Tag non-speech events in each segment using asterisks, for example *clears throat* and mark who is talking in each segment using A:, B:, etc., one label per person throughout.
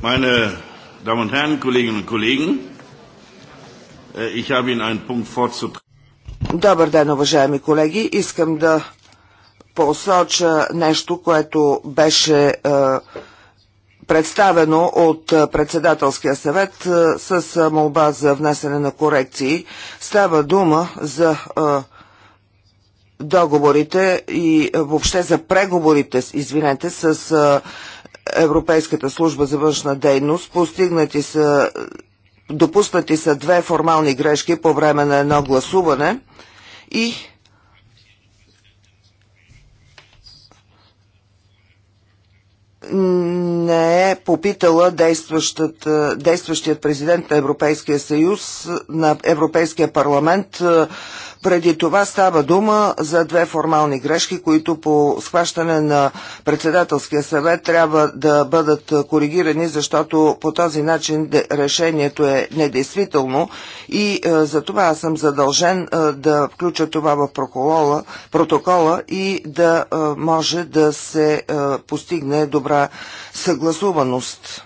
A: Meine Damen und Herren, Kolleginnen und Kollegen, äh, ich habe Ihnen einen Punkt vorzutragen. Добър ден, уважаеми колеги. Искам да посоча нещо, което беше е, представено от е, председателския съвет е, с е, молба за внесене на корекции. Става дума за е, договорите и е, въобще за преговорите, извинете, с Европейската служба за външна дейност. Постигнати са, допуснати са две формални грешки по време на едно гласуване и не е попитала действащият президент на Европейския съюз, на Европейския парламент преди това става дума за две формални грешки, които по схващане на председателския съвет трябва да бъдат коригирани, защото по този начин решението е недействително и е, за това аз съм задължен е, да включа това в протокола, и да е, може да се постигне добра съгласуваност.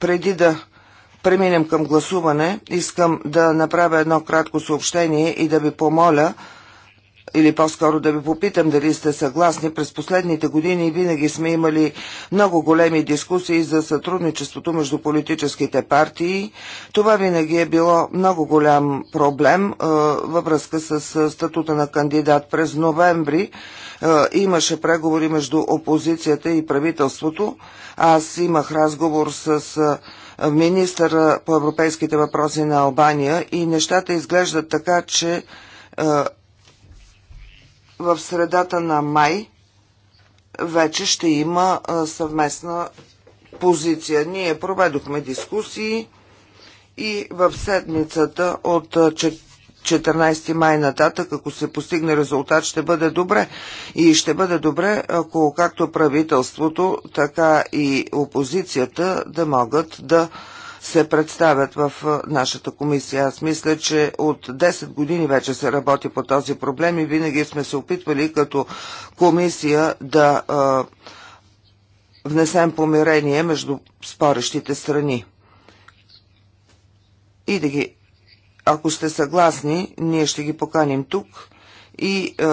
A: Преди да преминем към гласуване, искам да направя едно кратко съобщение и да ви помоля или по-скоро да ви попитам дали сте съгласни. През последните години винаги сме имали много големи дискусии за сътрудничеството между политическите партии. Това винаги е било много голям проблем е, във връзка с статута на кандидат. През ноември е, имаше преговори между опозицията и правителството. Аз имах разговор с е, Министър по европейските въпроси на Албания и нещата изглеждат така, че е, в средата на май вече ще има е, съвместна позиция. Ние проведохме дискусии и в седмицата от е, 14 май нататък, ако се постигне резултат, ще бъде добре. И ще бъде добре, ако както правителството, така и опозицията да могат да се представят в нашата комисия. Аз мисля, че от 10 години вече се работи по този проблем и винаги сме се опитвали като комисия да а, внесем помирение между спорещите страни и да ги ако сте съгласни, ние ще ги поканим тук и е,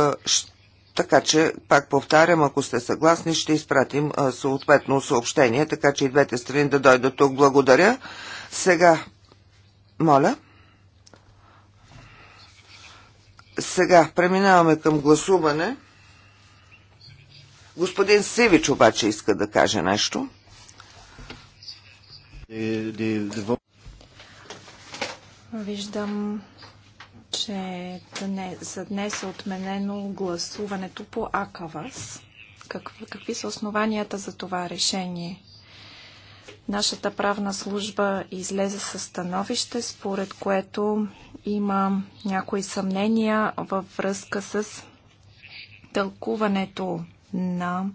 A: така че, пак повтарям, ако сте съгласни, ще изпратим е, съответно съобщение, така че и двете страни да дойдат тук. Благодаря. Сега, моля. Сега преминаваме към гласуване. Господин Сивич обаче иска да каже нещо. Е,
B: Виждам, че за днес е отменено гласуването по АКАВАС. Какви, са основанията за това решение? Нашата правна служба излезе със становище, според което има някои съмнения във връзка с тълкуването на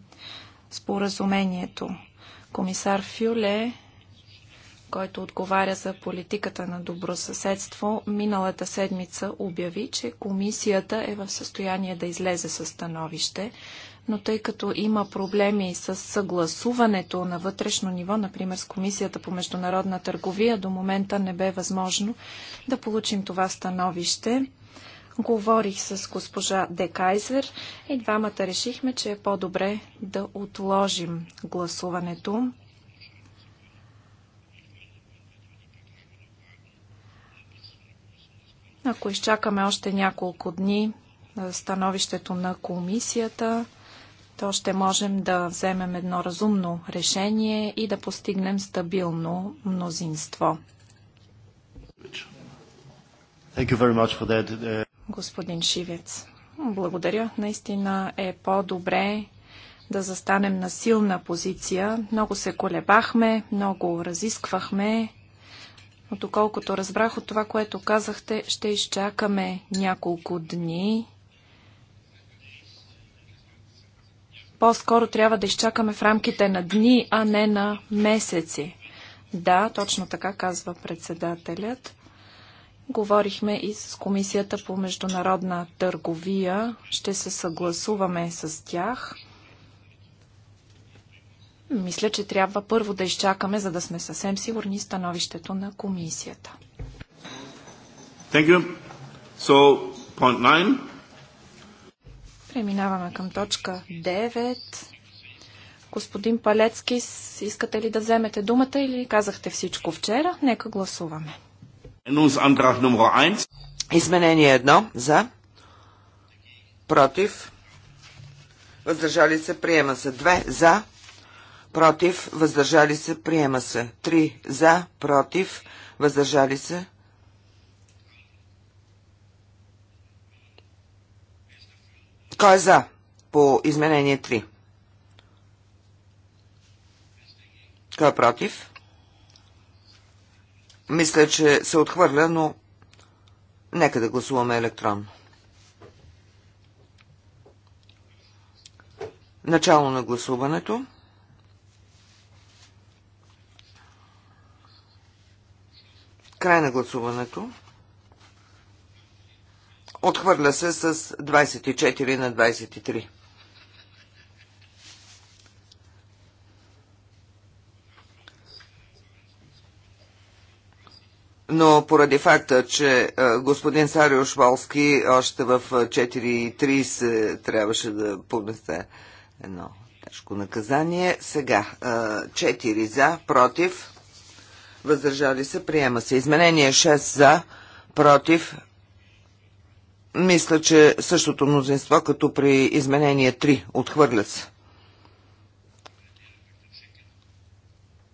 B: споразумението. Комисар Фюле който отговаря за политиката на добросъседство, миналата седмица обяви, че комисията е в състояние да излезе със становище, но тъй като има проблеми с съгласуването на вътрешно ниво, например с Комисията по международна търговия, до момента не бе възможно да получим това становище. Говорих с госпожа Декайзер и двамата решихме, че е по-добре да отложим гласуването. Ако изчакаме още няколко дни е, становището на комисията, то ще можем да вземем едно разумно решение и да постигнем стабилно мнозинство.
A: Uh,
B: Господин Шивец, благодаря. Наистина е по-добре да застанем на силна позиция. Много се колебахме, много разисквахме. Но доколкото разбрах от това, което казахте, ще изчакаме няколко дни. По-скоро трябва да изчакаме в рамките на дни, а не на месеци. Да, точно така казва председателят. Говорихме и с Комисията по международна търговия. Ще се съгласуваме с тях. Мисля, че трябва първо да изчакаме, за да сме съвсем сигурни становището на комисията.
A: Thank you. So, point nine.
B: Преминаваме към точка 9. Господин Палецки, искате ли да вземете думата или казахте всичко вчера? Нека гласуваме.
A: Изменение едно за, против, въздържали се, приема се две за, против, въздържали се, приема се. 3 за, против, въздържали се. Кой е за по изменение 3? Кой е против? Мисля, че се отхвърля, но нека да гласуваме електронно. Начало на гласуването. Край на гласуването. Отхвърля се с 24 на 23. но поради факта, че господин Сариош Волски още в 4.30 трябваше да поднесе едно тежко наказание, сега 4 за, против, въздържали се, приема се. Изменение 6 за, против, мисля, че същото мнозинство, като при изменение 3, отхвърлят се.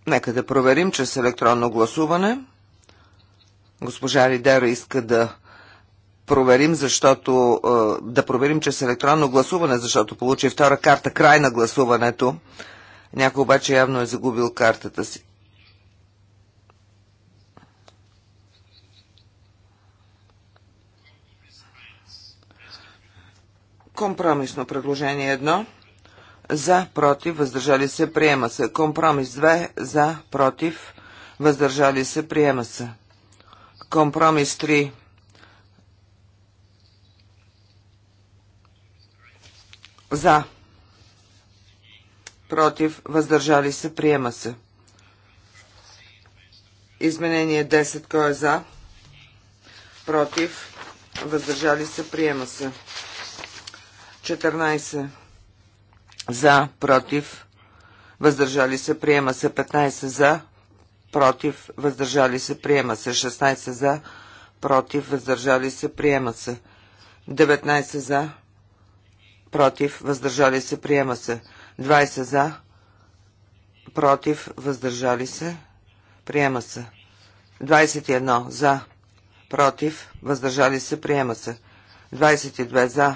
A: Нека да проверим чрез електронно гласуване. Госпожа Ридера иска да проверим, защото е, да проверим с електронно гласуване, защото получи втора карта край на гласуването. Някой обаче явно е загубил картата си. Компромисно предложение 1. За, против, въздържали се, приема се. Компромис 2. За, против, въздържали се, приема се. Компромис 3. За. Против, въздържали се, приема се. Изменение 10. Кой е за? Против, въздържали се, приема се. 14 за, против, въздържали се, приема се 15 за, против, въздържали се, приема се 16 за, против, въздържали се, приема се 19 за, против, въздържали се, приема се 20 за, против, въздържали се, приема се 21 за, против, въздържали се, приема се 22 за,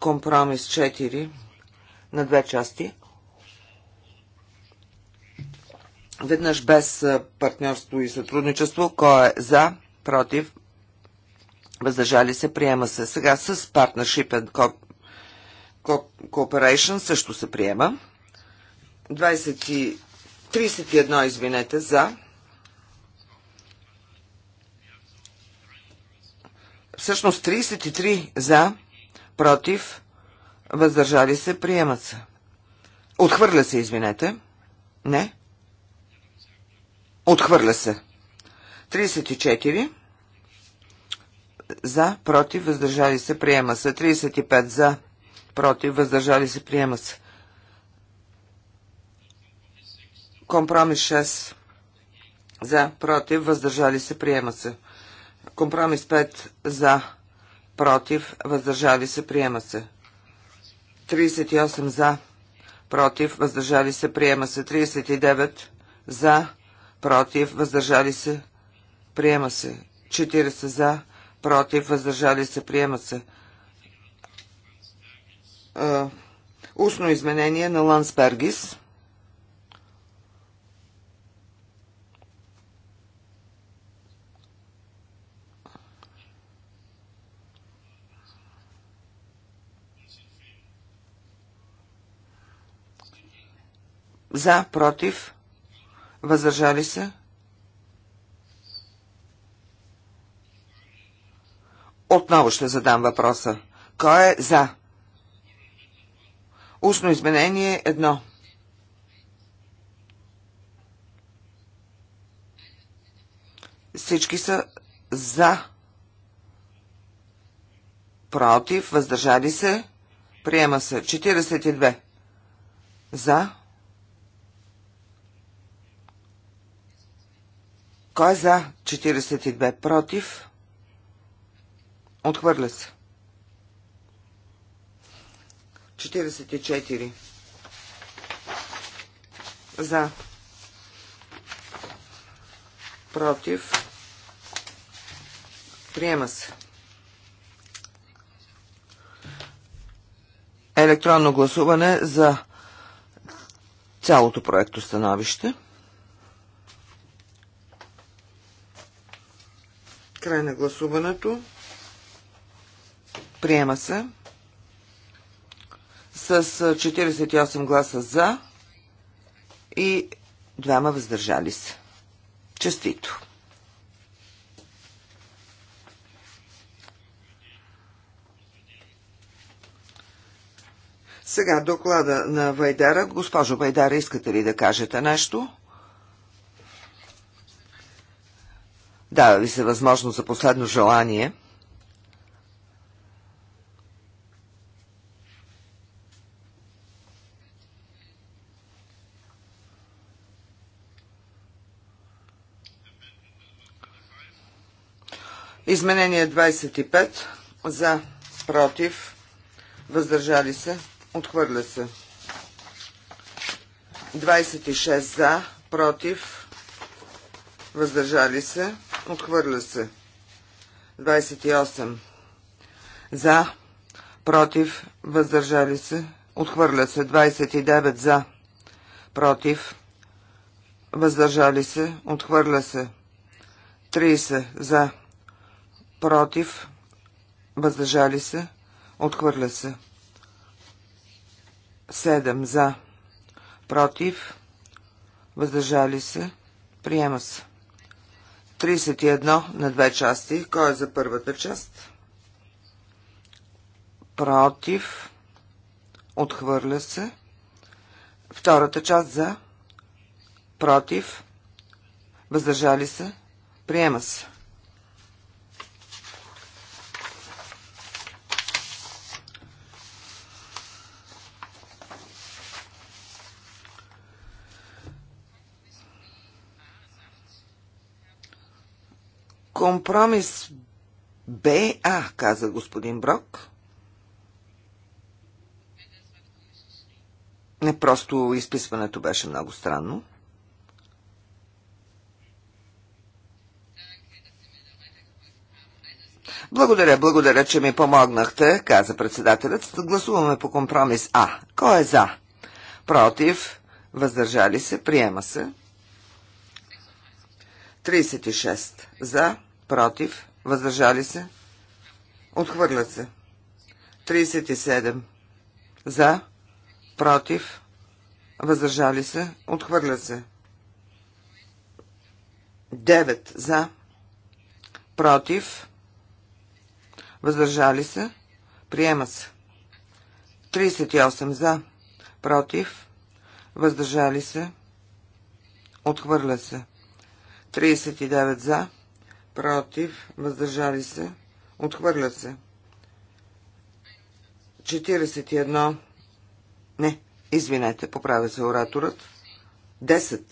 A: компромис 4 на две части. Веднъж без партньорство и сътрудничество, кой е за, против, въздържали се, приема се. Сега с Partnership and Cooperation също се приема. 20 31, извинете, за. Всъщност 33 за, против, въздържали се, приемат се. Отхвърля се, извинете. Не. Отхвърля се. 34 за, против, въздържали се, приема се. 35 за, против, въздържали се, приема се. Компромис 6 за, против, въздържали се, приема се. Компромис 5 за, против, въздържали се, приема се. 38 за, против, въздържали се, приема се. 39 за, против, въздържали се, приема се. 40 за, против, въздържали се, приема се. Е, устно изменение на Лансбергис. За, против, въздържали се. Отново ще задам въпроса. Кой е за? Устно изменение едно. Всички са за. Против, въздържали се. Приема се 42. За. Кой е за 42? Против? Отхвърля се. 44. За. Против. Приема се. Електронно гласуване за цялото проекто становище. Край на гласуването. Приема се с 48 гласа за и двама въздържали се. Честито! Сега доклада на Вайдара. Госпожо Вайдара, искате ли да кажете нещо? Дава ви се възможност за последно желание. Изменение 25 за против въздържали се отхвърля се 26 за против въздържали се Отхвърля се. 28. За. Против. Въздържали се. Отхвърля се. 29. За. Против. Въздържали се. Отхвърля се. 30. За. Против. Въздържали се. Отхвърля се. 7. За. Против. Въздържали се. Приема се. 31 на две части. Кой е за първата част? Против. Отхвърля се. Втората част за. Против. Въздържали се. Приема се. Компромис БА, каза господин Брок. Не просто изписването беше много странно. Благодаря, благодаря, че ми помогнахте, каза председателят. Гласуваме по компромис А. Кой е за? Против? Въздържали се? Приема се. 36. За? против, въздържали се, отхвърлят се. 37 за, против, въздържали се, отхвърлят се. 9 за, против, въздържали се, приема се. 38 за, против, въздържали се, отхвърля се. 39 за, против, въздържали се, отхвърлят се. 41, не, извинете, поправя се ораторът. 10,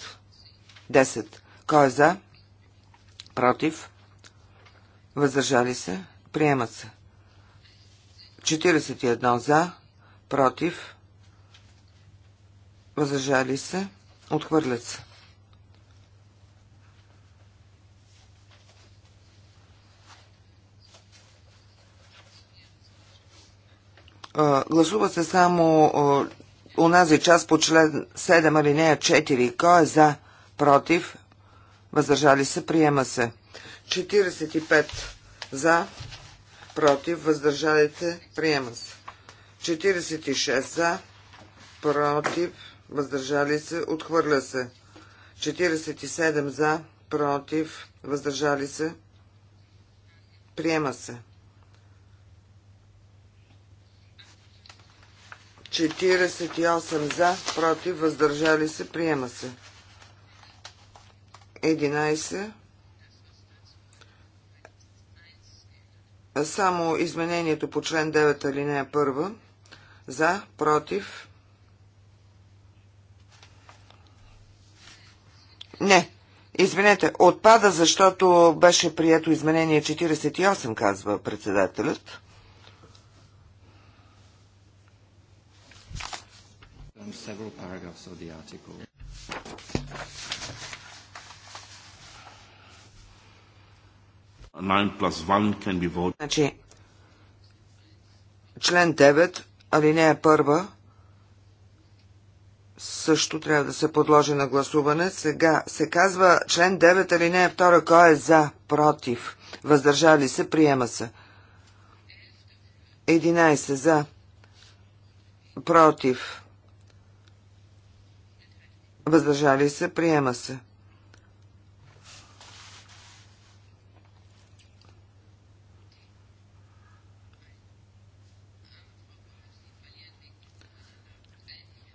A: 10, кой е за, против, въздържали се, приемат се. 41 за, против, въздържали се, отхвърлят се. Гласува се само унази част по член 7 алинея 4. Кой е за? Против? Въздържали се? Приема се. 45 за, против, въздържалите, приема се. 46 за, против, въздържали се, отхвърля се. 47 за, против, въздържали се, приема се. 48 за, против, въздържали се, приема се. 11. Само изменението по член 9 алинея 1. За, против. Не, Извинете, отпада, защото беше прието изменение 48, казва председателят. several paragraphs of the article. Nine plus one can be voted. Значи, член 9, алинея 1 също трябва да се подложи на гласуване. Сега се казва член 9, алинея 2, кой е за, против, въздържали се, приема се. 11 за, против, въздържали се, приема се.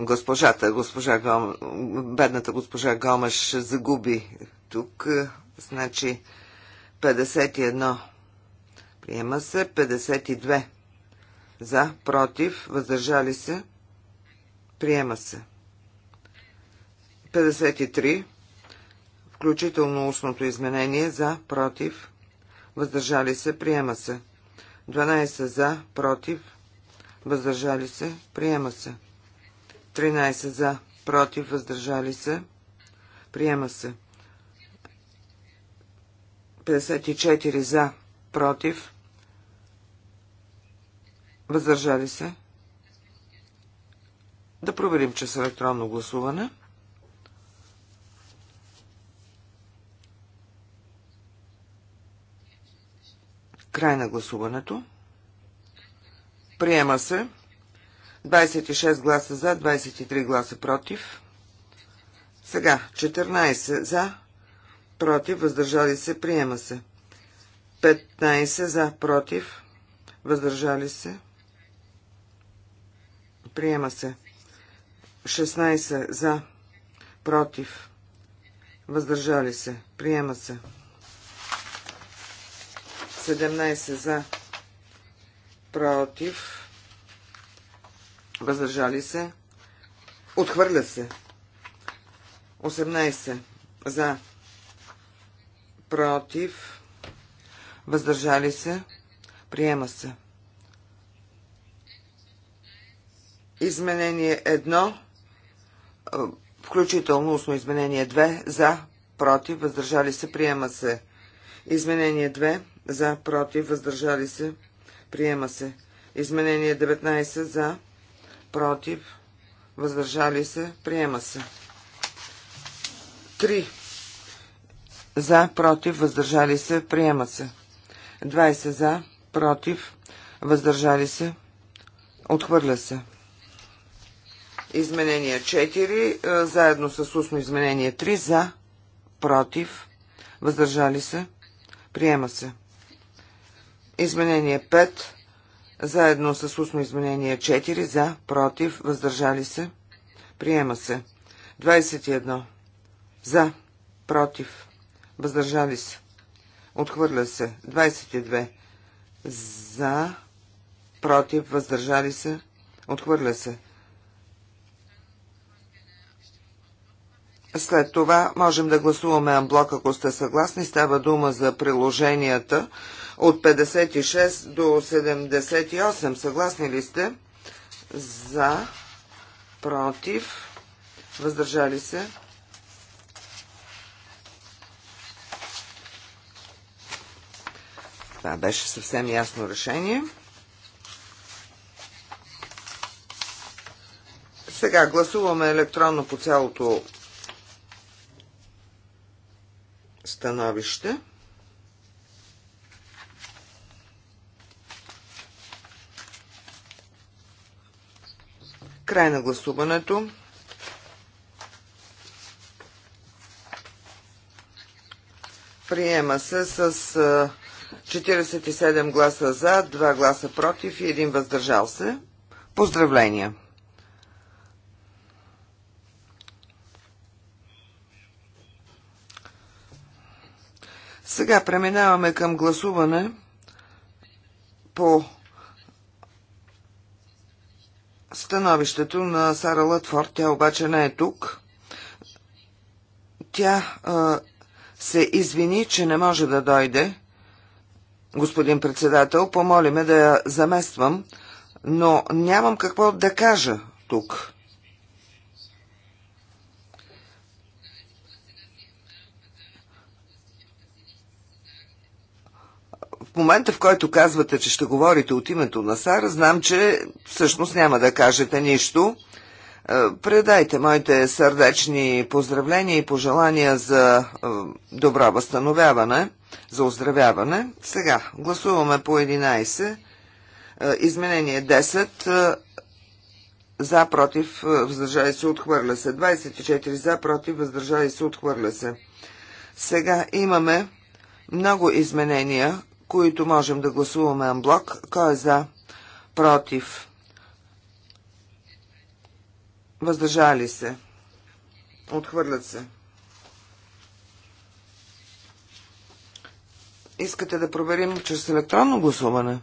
A: Госпожата, госпожа Гом... бедната госпожа Гомаш загуби тук, значи 51. Приема се 52. За, против, въздържали се. Приема се. 53, включително устното изменение, за, против, въздържали се, приема се. 12 за, против, въздържали се, приема се. 13 за, против, въздържали се, приема се. 54 за, против, въздържали се. Да проверим, че с електронно гласуване. Край на гласуването. Приема се. 26 гласа за, 23 гласа против. Сега 14 за, против, въздържали се, приема се. 15 за, против, въздържали се, приема се. 16 за, против, въздържали се, приема се. 17 за, против, въздържали се, отхвърля се. 18 за, против, въздържали се, приема се. Изменение 1, включително устно изменение 2, за, против, въздържали се, приема се. Изменение 2, за, против, въздържали се, приема се. Изменение 19 за, против, въздържали се, приема се. 3 за, против, въздържали се, приема се. 20 за, против, въздържали се, отхвърля се. Изменение 4, заедно с устно изменение 3, за, против, въздържали се, приема се. Изменение 5, заедно с устно изменение 4, за, против, въздържали се, приема се. 21, за, против, въздържали се, отхвърля се. 22, за, против, въздържали се, отхвърля се. След това можем да гласуваме Амблок, ако сте съгласни. Става дума за приложенията от 56 до 78. Съгласни ли сте? За, против, въздържали се. Това беше съвсем ясно решение. Сега гласуваме електронно по цялото становище. Край на гласуването. Приема се с 47 гласа за, 2 гласа против и 1 въздържал се. Поздравления! Сега преминаваме към гласуване по становището на Сара Лътфорд. Тя обаче не е тук. Тя а, се извини, че не може да дойде. Господин председател, помоли ме да я замествам, но нямам какво да кажа тук. в момента, в който казвате, че ще говорите от името на Сара, знам, че всъщност няма да кажете нищо. Е, предайте моите сърдечни поздравления и пожелания за е, добро възстановяване, за оздравяване. Сега гласуваме по 11, е, изменение 10, за, против, въздържали се, отхвърля се. 24 за, против, въздържали се, отхвърля се. Сега имаме много изменения, които можем да гласуваме анблок. Кой е за? Против? Въздържали се? Отхвърлят се. Искате да проверим чрез електронно гласуване?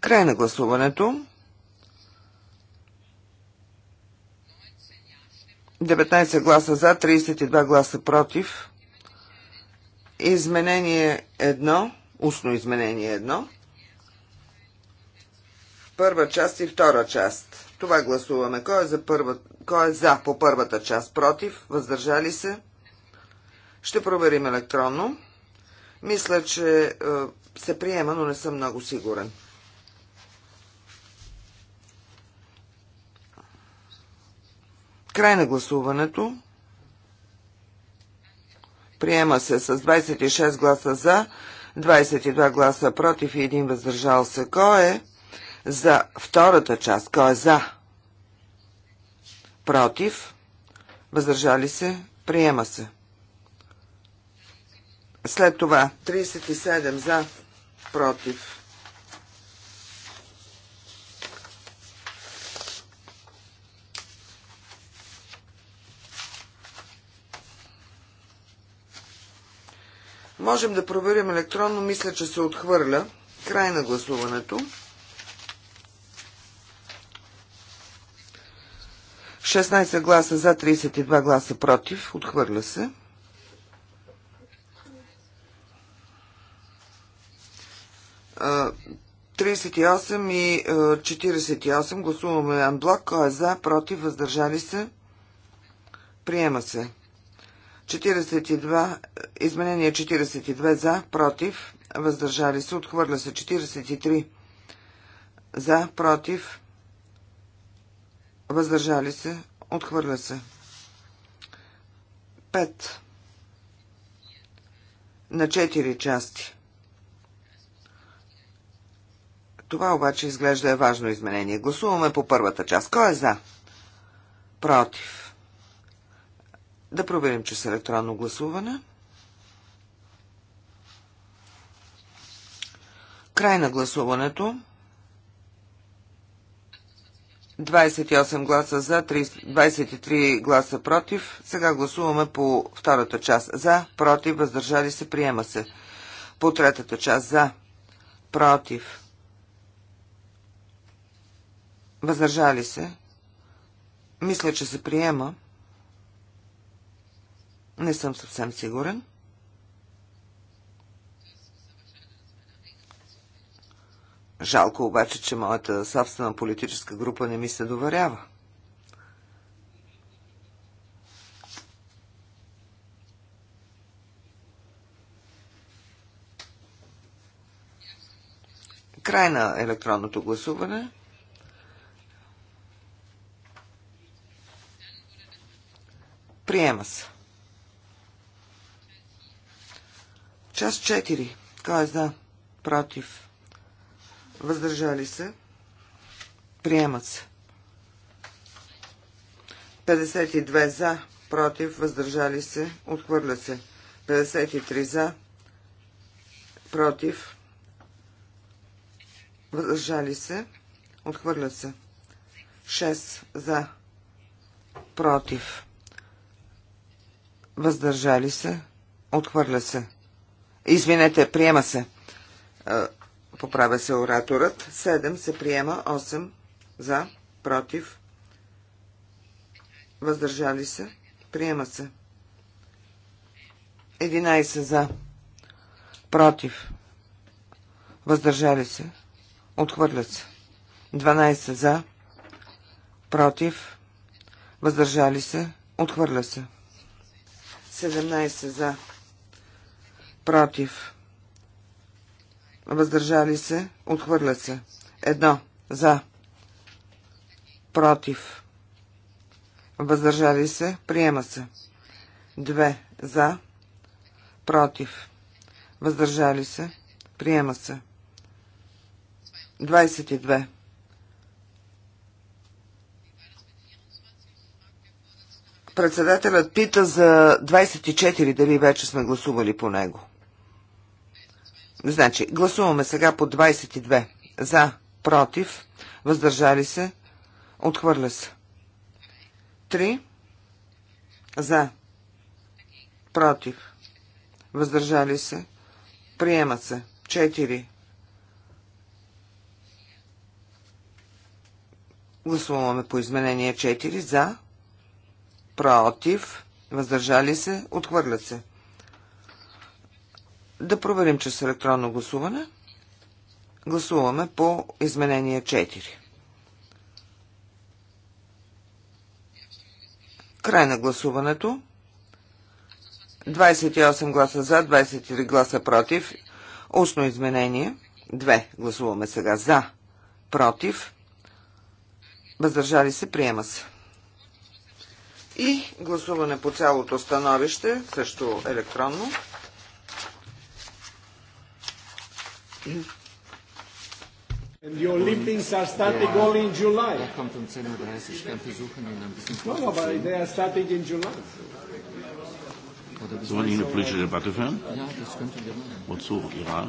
A: Край на гласуването. 19 гласа за, 32 гласа против. Изменение 1, устно изменение 1, първа част и втора част. Това гласуваме. Кой е за, първа, кой е за по първата част? Против? Въздържали се? Ще проверим електронно. Мисля, че е, се приема, но не съм много сигурен. Край на гласуването. Приема се с 26 гласа за, 22 гласа против и 1 въздържал се. Кой е за втората част? Кой е за? Против? Въздържали се? Приема се. След това 37 за, против Можем да проверим електронно. Мисля, че се отхвърля. Край на гласуването. 16 гласа за, 32 гласа против. Отхвърля се. А, 38 и 48. Гласуваме анблок. Кой е за, против, въздържали се? Приема се. 42, изменение 42 за, против, въздържали се, отхвърля се 43 за, против, въздържали се, отхвърля се. 5 на 4 части. Това обаче изглежда е важно изменение. Гласуваме по първата част. Кой е за? Против. Да проверим, че с електронно гласуване. Край на гласуването. 28 гласа за, 23 гласа против. Сега гласуваме по втората част. За, против, въздържали се, приема се. По третата част. За, против, въздържали се. Мисля, че се приема. Не съм съвсем сигурен. Жалко обаче, че моята собствена политическа група не ми се доверява. Край на електронното гласуване. Приема се. Част 4. Кой е за? Против. Въздържали се. Приемат се. 52 за. Против. Въздържали се. Отхвърля се. 53 за. Против. Въздържали се. Отхвърля се. 6 за. Против. Въздържали се. Отхвърля се. Извинете, приема се. Поправя се ораторът. 7 се приема, 8 за, против, въздържали се, приема се. 11 за, против, въздържали се, отхвърлят се. 12 за, против, въздържали се, отхвърля се. 17 за, против, въздържали се, отхвърля се. Едно, за, против, въздържали се, приема се. Две, за, против, въздържали се, приема се. 22. Председателят пита за 24, дали вече сме гласували по него. Значи, гласуваме сега по 22. За, против, въздържали се, отхвърля се. 3. За, против, въздържали се, приема се. 4. Гласуваме по изменение 4. За, против, въздържали се, отхвърлят се. Да проверим чрез електронно гласуване. Гласуваме по изменение 4. Край на гласуването. 28 гласа за, 23 гласа против. Устно изменение. 2. Гласуваме сега за, против. Въздържали се, приема се. И гласуване по цялото становище, също електронно. And your Olympics are starting yeah. all in July. Er kommt um 10.30 Uhr, ich kann versuchen, ihn ein bisschen No, no, but they are
B: starting in July.
A: So wollen eine politische Debatte führen? Ja, das könnten wir machen.
B: Wozu? Iran?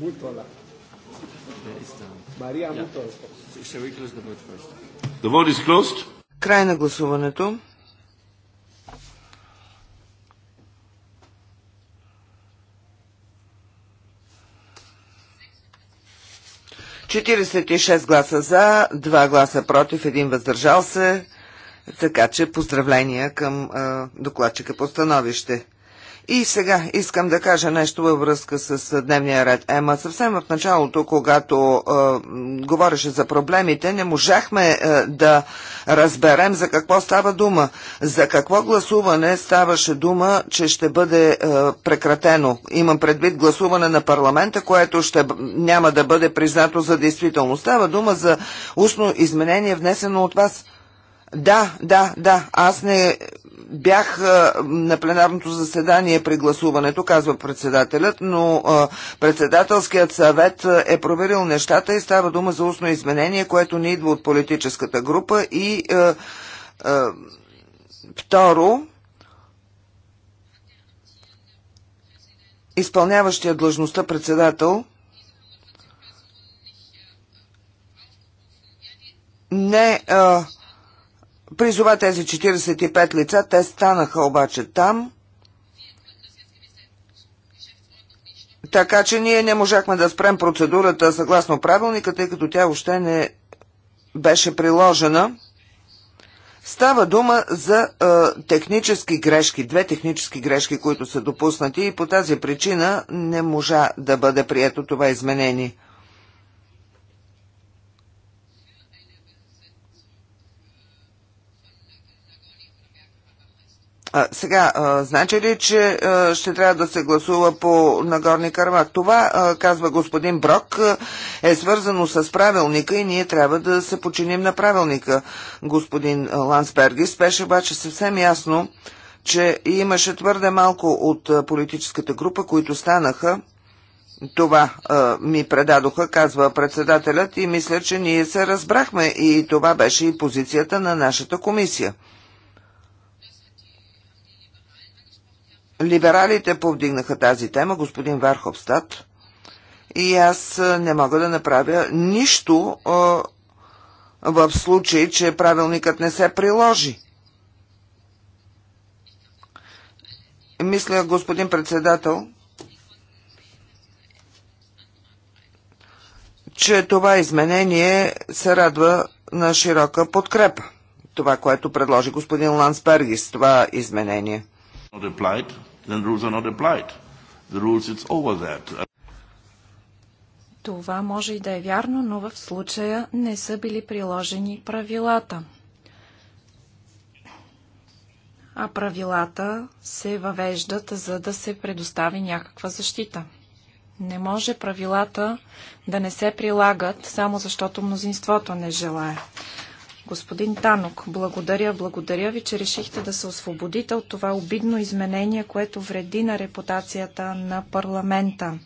A: Mutola. Wer ist da? Maria Mutola. Shall we close the vote first? The vote is closed. Край на гласуването. 46 гласа за, 2 гласа против, 1 въздържал се. Така че поздравления към а, докладчика по становище. И сега искам да кажа нещо във връзка с дневния ред. Ема съвсем в началото, когато е, говореше за проблемите, не можахме е, да разберем за какво става дума. За какво гласуване ставаше дума, че ще бъде е, прекратено. Имам предвид гласуване на парламента, което ще, няма да бъде признато за действително. Става дума за устно изменение, внесено от вас. Да, да, да. Аз не бях на пленарното заседание при гласуването, казва председателят, но председателският съвет е проверил нещата и става дума за устно изменение, което не идва от политическата група. И е, е, второ, изпълняващия длъжността председател не. а, призова тези 45 лица, те станаха обаче там, така че ние не можахме да спрем процедурата съгласно правилника, тъй като тя още не беше приложена. Става дума за е, технически грешки, две технически грешки, които са допуснати и по тази причина не можа да бъде прието това изменение. А, сега, а, значи ли, че а, ще трябва да се гласува по Нагорни Карабах? Това, а, казва господин Брок, а, е свързано с правилника и ние трябва да се починим на правилника. Господин Лансбергис беше обаче съвсем ясно, че имаше твърде малко от политическата група, които станаха това а, ми предадоха, казва председателят и мисля, че ние се разбрахме и това беше и позицията на нашата комисия. Либералите повдигнаха тази тема, господин Варховстат, и аз не мога да направя нищо в случай, че правилникът не се приложи. Мисля, господин председател, че това изменение се радва на широка подкрепа. Това, което предложи господин Лансбергис, това изменение then rules are not applied. The rules, it's over that.
B: Това може и да е вярно, но в случая не са били приложени правилата. А правилата се въвеждат, за да се предостави някаква защита. Не може правилата да не се прилагат, само защото мнозинството не желая. Господин Танок, благодаря, благодаря ви, че решихте да се освободите от това обидно изменение, което вреди на репутацията на парламента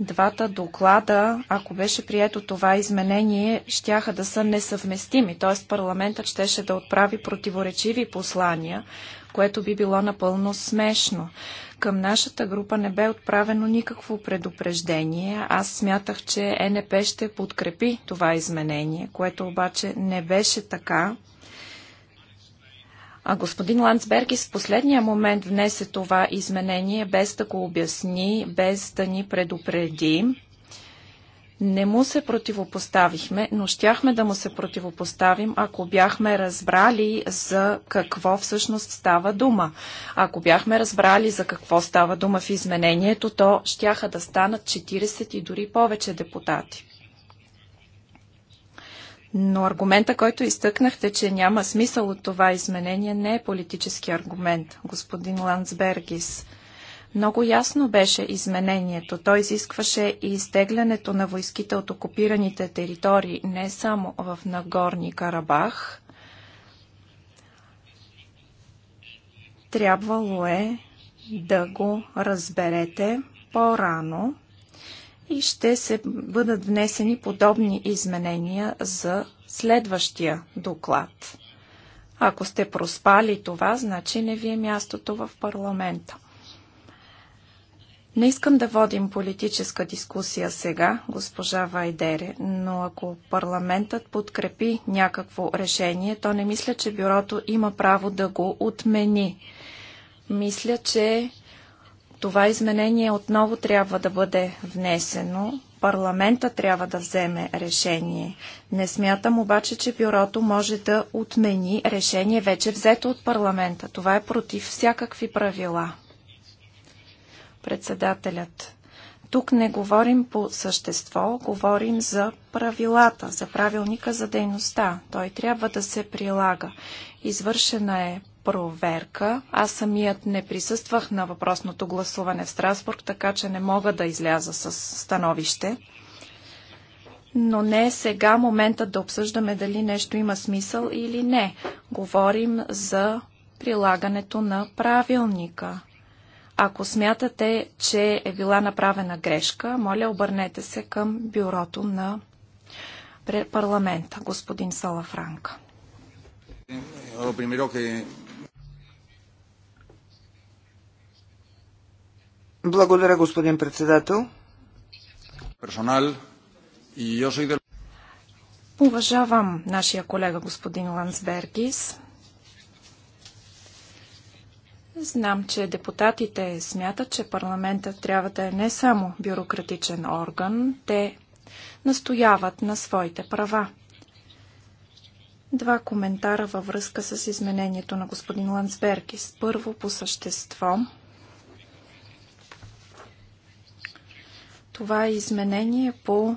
B: двата доклада, ако беше прието това изменение, щяха да са несъвместими, т.е. парламентът щеше да отправи противоречиви послания, което би било напълно смешно. Към нашата група не бе отправено никакво предупреждение. Аз смятах, че НП ще подкрепи това изменение, което обаче не беше така. А господин Ландсбергис в последния момент внесе това изменение без да го обясни, без да ни предупреди. Не му се противопоставихме, но щяхме да му се противопоставим, ако бяхме разбрали за какво всъщност става дума. Ако бяхме разбрали за какво става дума в изменението, то щяха да станат 40 и дори повече депутати. Но аргумента, който изтъкнахте, че няма смисъл от това изменение, не е политически аргумент, господин Ландсбергис. Много ясно беше изменението. То изискваше и изтеглянето на войските от окупираните територии, не само в Нагорни Карабах. Трябвало е да го разберете по-рано, и ще се бъдат внесени подобни изменения за следващия доклад. Ако сте проспали това, значи не ви е мястото в парламента. Не искам да водим политическа дискусия сега, госпожа Вайдере, но ако парламентът подкрепи някакво решение, то не мисля, че бюрото има право да го отмени. Мисля, че това изменение отново трябва да бъде внесено. Парламента трябва да вземе решение. Не смятам обаче, че бюрото може да отмени решение вече взето от парламента. Това е против всякакви правила. Председателят. Тук не говорим по същество, говорим за правилата, за правилника за дейността. Той трябва да се прилага. Извършена е проверка. Аз самият не присъствах на въпросното гласуване в Страсбург, така че не мога да изляза с становище. Но не е сега моментът да обсъждаме дали нещо има смисъл или не. Говорим за прилагането на правилника. Ако смятате, че е била направена грешка, моля обърнете се към бюрото на парламента, господин Салафранка.
A: Благодаря, господин председател. Персонал и
B: Уважавам нашия колега господин Лансбергис. Знам, че депутатите смятат, че парламентът трябва да е не само бюрократичен орган, те настояват на своите права. Два коментара във връзка с изменението на господин Лансбергис. Първо по същество – Това е изменение по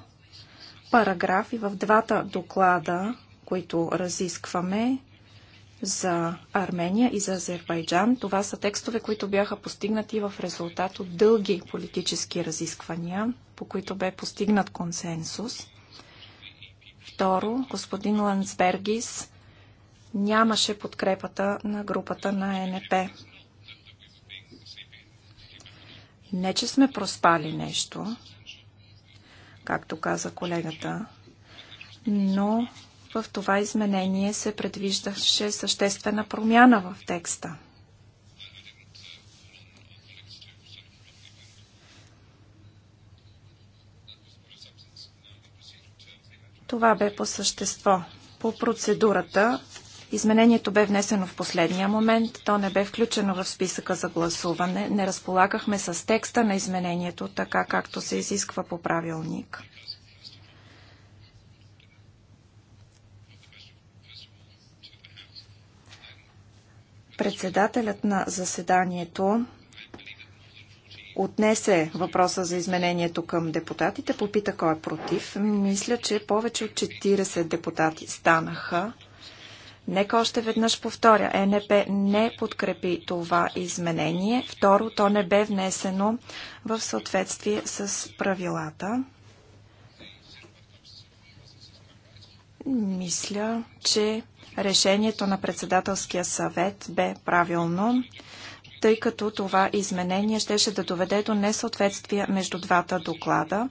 B: параграф и в двата доклада, които разискваме за Армения и за Азербайджан. Това са текстове, които бяха постигнати в резултат от дълги политически разисквания, по които бе постигнат консенсус. Второ, господин Лансбергис нямаше подкрепата на групата на НП. Не, че сме проспали нещо, както каза колегата, но в това изменение се предвиждаше съществена промяна в текста. Това бе по същество. По процедурата Изменението бе внесено в последния момент, то не бе включено в списъка за гласуване, не разполагахме с текста на изменението, така както се изисква по правилник. Председателят на заседанието отнесе въпроса за изменението към депутатите, попита кой е против. Мисля, че повече от 40 депутати станаха Нека още веднъж повторя, НП не подкрепи това изменение. Второ, то не бе внесено в съответствие с правилата. Мисля, че решението на председателския съвет бе правилно тъй като това изменение щеше да доведе до несъответствие между двата доклада.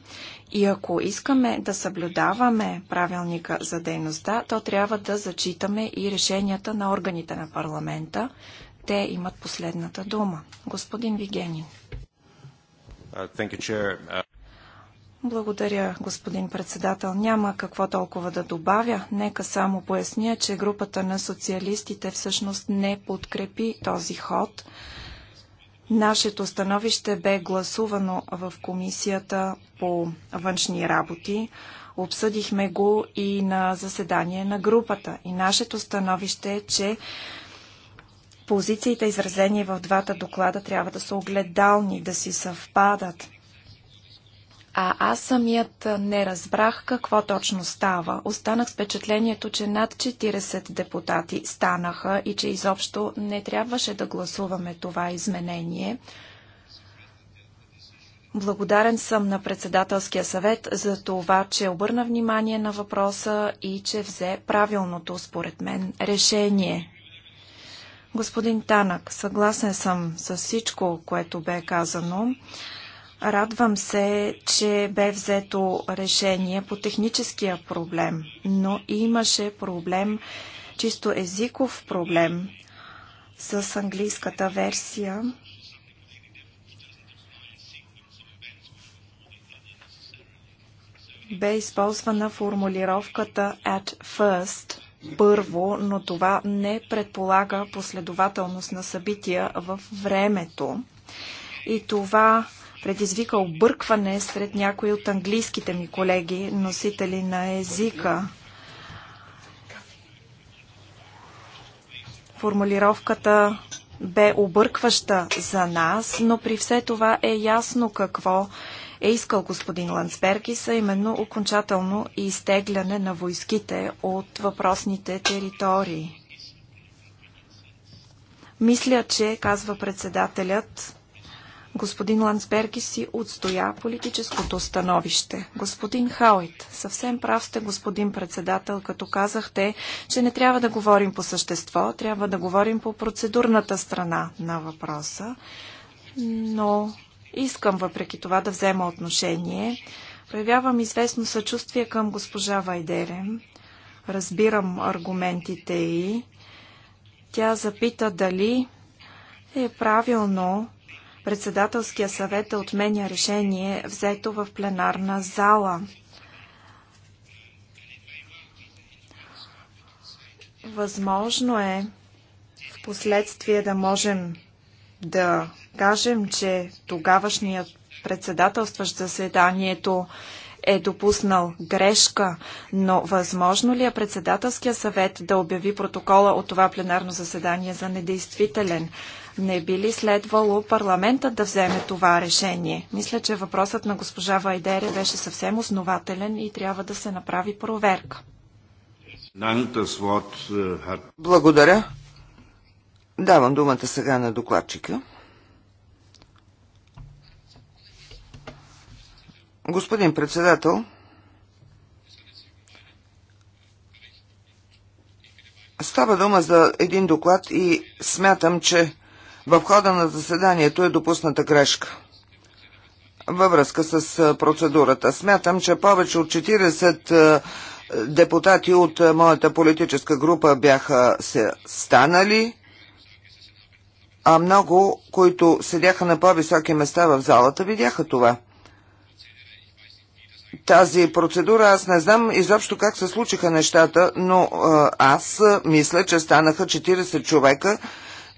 B: И ако искаме да съблюдаваме правилника за дейността, то трябва да зачитаме и решенията на органите на парламента. Те имат последната дума. Господин Вигенин.
A: Uh, uh,
B: Благодаря, господин председател. Няма какво толкова да добавя. Нека само поясня, че групата на социалистите всъщност не подкрепи този ход. Нашето становище бе гласувано в Комисията по външни работи. Обсъдихме го и на заседание на групата. И нашето становище е, че позициите, изразени в двата доклада, трябва да са огледални, да си съвпадат а аз самият не разбрах какво точно става. Останах с впечатлението, че над 40 депутати станаха и че изобщо не трябваше да гласуваме това изменение. Благодарен съм на председателския съвет за това, че обърна внимание на въпроса и че взе правилното, според мен, решение. Господин Танък, съгласен съм с всичко, което бе казано. Радвам се, че бе взето решение по техническия проблем, но имаше проблем, чисто езиков проблем с английската версия. Бе използвана формулировката at first, първо, но това не предполага последователност на събития в времето. И това предизвика объркване сред някои от английските ми колеги, носители на езика. Формулировката бе объркваща за нас, но при все това е ясно какво е искал господин Ландсбергис, а именно окончателно изтегляне на войските от въпросните територии. Мисля, че, казва председателят, Господин Лансберги си отстоя политическото становище. Господин Хауит, съвсем прав сте, господин председател, като казахте, че не трябва да говорим по същество, трябва да говорим по процедурната страна на въпроса. Но искам въпреки това да взема отношение. Проявявам известно съчувствие към госпожа Вайдере. Разбирам аргументите и, Тя запита дали е правилно председателския съвет да отменя решение, взето в пленарна зала. Възможно е в последствие да можем да кажем, че тогавашният председателстващ заседанието е допуснал грешка, но възможно ли е председателския съвет да обяви протокола от това пленарно заседание за недействителен? не би ли следвало парламентът да вземе това решение? Мисля, че въпросът на госпожа Вайдере беше съвсем основателен и трябва да се направи
A: проверка. Е, Благодаря. Давам думата сега на докладчика. Господин председател, става дума за един доклад и смятам, че в хода на заседанието е допусната грешка във връзка с процедурата. Смятам, че повече от 40 депутати от моята политическа група бяха се станали, а много, които седяха на по-високи места в залата, видяха това. Тази процедура, аз не знам изобщо как се случиха нещата, но аз мисля, че станаха 40 човека,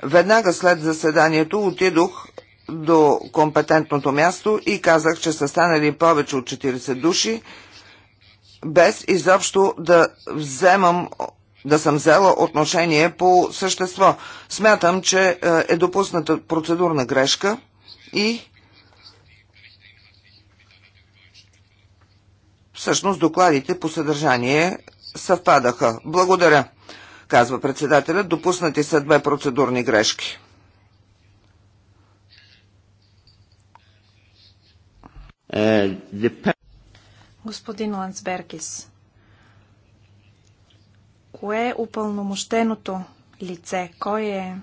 A: Веднага след заседанието отидох до компетентното място и казах, че са станали повече от 40 души, без изобщо да вземам да съм взела отношение по същество. Смятам, че е, е допусната процедурна грешка и всъщност докладите по съдържание съвпадаха. Благодаря казва председателят, допуснати са две процедурни грешки. Е,
B: Господин Лансбергис, кое е упълномощеното лице? Кой е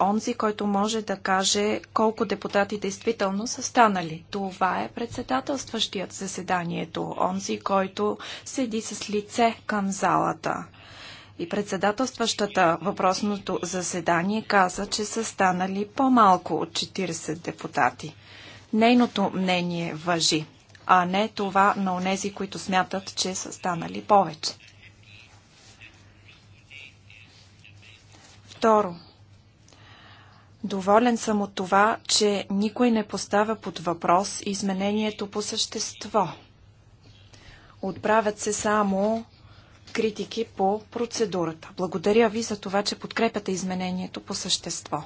B: онзи, който може да каже колко депутати действително са станали. Това е председателстващият заседанието, онзи, който седи с лице към залата. И председателстващата въпросното заседание каза, че са станали по-малко от 40 депутати. Нейното мнение въжи, а не това на онези, които смятат, че са станали повече. Второ, доволен съм от това, че никой не поставя под въпрос изменението по същество. Отправят се само критики по процедурата. Благодаря ви за това, че подкрепяте изменението по същество.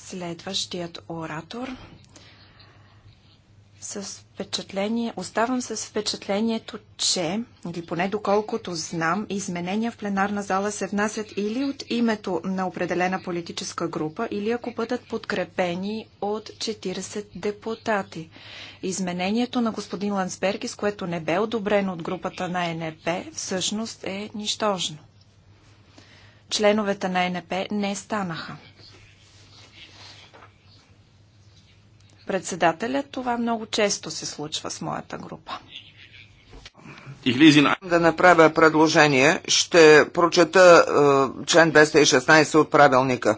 B: Следващият оратор с впечатление, оставам с впечатлението, че, или поне доколкото знам, изменения в пленарна зала се внасят или от името на определена политическа група, или ако бъдат подкрепени от 40 депутати. Изменението на господин с което не бе одобрено от групата на НП, всъщност е нищожно. Членовете на НП не станаха Председателя, това много често се случва с моята група.
A: Да направя предложение. Ще прочета е, член 216 от правилника.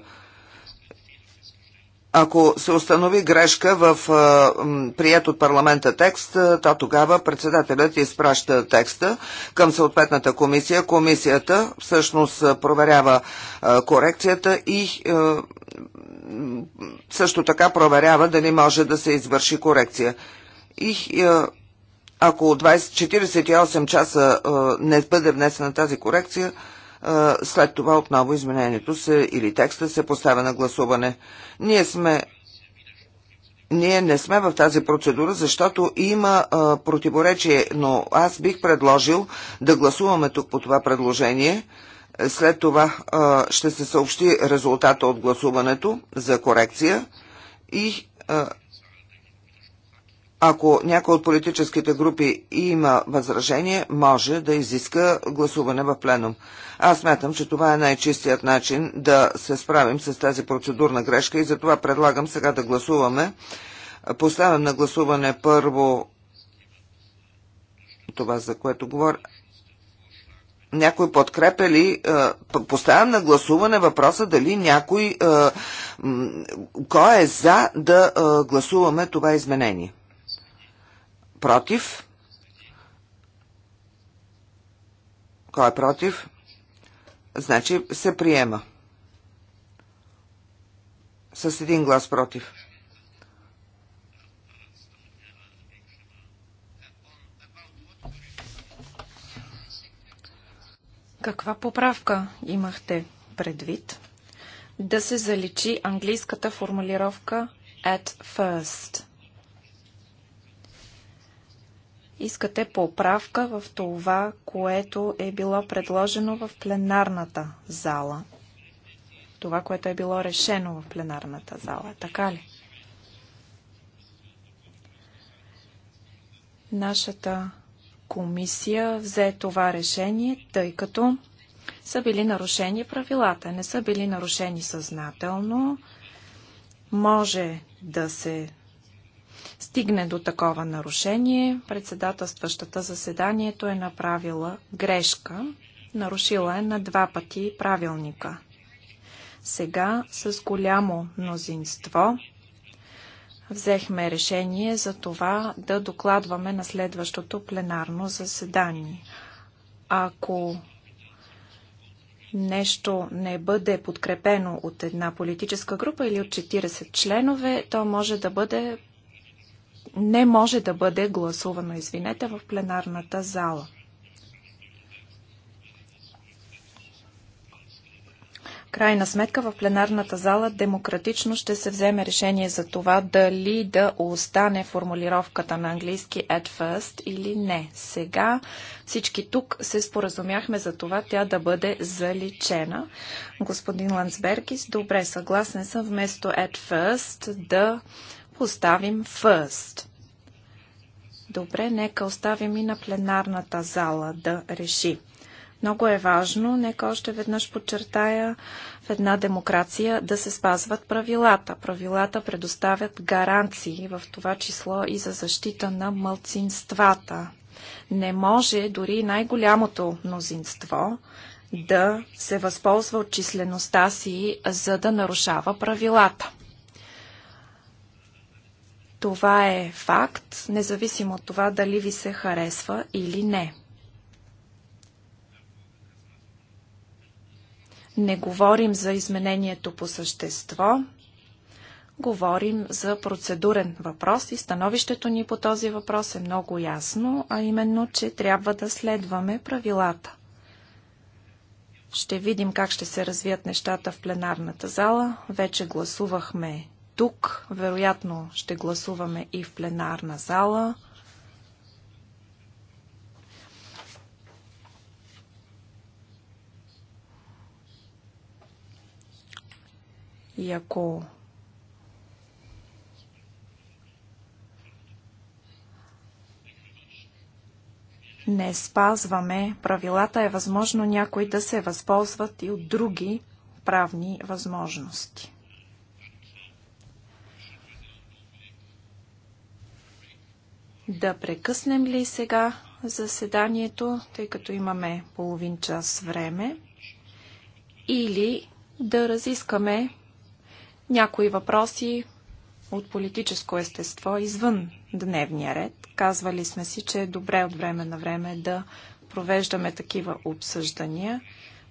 A: Ако се установи грешка в е, прият от парламента текст, е, то тогава председателят изпраща текста към съответната комисия. Комисията всъщност е, проверява е, корекцията и е, също така проверява дали може да се извърши корекция. И е, ако 48 часа е, не бъде внесена тази корекция, е, след това отново изменението се или текста се поставя на гласуване. Ние сме ние не сме в тази процедура, защото има а, противоречие, но аз бих предложил да гласуваме тук по това предложение, след това ще се съобщи резултата от гласуването за корекция и ако някой от политическите групи има възражение, може да изиска гласуване в пленум. Аз смятам, че това е най-чистият начин да се справим с тази процедурна грешка и затова предлагам сега да гласуваме. Поставям на гласуване първо това, за което говоря някой подкрепя ли, е, поставям на гласуване въпроса дали някой, е, кой е за да е, гласуваме това изменение. Против? Кой е против? Значи се приема. С един глас против.
B: Каква поправка имахте предвид? Да се заличи английската формулировка at first. Искате поправка в това, което е било предложено в пленарната зала. Това, което е било решено в пленарната зала. Така ли? Нашата комисия взе това решение, тъй като са били нарушени правилата. Не са били нарушени съзнателно. Може да се стигне до такова нарушение. Председателстващата заседанието е направила грешка. Нарушила е на два пъти правилника. Сега с голямо мнозинство взехме решение за това да докладваме на следващото пленарно заседание. Ако нещо не бъде подкрепено от една политическа група или от 40 членове, то може да бъде не може да бъде гласувано, извинете, в пленарната зала. крайна сметка в пленарната зала демократично ще се вземе решение за това дали да остане формулировката на английски at first или не. Сега всички тук се споразумяхме за това тя да бъде заличена. Господин Ландсбергис, добре, съгласен съм вместо at first да поставим first. Добре, нека оставим и на пленарната зала да реши. Много е важно, нека още веднъж подчертая, в една демокрация да се спазват правилата. Правилата предоставят гаранции, в това число и за защита на мълцинствата. Не може дори най-голямото мнозинство да се възползва от числеността си, за да нарушава правилата. Това е факт, независимо от това дали ви се харесва или не. не говорим за изменението по същество, говорим за процедурен въпрос и становището ни по този въпрос е много ясно, а именно, че трябва да следваме правилата. Ще видим как ще се развият нещата в пленарната зала. Вече гласувахме тук, вероятно ще гласуваме и в пленарна
A: зала –
B: И ако не спазваме правилата, е възможно някои да се възползват и от други правни възможности. Да прекъснем ли сега заседанието, тъй като имаме половин час време, или да разискаме някои въпроси от политическо естество извън дневния ред. Казвали сме си, че е добре от време на време да провеждаме такива обсъждания.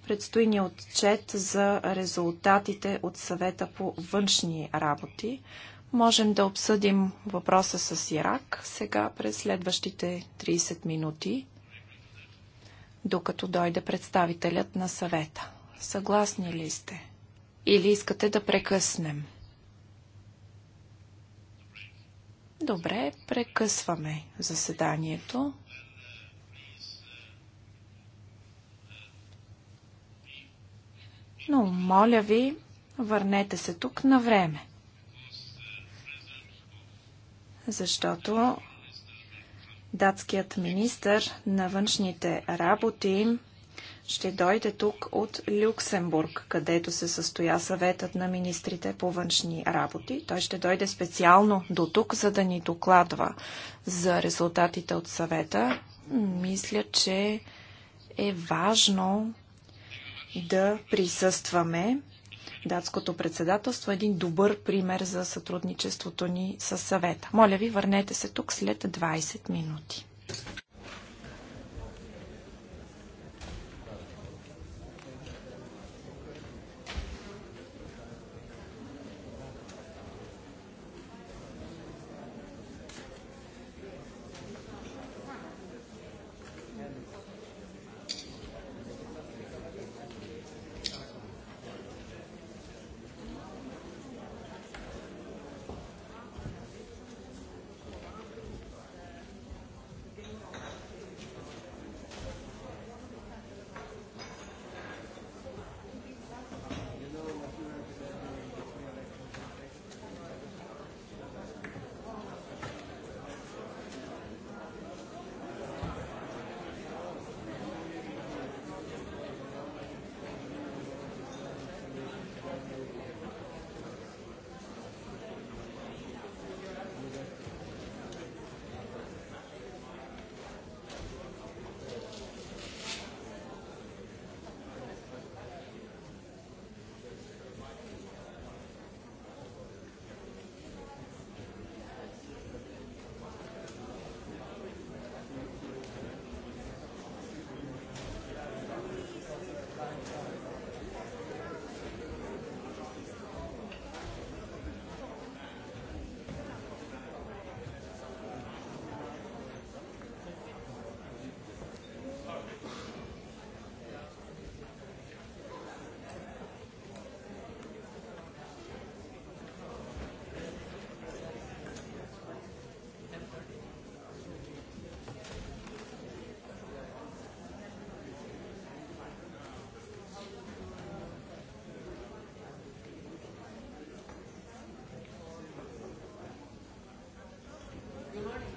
B: Предстои ни отчет за резултатите от съвета по външни работи. Можем да обсъдим въпроса с Ирак сега през следващите 30 минути, докато дойде представителят на съвета. Съгласни ли сте? Или искате да прекъснем? Добре, прекъсваме заседанието. Но, моля ви, върнете се тук на време. Защото датският министр на външните работи ще дойде тук от Люксембург, където се състоя съветът на министрите по външни работи. Той ще дойде специално до тук, за да ни докладва за резултатите от съвета. Мисля, че е важно да присъстваме. Датското председателство е един добър пример за сътрудничеството ни с съвета. Моля ви, върнете се тук след 20 минути. morning.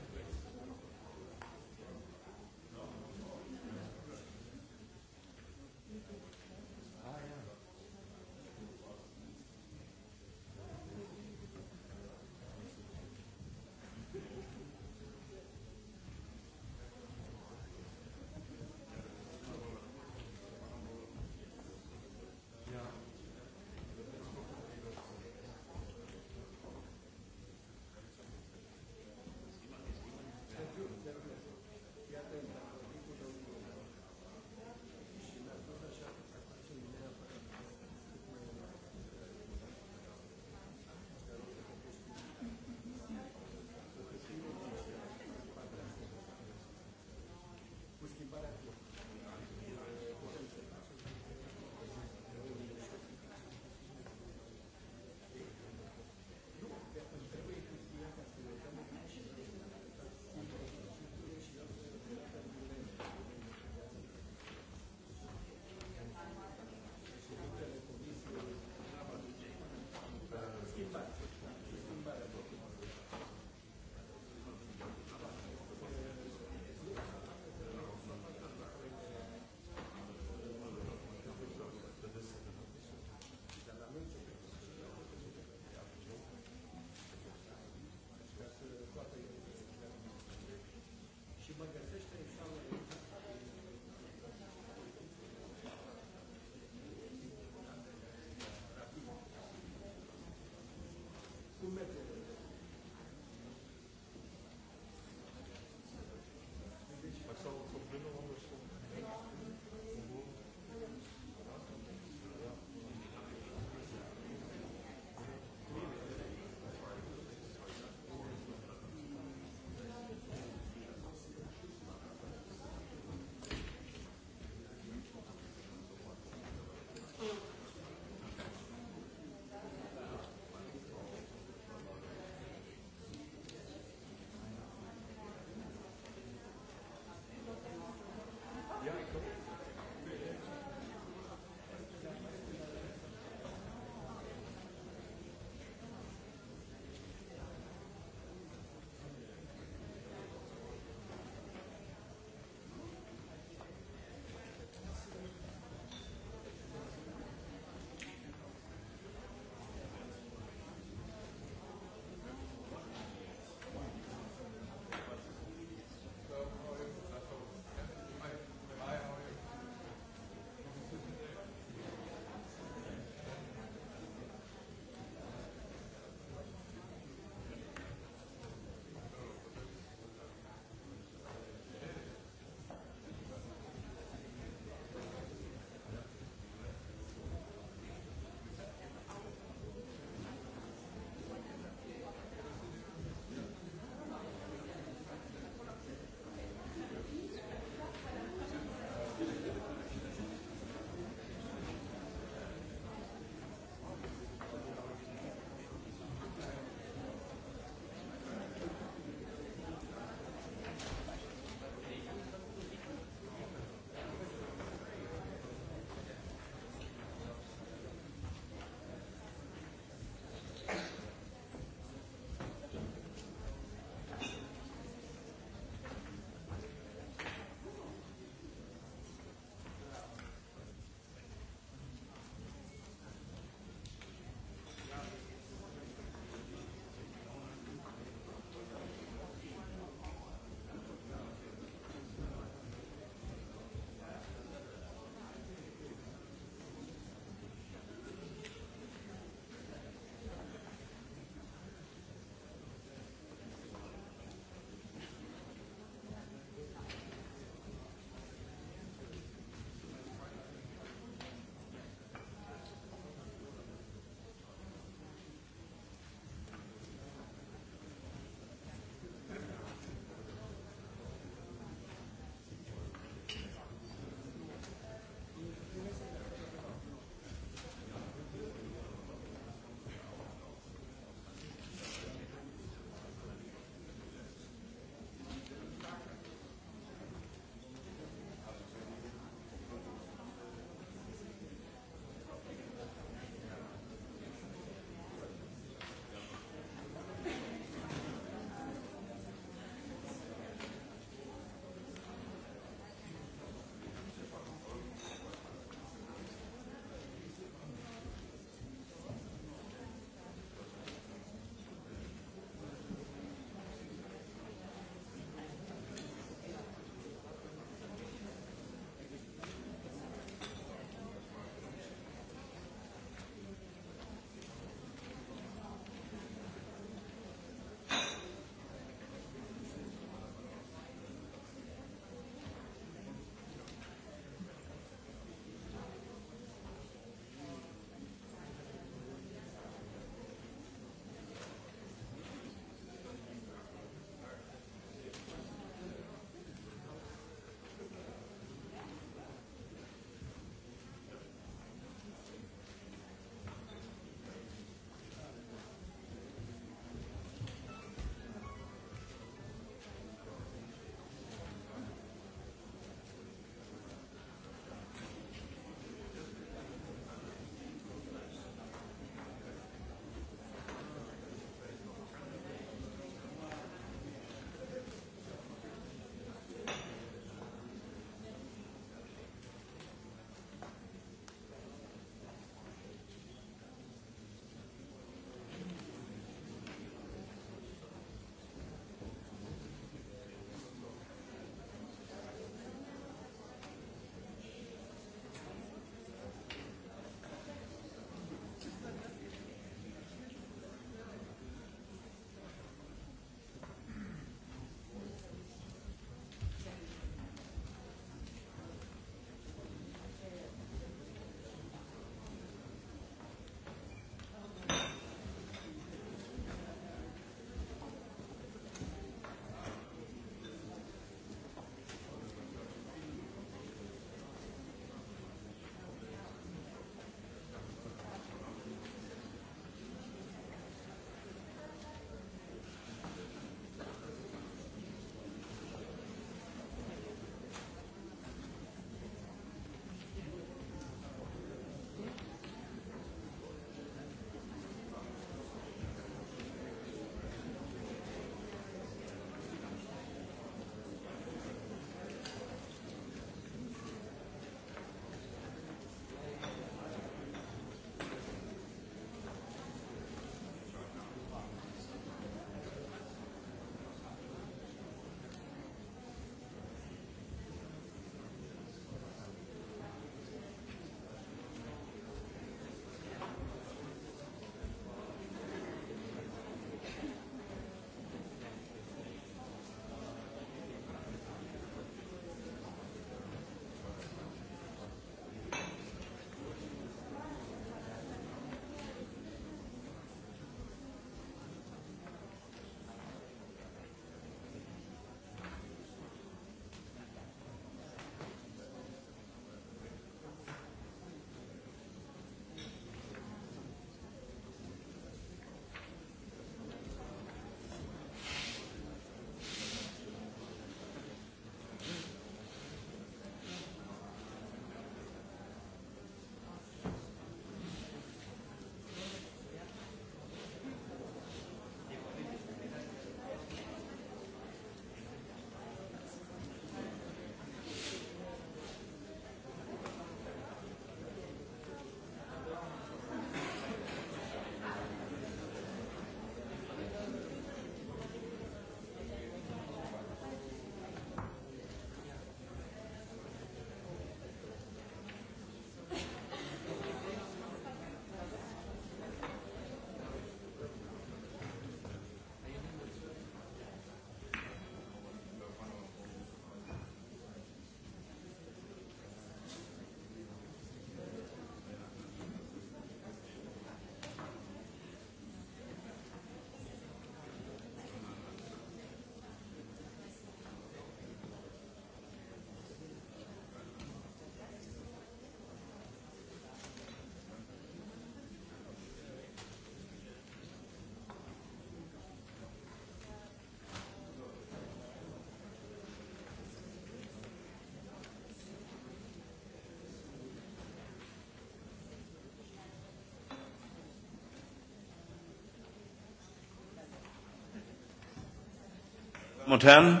A: und Herren,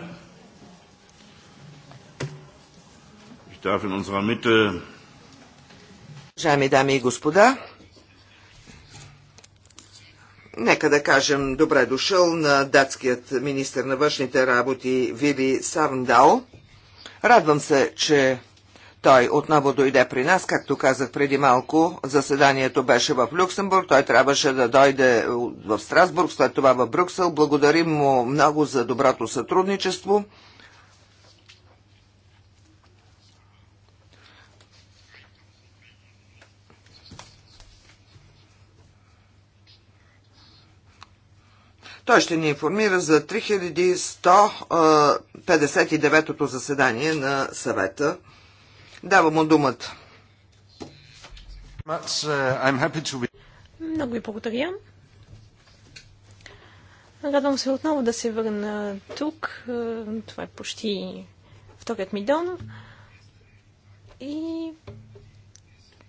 A: ich darf in unserer Mitte. Уважаеми дами и господа, нека да кажем добре дошъл на датският министр на външните работи Вили Сарндал. Радвам се, че той отново дойде при нас, както казах преди малко. Заседанието беше в Люксембург. Той трябваше да дойде в Страсбург, след това в Брюксел. Благодарим му много за доброто сътрудничество. Той ще ни информира за 3159-то заседание на съвета. Давам му думата.
C: Много ви благодаря. Радвам се отново да се върна тук. Това е почти вторият ми дом. И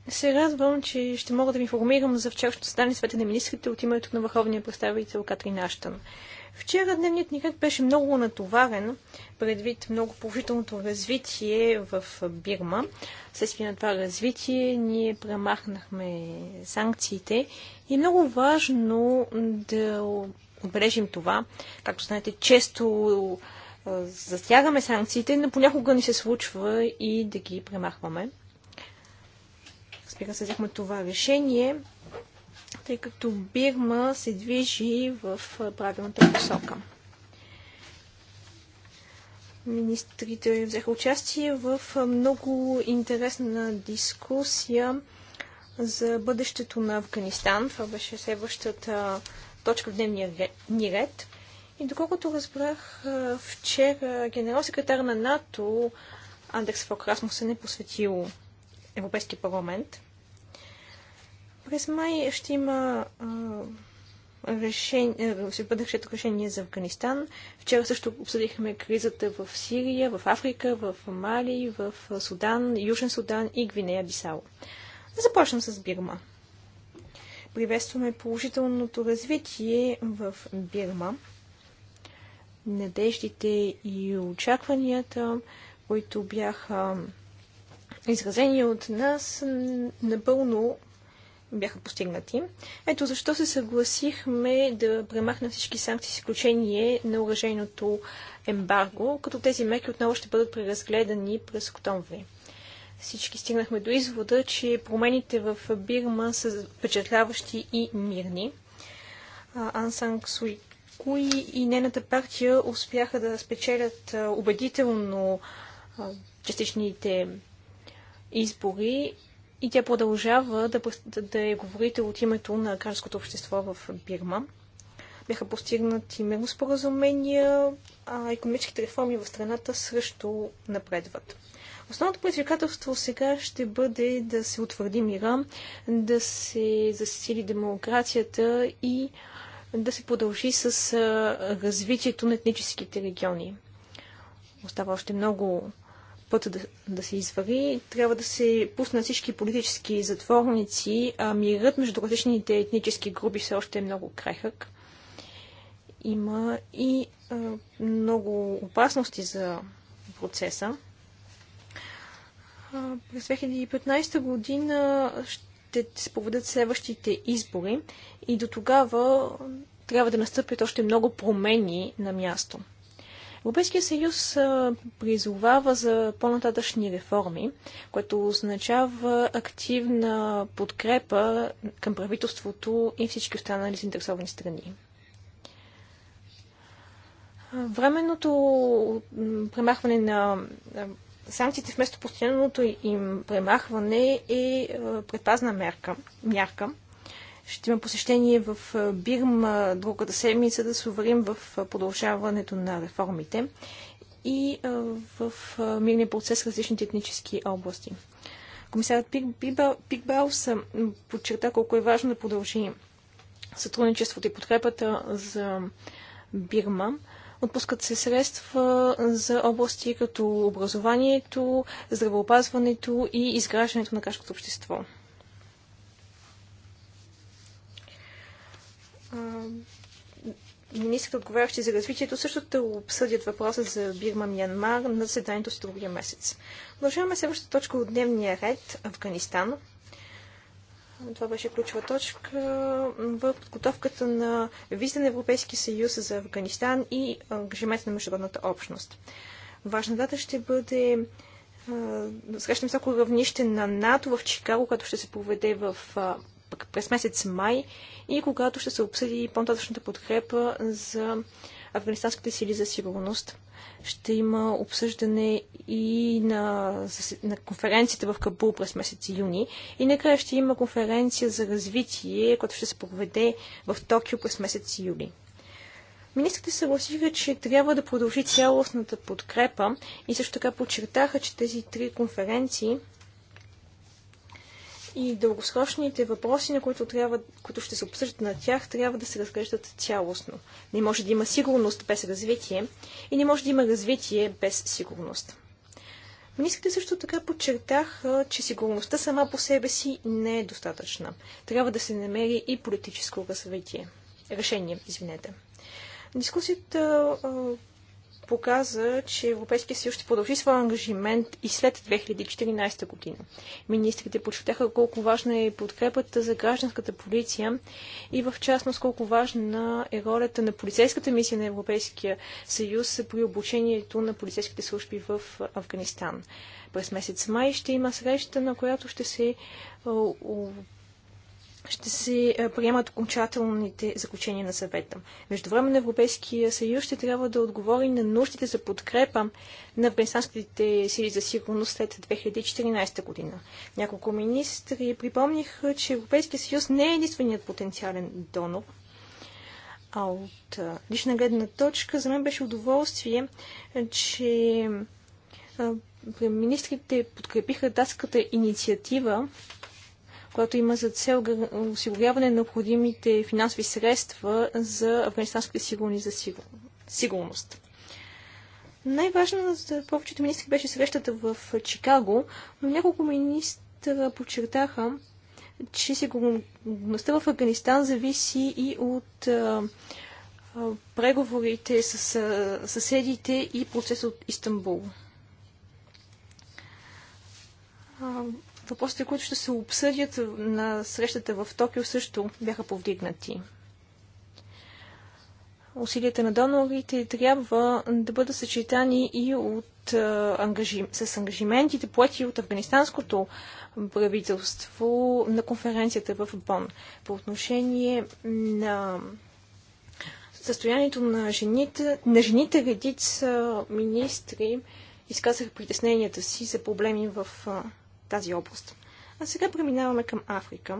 C: се радвам, че ще мога да ви информирам за вчерашното съдание света на министрите от името на върховния представител Катрин Аштън. Вчера дневният ни беше много натоварен, предвид много положителното развитие в Бирма. Следствие на това развитие ние премахнахме санкциите и е много важно да отбележим това. Както знаете, често застягаме санкциите, но понякога ни се случва и да ги премахваме. Разбира се, взехме това решение тъй като Бирма се движи в правилната посока. Министрите взеха участие в много интересна дискусия за бъдещето на Афганистан. Това беше следващата точка в дневния ни ред. И доколкото разбрах, вчера генерал секретар на НАТО Андерс Фок се е посветил Европейския парламент – през май ще има решение, ще бъде решето решение за Афганистан. Вчера също обсъдихме кризата в Сирия, в Африка, в Мали, в Судан, Южен Судан и Гвинея Бисао. Започвам започнем с Бирма. Приветстваме положителното развитие в Бирма. Надеждите и очакванията, които бяха изразени от нас, напълно бяха постигнати. Ето защо се съгласихме да премахнем всички санкции с изключение на оръжейното ембарго, като тези мерки отново ще бъдат преразгледани през октомври. Всички стигнахме до извода, че промените в Бирма са впечатляващи и мирни. Ансанг Суи Куи и нейната партия успяха да спечелят убедително частичните избори и тя продължава да, да е говорите от името на гражданското общество в Бирма. Бяха постигнати мирно споразумения, а економическите реформи в страната също напредват. Основното предизвикателство сега ще бъде да се утвърди мира, да се засили демокрацията и да се продължи с развитието на етническите региони. Остава още много път да, да се извари, трябва да се пуснат всички политически затворници, а мирът между различните етнически групи все още е много крехък. Има и а, много опасности за процеса. А, през 2015 година ще се проведат следващите избори и до тогава трябва да настъпят още много промени на място. Европейския съюз призовава за по-нататъчни реформи, което означава активна подкрепа към правителството и всички останали заинтересовани страни. Временното премахване на санкциите вместо постоянното им премахване е предпазна мерка, мярка. Ще има посещение в Бирма другата седмица да се уверим в продължаването на реформите и в мирния процес в различните етнически области. Комисарът Пикбаус подчерта колко е важно да продължи сътрудничеството и подкрепата за Бирма. Отпускат се средства за области като образованието, здравеопазването и изграждането на кашкото общество. Министрът отговарящи за развитието, също те обсъдят въпроса за Бирма Мянмар на заседанието си другия месец. Продължаваме следващата точка от дневния ред Афганистан. Това беше ключова точка в подготовката на виза на Европейски съюз за Афганистан и ангажимент на международната общност. Важна дата ще бъде срещам всяко равнище на НАТО в Чикаго, което ще се проведе в през месец май и когато ще се обсъди по-нататъчната подкрепа за афганистанските сили за сигурност. Ще има обсъждане и на, на конференцията в Кабул през месец юни. И накрая ще има конференция за развитие, която ще се проведе в Токио през месец юли. Министрите се съгласиха, че трябва да продължи цялостната подкрепа и също така подчертаха, че тези три конференции и дългосрочните въпроси, на които, трябва, които ще се обсъждат на тях, трябва да се разглеждат цялостно. Не може да има сигурност без развитие и не може да има развитие без сигурност. Министрите също така подчертах, че сигурността сама по себе си не е достатъчна. Трябва да се намери и политическо развитие. Решение, извинете. Дискусията показа, че Европейския съюз ще продължи своя ангажимент и след 2014 година. Министрите почетаха колко важна е подкрепата за гражданската полиция и в частност колко важна е ролята на полицейската мисия на Европейския съюз при обучението на полицейските служби в Афганистан. През месец май ще има среща, на която ще се ще се е, приемат окончателните заключения на съвета. Между време на Европейския съюз ще трябва да отговори на нуждите за подкрепа на афганистанските сили за сигурност след 2014 година. Няколко министри припомниха, че Европейския съюз не е единственият потенциален донор. А от е, лична гледна точка за мен беше удоволствие, че е, министрите подкрепиха датската инициатива която има за цел осигуряване на необходимите финансови средства за афганистанските сигурни за сигурност. най важно за повечето министри беше срещата в Чикаго, но няколко министра подчертаха, че сигурността в Афганистан зависи и от преговорите с съседите и процеса от Истанбул. Въпросите, които ще се обсъдят на срещата в Токио, също бяха повдигнати. Усилията на донорите трябва да бъдат съчетани и от, ангажи... с ангажиментите, поети от афганистанското правителство на конференцията в Бон. По отношение на състоянието на жените, на жените редица министри изказаха притесненията си за проблеми в тази област. А сега преминаваме към Африка.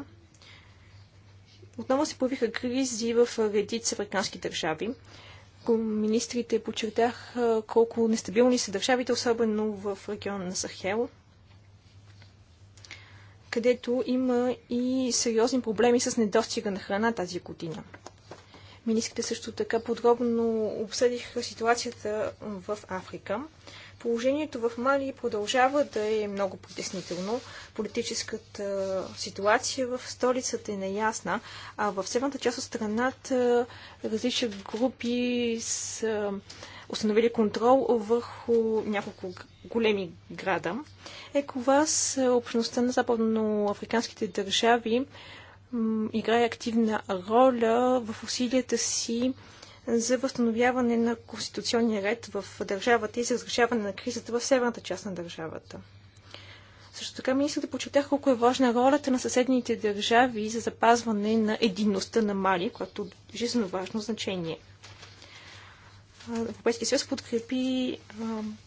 C: Отново се появиха кризи в редица африкански държави. Министрите подчертах колко нестабилни са държавите, особено в региона на Сахел, където има и сериозни проблеми с недостига на храна тази година. Министрите също така подробно обсъдиха ситуацията в Африка. Положението в Мали продължава да е много притеснително. Политическата ситуация в столицата е неясна, а в северната част от страната различни групи са установили контрол върху няколко големи града. ЕКОВАС, общността на западноафриканските държави, играе активна роля в усилията си за възстановяване на конституционния ред в държавата и за разрешаване на кризата в северната част на държавата. Също така ми да почетах колко е важна ролята на съседните държави за запазване на единността на Мали, което е жизненно важно значение. Европейския съюз подкрепи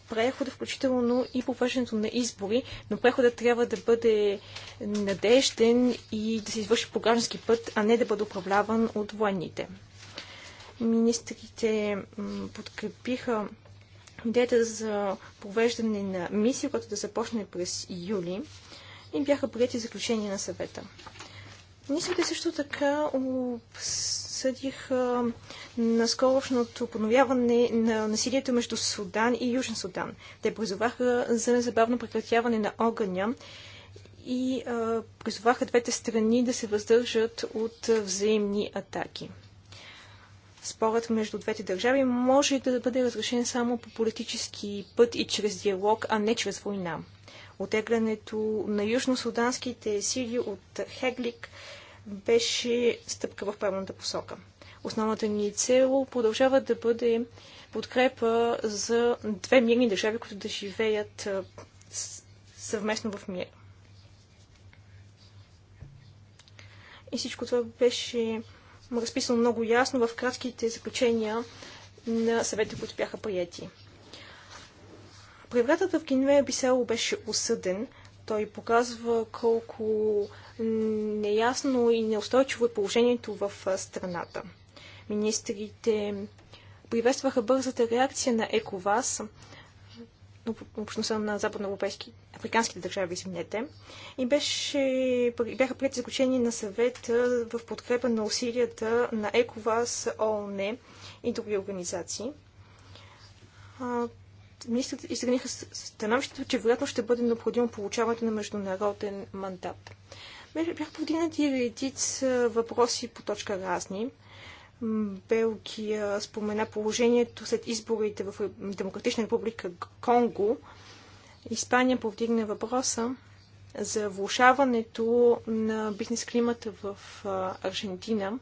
C: прехода, включително и провеждането на избори, но преходът трябва да бъде надежден и да се извърши по граждански път, а не да бъде управляван от военните. Министрите подкрепиха идеята за провеждане на мисия, която да започне през юли и бяха прияти заключения на съвета. Министрите също така обсъдиха наскорошното подновяване на насилието между Судан и Южен Судан. Те призоваха за незабавно прекратяване на огъня и а, призоваха двете страни да се въздържат от взаимни атаки спорът между двете държави може да бъде разрешен само по политически път и чрез диалог, а не чрез война. Отеглянето на южно южно-суданските сили от Хеглик беше стъпка в правилната посока. Основната ни цел продължава да бъде подкрепа за две мирни държави, които да живеят съвместно в мир. И всичко това беше разписано много ясно в кратките заключения на съвета, които бяха прияти. Превратът в Гинея Бисело беше осъден. Той показва колко неясно и неустойчиво е положението в страната. Министрите приветстваха бързата реакция на ЕКОВАС, общността на западноевропейски, африканските държави, извинете, и беше, бяха прияти заключени на съвета в подкрепа на усилията на ЕКОВАС, ООН и други организации. Министрите изразиха становището, че вероятно ще бъде необходимо получаването на международен мандат. Бяха повдигнати редица въпроси по точка разни. Белгия спомена положението след изборите в Демократична република Конго. Испания повдигна въпроса за влушаването на бизнес климата в Аржентина,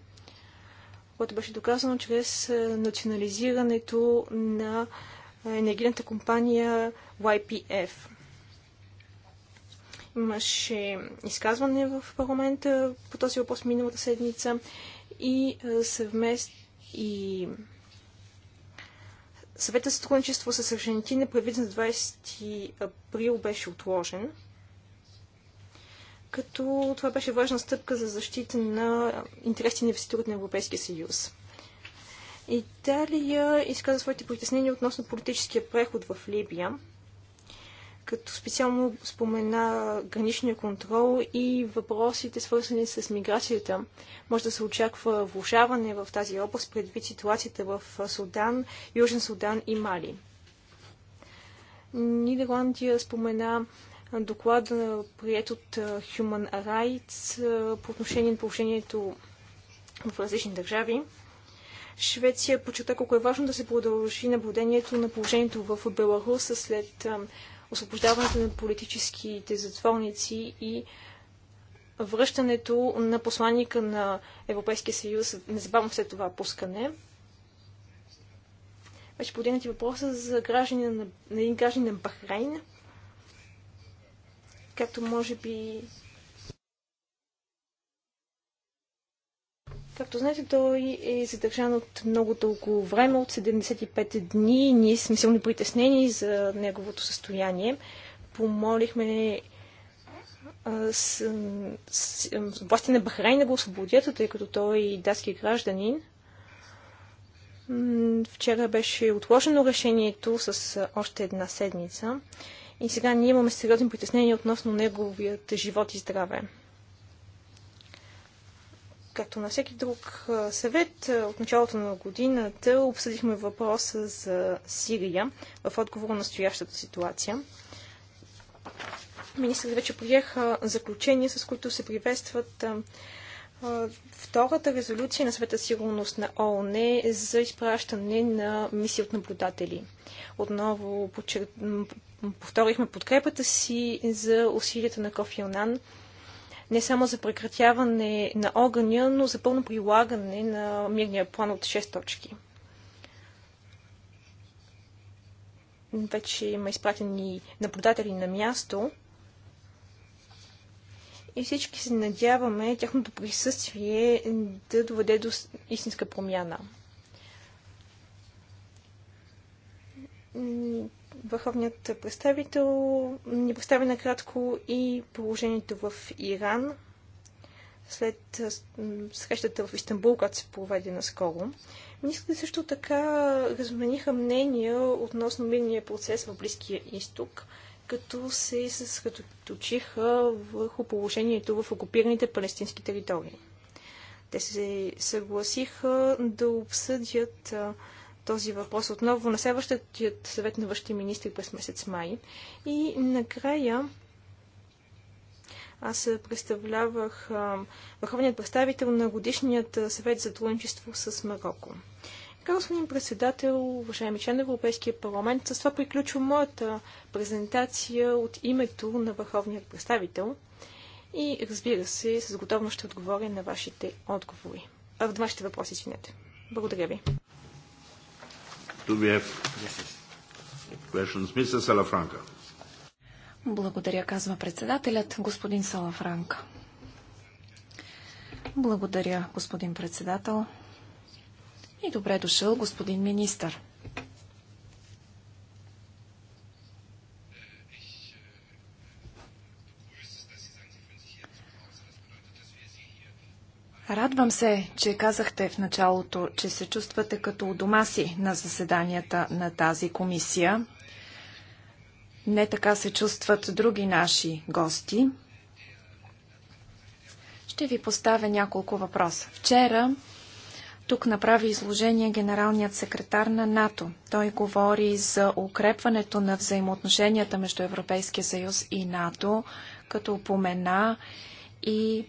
C: което беше доказано чрез национализирането на енергийната компания YPF. Имаше изказване в парламента по този въпрос миналата седмица и съвмест и съветът сътрудничество с Аржентина, предвиден за 20 април, беше отложен. Като това беше важна стъпка за защита на интересите на инвеститорите на Европейския съюз. Италия изказа своите притеснения относно политическия преход в Либия като специално спомена граничния контрол и въпросите свързани с миграцията. Може да се очаква влушаване в тази област предвид ситуацията в Судан, Южен Судан и Мали. Нидерландия спомена доклада, прият от Human Rights по отношение на положението в различни държави. Швеция почета колко е важно да се продължи наблюдението на положението в Беларус след освобождаването на политическите затворници и връщането на посланника на Европейския съюз незабавно след това пускане. Вече подигнати въпроса за граждани на, на един гражданин на Бахрейн. Както може би Както знаете, той е задържан от много дълго време, от 75 дни. Ние сме силно притеснени за неговото състояние. Помолихме с, с, с власти на Бахрейн да го освободят, тъй като той е датски гражданин. Вчера беше отложено решението с още една седмица. И сега ние имаме сериозни притеснения относно неговият живот и здраве. Както на всеки друг съвет, от началото на годината обсъдихме въпроса за Сирия в отговор на стоящата ситуация. Министрите вече приеха заключения, с които се приветстват втората резолюция на Света сигурност на ООН е за изпращане на мисии от наблюдатели. Отново повторихме подкрепата си за усилията на Кофи Онан не само за прекратяване на огъня, но за пълно прилагане на мирния план от 6 точки. Вече има изпратени наблюдатели на място и всички се надяваме тяхното присъствие да доведе до истинска промяна върховният представител ни представи накратко и положението в Иран след срещата в Истанбул, която се проведе наскоро. Министрите също така размениха мнения относно мирния процес в Близкия изток, като се съсредоточиха върху положението в окупираните палестински територии. Те се съгласиха да обсъдят този въпрос отново на следващия съвет на външните министри през месец май. И накрая аз представлявах върховният представител на годишният съвет за трудничество с Марокко. Така, господин председател, уважаеми член на Европейския парламент, с това приключва моята презентация от името на върховният представител и разбира се, с готовност ще отговоря на вашите отговори. А, вашите
B: въпроси, извинете. Благодаря ви.
A: Do we have questions? Mr. Salafranca.
B: Благодаря, казва председателят, господин Салафранка. Благодаря, господин председател. И добре дошъл, господин министър. Радвам се, че казахте в началото, че се чувствате като у дома си на заседанията на тази комисия. Не така се чувстват други наши гости. Ще ви поставя няколко въпроса. Вчера тук направи изложение генералният секретар на НАТО. Той говори за укрепването на взаимоотношенията между Европейския съюз и НАТО, като упомена и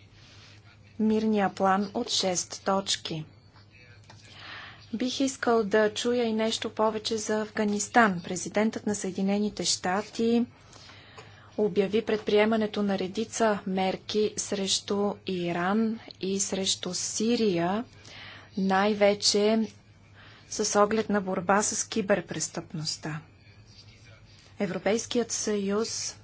B: мирния план от 6 точки. Бих искал да чуя и нещо повече за Афганистан. Президентът на Съединените щати обяви предприемането на редица мерки срещу Иран и срещу Сирия, най-вече с оглед на борба с киберпрестъпността. Европейският съюз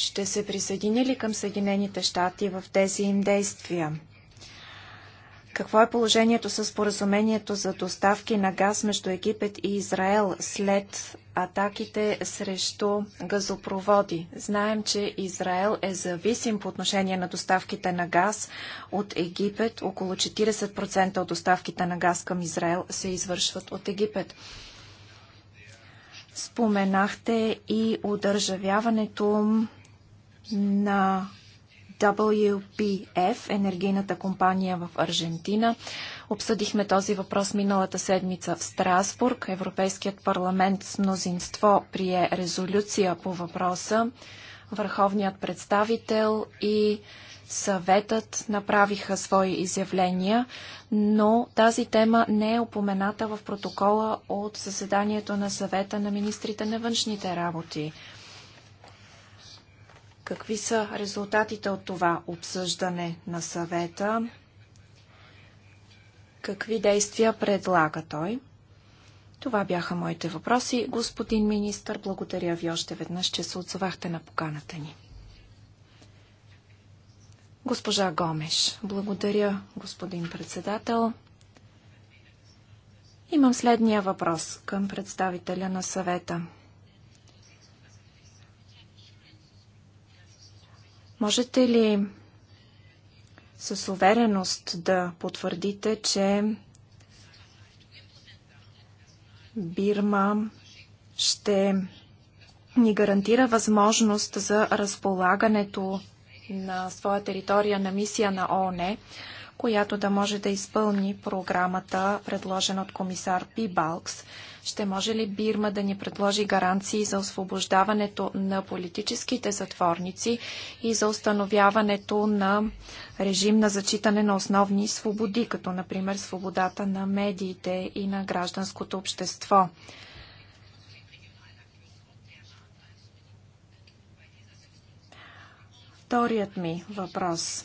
B: ще се присъедини ли към Съединените щати в тези им действия? Какво е положението с поразумението за доставки на газ между Египет и Израел след атаките срещу газопроводи? Знаем, че Израел е зависим по отношение на доставките на газ от Египет. Около 40% от доставките на газ към Израел се извършват от Египет. Споменахте и удържавяването на WPF, енергийната компания в Аржентина. Обсъдихме този въпрос миналата седмица в Страсбург. Европейският парламент с мнозинство прие резолюция по въпроса. Върховният представител и съветът направиха свои изявления, но тази тема не е упомената в протокола от заседанието на съвета на министрите на външните работи. Какви са резултатите от това обсъждане на съвета? Какви действия предлага той? Това бяха моите въпроси. Господин министр, благодаря ви още веднъж, че се отзовахте на поканата ни. Госпожа Гомеш, благодаря, господин председател. Имам следния въпрос към представителя на съвета. Можете ли с увереност да потвърдите, че Бирма ще ни гарантира възможност за разполагането на своя територия на мисия на ООН, която да може да изпълни програмата, предложена от комисар Пибалкс. Балкс ще може ли Бирма да ни предложи гаранции за освобождаването на политическите затворници и за установяването на режим на зачитане на основни свободи, като например свободата на медиите и на гражданското общество? Вторият ми въпрос.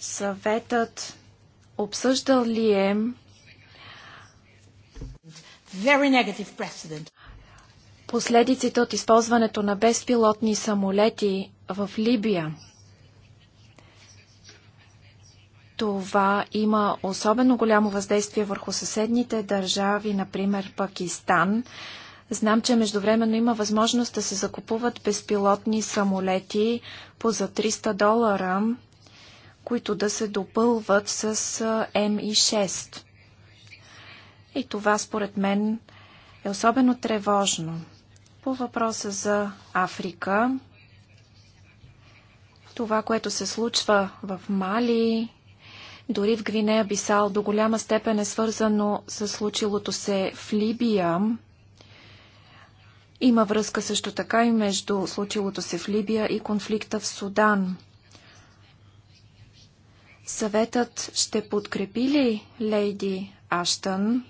B: Съветът обсъждал ли е very negative precedent. Последиците от използването на безпилотни самолети в Либия. Това има особено голямо въздействие върху съседните държави, например Пакистан. Знам, че междувременно има възможност да се закупуват безпилотни самолети по за 300 долара, които да се допълват с МИ 6 и това според мен е особено тревожно. По въпроса за Африка, това, което се случва в Мали, дори в Гвинея Бисал, до голяма степен е свързано с случилото се в Либия. Има връзка също така и между случилото се в Либия и конфликта в Судан. Съветът ще подкрепи ли Лейди Аштън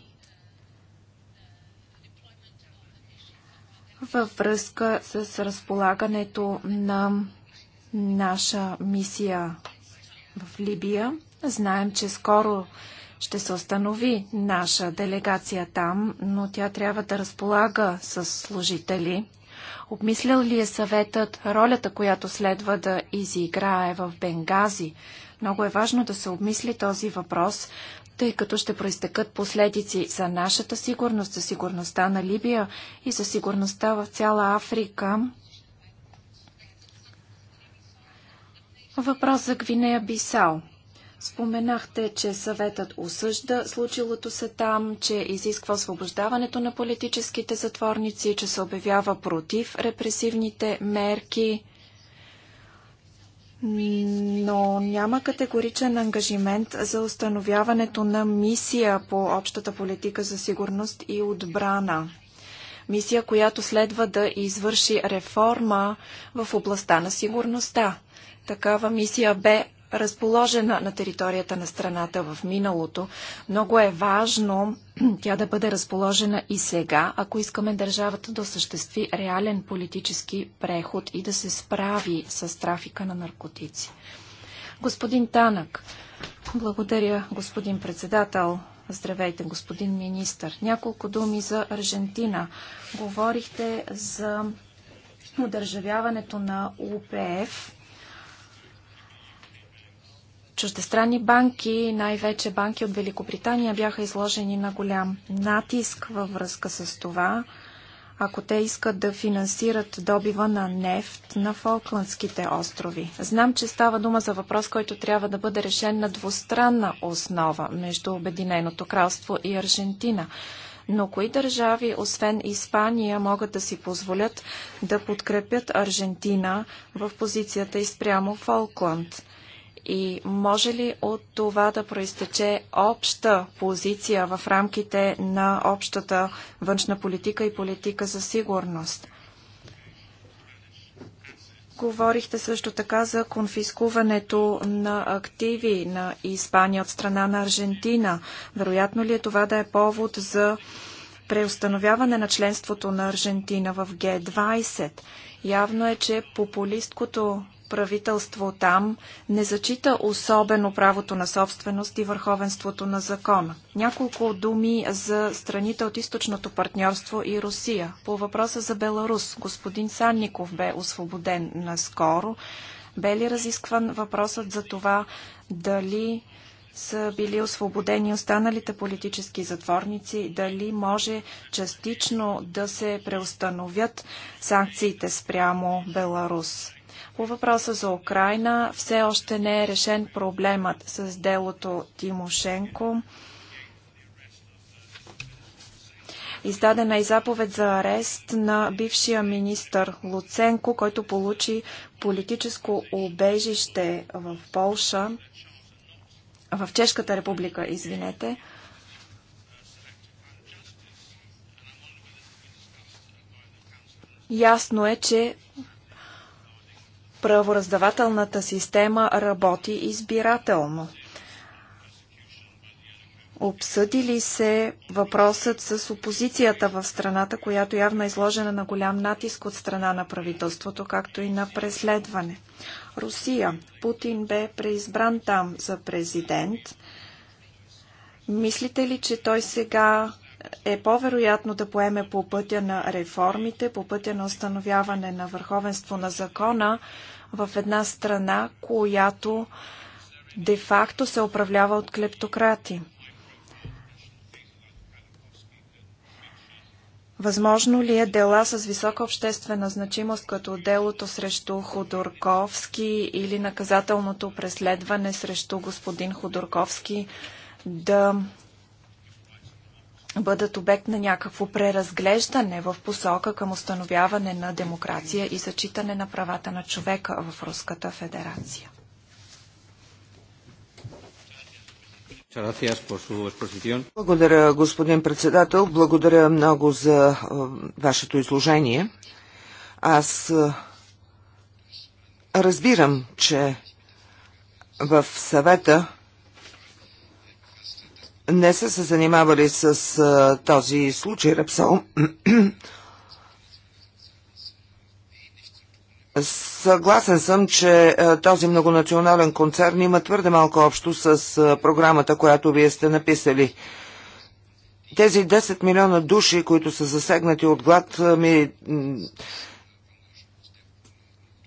B: във връзка с разполагането на наша мисия в Либия. Знаем, че скоро ще се установи наша делегация там, но тя трябва да разполага с служители. Обмислял ли е съветът ролята, която следва да изиграе в Бенгази? Много е важно да се обмисли този въпрос, тъй като ще проистекат последици за нашата сигурност, за сигурността на Либия и за сигурността в цяла Африка. Въпрос за Гвинея Бисал. Споменахте, че съветът осъжда случилото се там, че изисква освобождаването на политическите затворници, че се обявява против репресивните мерки но няма категоричен ангажимент за установяването на мисия по общата политика за сигурност и отбрана. Мисия, която следва да извърши реформа в областта на сигурността. Такава мисия бе разположена на територията на страната в миналото. Много е важно *clears throat* тя да бъде разположена и сега, ако искаме държавата да осъществи реален политически преход и да се справи с трафика на наркотици. Господин Танък, благодаря, господин председател. Здравейте, господин министър. Няколко думи за Аржентина. Говорихте за удържавяването на УПФ Чуждестранни банки, най-вече банки от Великобритания, бяха изложени на голям натиск във връзка с това, ако те искат да финансират добива на нефт на Фолкландските острови. Знам, че става дума за въпрос, който трябва да бъде решен на двустранна основа между Обединеното кралство и Аржентина. Но кои държави, освен Испания, могат да си позволят да подкрепят Аржентина в позицията изпрямо Фолкланд? И може ли от това да проистече обща позиция в рамките на общата външна политика и политика за сигурност? Говорихте също така за конфискуването на активи на Испания от страна на Аржентина. Вероятно ли е това да е повод за преустановяване на членството на Аржентина в Г-20? Явно е, че популисткото правителство там не зачита особено правото на собственост и върховенството на закона. Няколко думи за страните от източното партньорство и Русия. По въпроса за Беларус, господин Санников бе освободен наскоро. Бе ли разискван въпросът за това дали са били освободени останалите политически затворници, дали може частично да се преустановят санкциите спрямо Беларус. По въпроса за Украина все още не е решен проблемът с делото Тимошенко. Издадена е заповед за арест на бившия министър Луценко, който получи политическо убежище в Полша, в Чешката република, извинете. Ясно е, че правораздавателната система работи избирателно. Обсъди ли се въпросът с опозицията в страната, която явно е изложена на голям натиск от страна на правителството, както и на преследване? Русия. Путин бе преизбран там за президент. Мислите ли, че той сега е по-вероятно да поеме по пътя на реформите, по пътя на установяване на върховенство на закона в една страна, която де-факто се управлява от клептократи. Възможно ли е дела с висока обществена значимост, като делото срещу Ходорковски или наказателното преследване срещу господин Ходорковски, да бъдат обект на някакво преразглеждане в посока към установяване на демокрация и зачитане на правата на човека в Руската федерация.
A: Благодаря, господин председател. Благодаря много за е, вашето изложение. Аз е, разбирам, че в съвета не са се занимавали с а, този случай Рапсал. Съгласен съм, че а, този многонационален концерн има твърде малко общо с а, програмата, която вие сте написали. Тези 10 милиона души, които са засегнати от глад, ми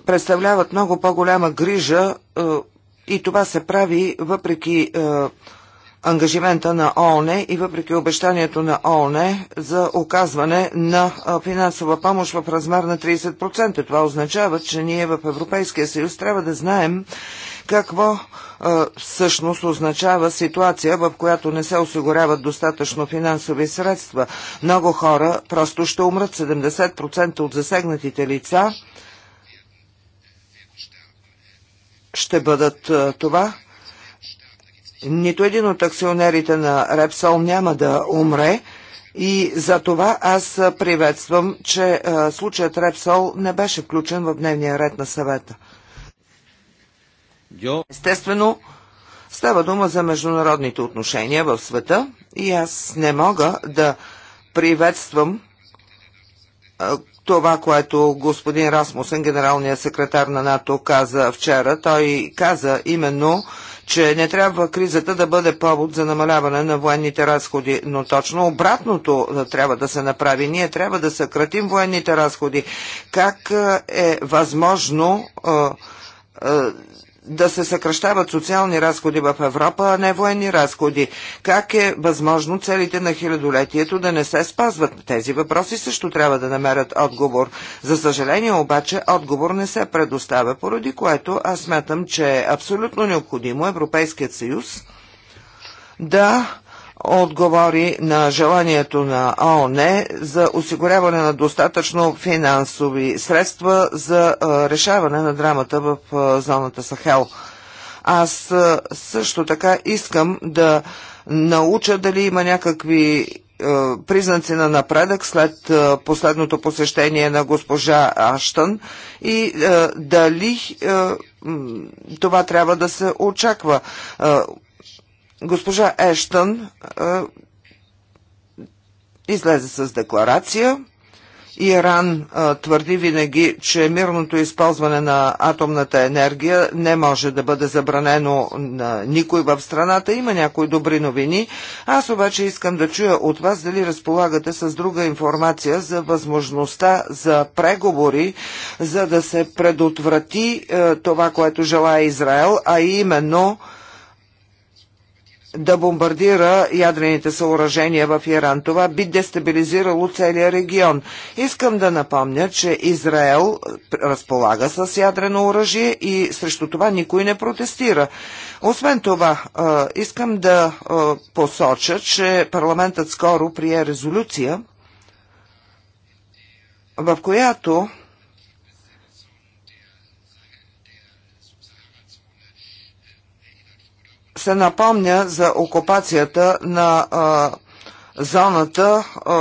A: представляват много по-голяма грижа и това се прави въпреки ангажимента на ООН и въпреки обещанието на ООН за оказване на финансова помощ в размер на 30%. Това означава, че ние в Европейския съюз трябва да знаем какво всъщност означава ситуация, в която не се осигуряват достатъчно финансови средства. Много хора просто ще умрат. 70% от засегнатите лица ще бъдат това, нито един от акционерите на Репсол няма да умре и за това аз приветствам, че случаят Репсол не беше включен в дневния ред на съвета. Естествено, става дума за международните отношения в света и аз не мога да приветствам това, което господин Расмусен, генералният секретар на НАТО, каза вчера. Той каза именно, че не трябва кризата да бъде повод за намаляване на военните разходи, но точно обратното трябва да се направи. Ние трябва да съкратим военните разходи. Как е възможно да се съкръщават социални разходи в Европа, а не военни разходи? Как е възможно целите на хилядолетието да не се спазват? Тези въпроси също трябва да намерят отговор. За съжаление обаче отговор не се предоставя, поради което аз смятам, че е абсолютно необходимо Европейският съюз да отговори на желанието на ООН за осигуряване на достатъчно финансови средства за решаване на драмата в зоната Сахел. Аз също така искам да науча дали има някакви признаци на напредък след последното посещение на госпожа Аштън и дали това трябва да се очаква. Госпожа Ештън е, излезе с декларация. Иран е, твърди винаги, че мирното използване на атомната енергия не може да бъде забранено на никой в страната. Има някои добри новини. Аз обаче искам да чуя от вас дали разполагате с друга информация за възможността за преговори, за да се предотврати е, това, което желая Израел, а именно да бомбардира ядрените съоръжения в Иран. Това би дестабилизирало целия регион. Искам да напомня, че Израел е, разполага с ядрено оръжие и срещу това никой не протестира. Освен това, е, искам да е, посоча, че парламентът скоро прие резолюция, в която се напомня за окупацията на а, зоната а,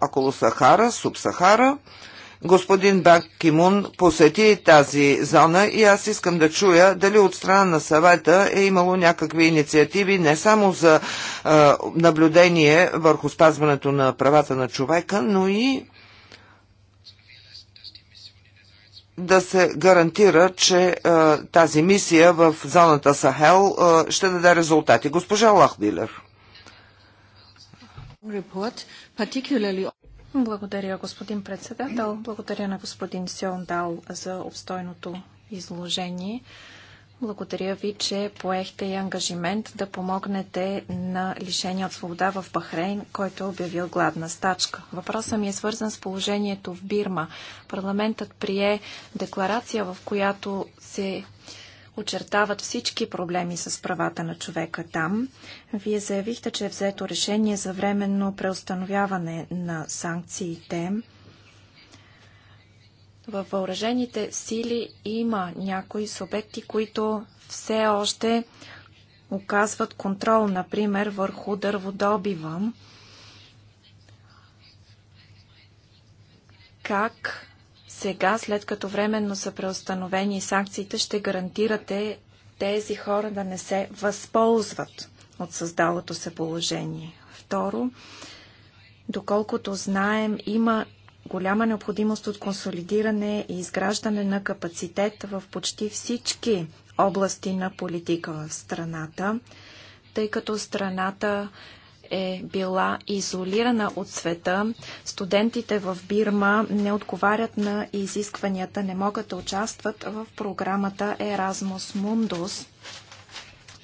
A: около Сахара, Субсахара. Господин Бак Кимун посети тази зона и аз искам да чуя дали от страна на съвета е имало някакви инициативи не само за а, наблюдение върху спазването на правата на човека, но и да се гарантира, че а, е, тази мисия в зоната Сахел а, е, ще даде резултати. Госпожа Лахбилер.
B: Благодаря, господин председател. Благодаря на господин Сьондал за обстойното изложение. Благодаря ви, че поехте и ангажимент да помогнете на лишения от свобода в Бахрейн, който е обявил гладна стачка. Въпросът ми е свързан с положението в Бирма. Парламентът прие декларация, в която се очертават всички проблеми с правата на човека там. Вие заявихте, че е взето решение за временно преустановяване на санкциите. Във въоръжените сили има някои субекти, които все още оказват контрол, например, върху дърводобива. Как сега, след като временно са преустановени санкциите, ще гарантирате тези хора да не се възползват от създалото се положение? Второ, доколкото знаем, има голяма необходимост от консолидиране и изграждане на капацитет в почти всички области на политика в страната, тъй като страната е била изолирана от света. Студентите в Бирма не отговарят на изискванията, не могат да участват в програмата Erasmus Mundus,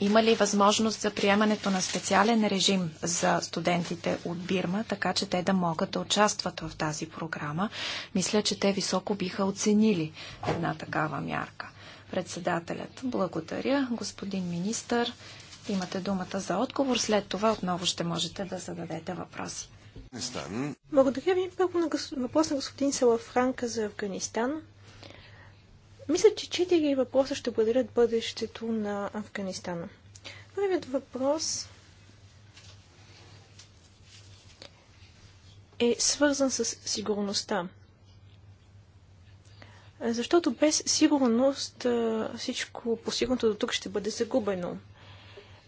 B: има ли възможност за приемането на специален режим за студентите от Бирма, така че те да могат да участват в тази програма? Мисля, че те високо биха оценили една такава мярка. Председателят, благодаря. Господин министър, имате думата за отговор. След това отново ще можете да зададете въпроси. Благодаря ви. Първо на въпрос на господин Салафранка за Афганистан.
C: Мисля, че четири въпроса ще определят бъдещето на Афганистана. Първият въпрос е свързан с сигурността. Защото без сигурност всичко постигнато до тук ще бъде загубено.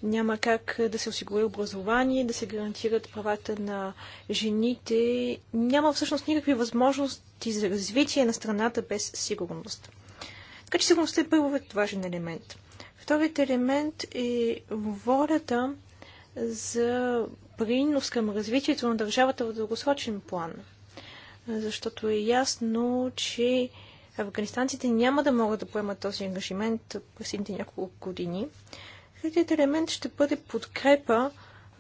C: Няма как да се осигури образование, да се гарантират правата на жените. Няма всъщност никакви възможности за развитие на страната без сигурност. Така че сигурността е първият важен елемент. Вторият елемент е волята за принос към развитието на държавата в дългосрочен план. Защото е ясно, че афганистанците няма да могат да поемат този ангажимент през следните няколко години. Третият елемент ще бъде подкрепа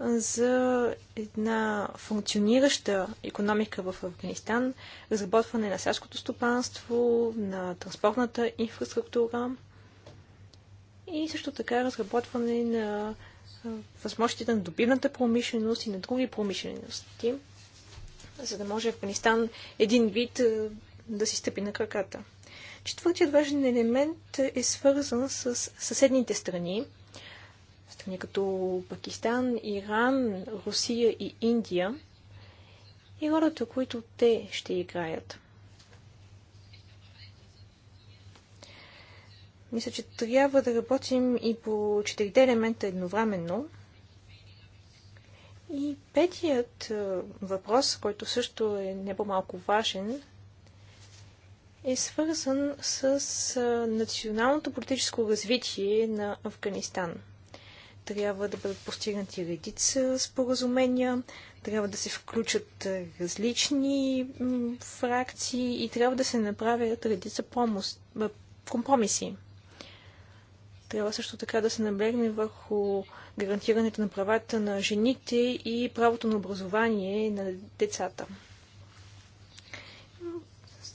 C: за една функционираща економика в Афганистан, разработване на селското стопанство, на транспортната инфраструктура и също така разработване на възможностите на добивната промишленост и на други промишлености, за да може Афганистан един вид да си стъпи на краката. Четвъртият важен елемент е свързан с съседните страни, страни като Пакистан, Иран, Русия и Индия и ролята, които те ще играят. Мисля, че трябва да работим и по четирите елемента едновременно. И петият е, въпрос, който също е не по-малко важен, е свързан с е, националното политическо развитие на Афганистан трябва да бъдат постигнати редица споразумения, трябва да се включат различни фракции и трябва да се направят редица компромиси. Трябва също така да се наблегне върху гарантирането на правата на жените и правото на образование на децата.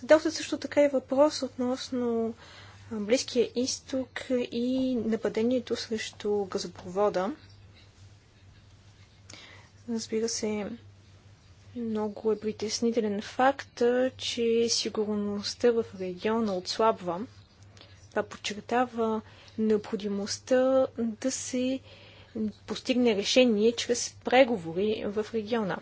C: Задал се също така и въпрос относно Близкия изток и нападението срещу газопровода. Разбира се, много е притеснителен факт, че сигурността в региона отслабва. Това подчертава необходимостта да се постигне решение чрез преговори в региона.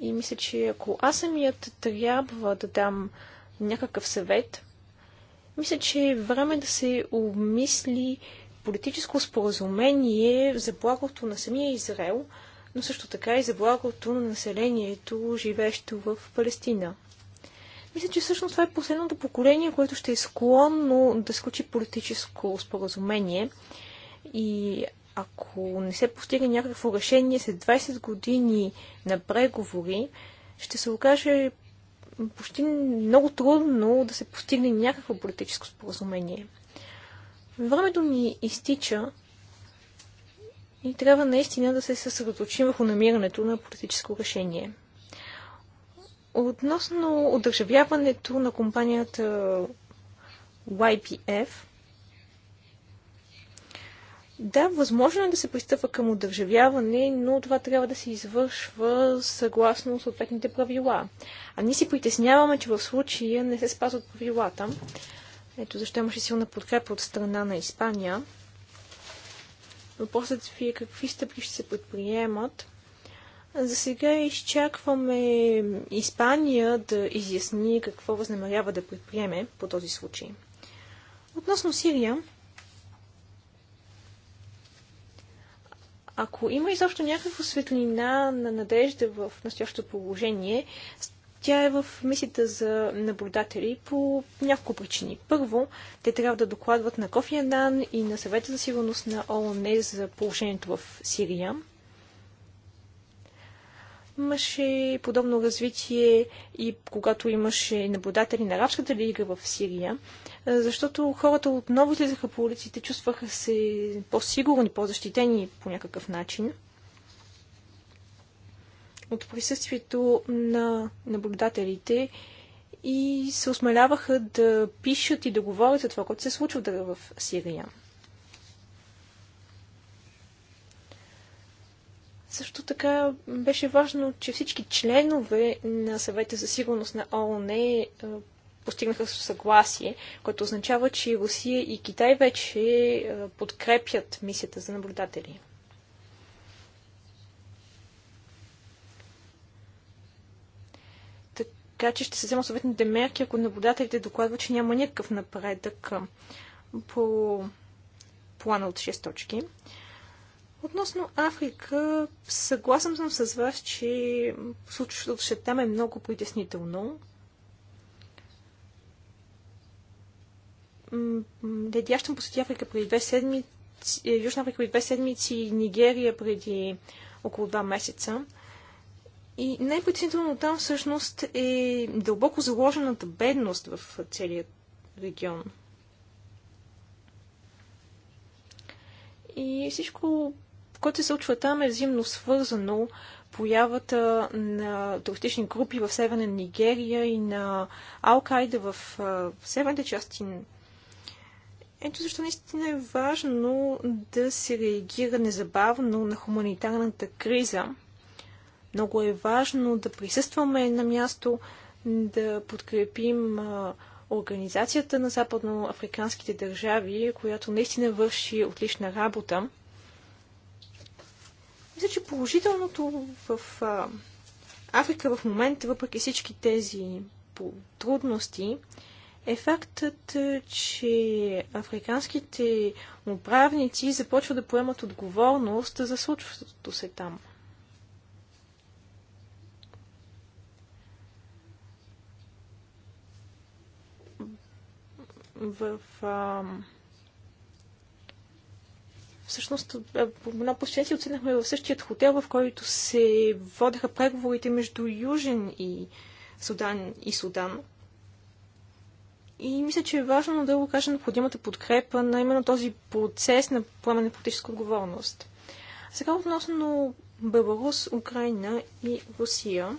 C: И мисля, че ако аз самият трябва да дам някакъв съвет, мисля, че е време да се обмисли политическо споразумение за благото на самия Израел, но също така и за благото на населението, живеещо в Палестина. Мисля, че всъщност това е последното поколение, което ще е склонно да сключи политическо споразумение. И ако не се постига някакво решение след 20 години на преговори, ще се окаже почти много трудно да се постигне някакво политическо споразумение. Времето ни изтича и трябва наистина да се съсредоточим върху намирането на политическо решение. Относно одържавяването на компанията YPF, да, възможно е да се пристъпва към удържавяване, но това трябва да се извършва съгласно съответните правила. А ние си притесняваме, че в случая не се спазват правилата. Ето защо имаше силна подкрепа от страна на Испания. Въпросът ви е какви стъпки ще се предприемат. За сега изчакваме Испания да изясни какво възнамерява да предприеме по този случай. Относно Сирия, Ако има изобщо някаква светлина на надежда в настоящото положение, тя е в мисията за наблюдатели по няколко причини. Първо, те трябва да докладват на Кофи Анан и на съвета за сигурност на ООН за положението в Сирия. Имаше подобно развитие и когато имаше наблюдатели на арабската лига в Сирия, защото хората отново излизаха по улиците, чувстваха се по-сигурни, по-защитени по някакъв начин от присъствието на наблюдателите и се осмеляваха да пишат и да говорят за това, което се случва в Сирия. Също така беше важно, че всички членове на съвета за сигурност на ООН е, постигнаха съгласие, което означава, че Русия и Китай вече е, подкрепят мисията за наблюдатели. Така че ще се вземат съветните мерки, ако наблюдателите докладват, че няма никакъв напредък по плана от 6 точки. Относно Африка, съгласен съм с вас, че случващото се там е много притеснително. Дедящам посети Африка преди две седмици, е, Южна Африка преди две седмици и Нигерия преди около два месеца. И най-притеснително там всъщност е дълбоко заложената бедност в целият регион. И всичко което се случва там е взаимно свързано. Появата на туристични групи в северна Нигерия и на Алкайда в, в северните части ето защо наистина е важно да се реагира незабавно на хуманитарната криза. Много е важно да присъстваме на място, да подкрепим Организацията на западноафриканските държави, която наистина върши отлична работа. Мисля, че положителното в Африка в момента, въпреки всички тези трудности, е фактът, че африканските управници започват да поемат отговорност за случващото се там. В а, всъщност е, на посещение си оценахме в същият хотел, в който се водеха преговорите между Южен и Судан и Судан. И мисля, че е важно да го кажа необходимата подкрепа на именно този процес на пламена политическа отговорност. Сега относно Беларус, Украина и Русия.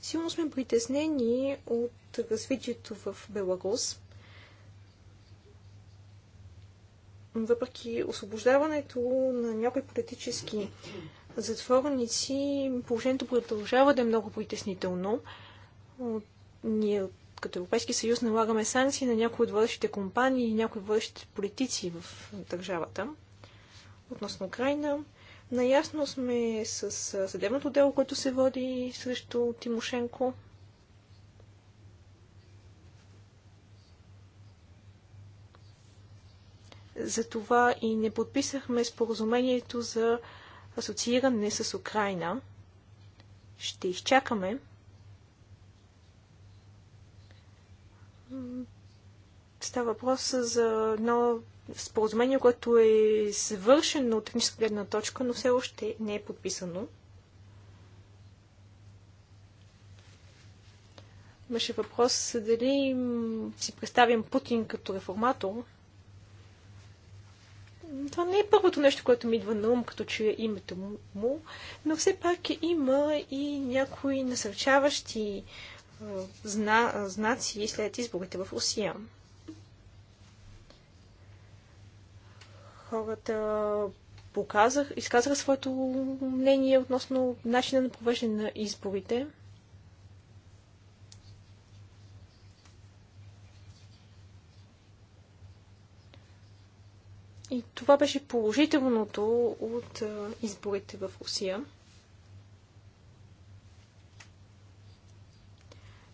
C: Силно сме притеснени от развитието в Беларус. въпреки освобождаването на някои политически затворници, положението продължава да е много притеснително. Ние като Европейски съюз налагаме санкции на някои от водещите компании и някои от политици в държавата. Относно Украина, наясно сме с съдебното дело, което се води срещу Тимошенко. Затова и не подписахме споразумението за асоцииране с Украина. Ще изчакаме. Става въпрос за едно споразумение, което е свършено от техническа гледна точка, но все още не е подписано. Имаше въпрос дали си представим Путин като реформатор това не е първото нещо, което ми идва на ум, като чуя името му, но все пак има и някои насърчаващи зна, знаци след изборите в Русия. Хората показах, изказаха своето мнение относно начина на провеждане на изборите – И това беше положителното от изборите в Русия.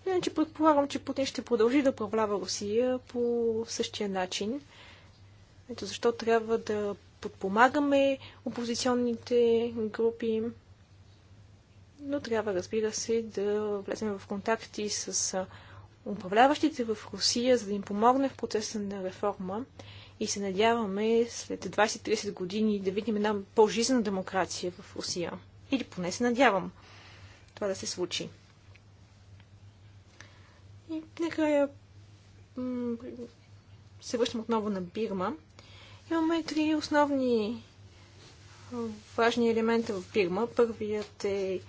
C: Иначе предполагам, че Путин ще продължи да управлява Русия по същия начин. Ето защо трябва да подпомагаме опозиционните групи, но трябва, разбира се, да влезем в контакти с управляващите в Русия, за да им помогне в процеса на реформа и се надяваме след 20-30 години да видим една по-жизнена демокрация в Русия. Или поне се надявам това да се случи. И накрая се връщам отново на Бирма. Имаме три основни важни елемента в Бирма. Първият е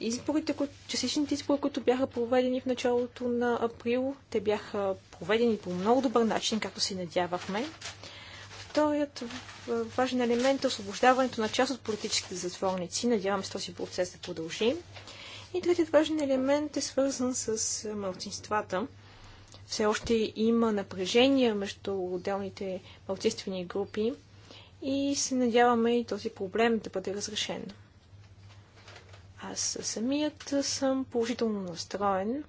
C: изборите, частичните избори, които бяха проведени в началото на април, те бяха проведени по много добър начин, както си надявахме. Вторият важен елемент е освобождаването на част от политическите затворници. Надявам се този процес да продължи. И третият важен елемент е свързан с е, малцинствата. Все още има напрежение между отделните малцинствени групи и се надяваме и този проблем да бъде разрешен. Аз самият съм положително настроен.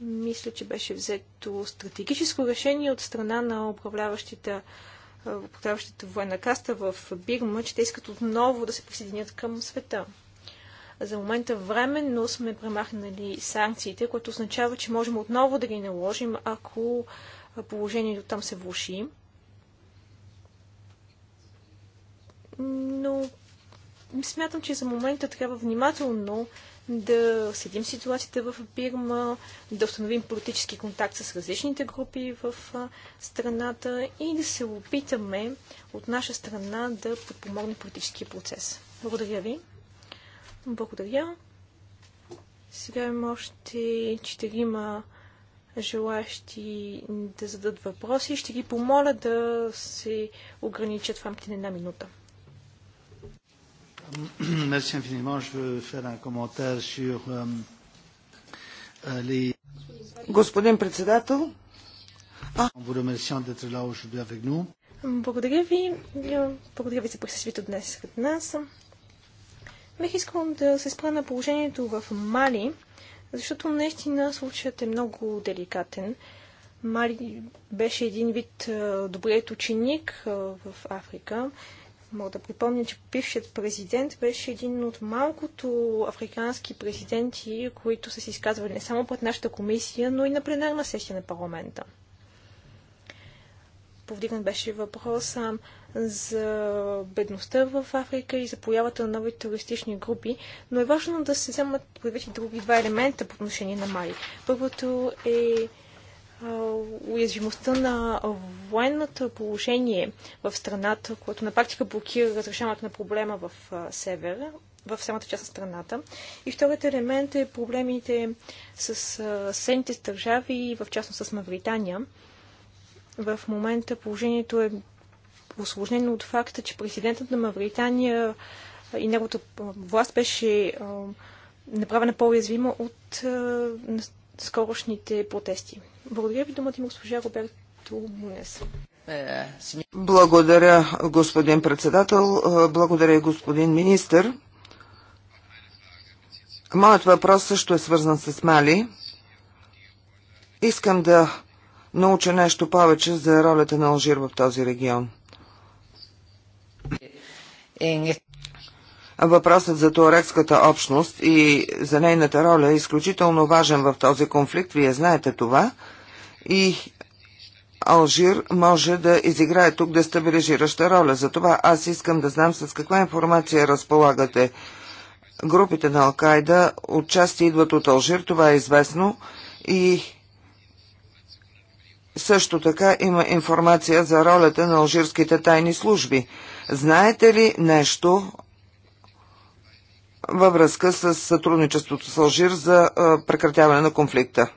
C: Мисля, че беше взето стратегическо решение от страна на управляващите управляващата военна каста в Бирма, че те искат отново да се присъединят към света. За момента временно сме премахнали санкциите, което означава, че можем отново да ги наложим, ако положението там се влуши. Но смятам, че за момента трябва внимателно да следим ситуацията в Бирма, да установим политически контакт с различните групи в страната и да се опитаме от наша страна да подпомогне политическия процес. Благодаря ви. Благодаря. Сега има още четирима желаящи да зададат въпроси. Ще ги помоля да се ограничат в рамките на една минута.
A: Merci infiniment. Je veux faire un commentaire sur euh, euh, les... Господин председател.
C: Благодаря ви. Благодаря ви за присъствието днес сред нас. Бих искал да се спра на положението в Мали, защото наистина случаят е много деликатен. Мали беше един вид добрият ученик в Африка Мога да припомня, че бившият президент беше един от малкото африкански президенти, които са се изказвали не само пред нашата комисия, но и на пленарна сесия на парламента. Повдигнат беше въпроса за бедността в Африка и за появата на нови терористични групи, но е важно да се вземат предвид и други два елемента по отношение на Мали. Първото е уязвимостта на военното положение в страната, което на практика блокира разрешаването на проблема в севера, в самата част на страната. И вторият елемент е проблемите с съседните държави и в частност с Мавритания. В момента положението е осложнено от факта, че президентът на Мавритания и неговата власт беше направена по-уязвима от скорошните протести. Благодаря ви, думата има госпожа Мунес.
A: Е, благодаря, господин председател. Е, благодаря, господин министр. Моят въпрос също е свързан с Мали. Искам да науча нещо повече за ролята на Алжир в този регион. Е, Въпросът за туарекската общност и за нейната роля е изключително важен в този конфликт. Вие знаете това и Алжир може да изиграе тук дестабилизираща роля. Затова аз искам да знам с каква информация разполагате. Групите на Алкайда отчасти идват от Алжир, това е известно и също така има информация за ролята на алжирските тайни служби. Знаете ли нещо във връзка с сътрудничеството с Алжир за прекратяване на конфликта?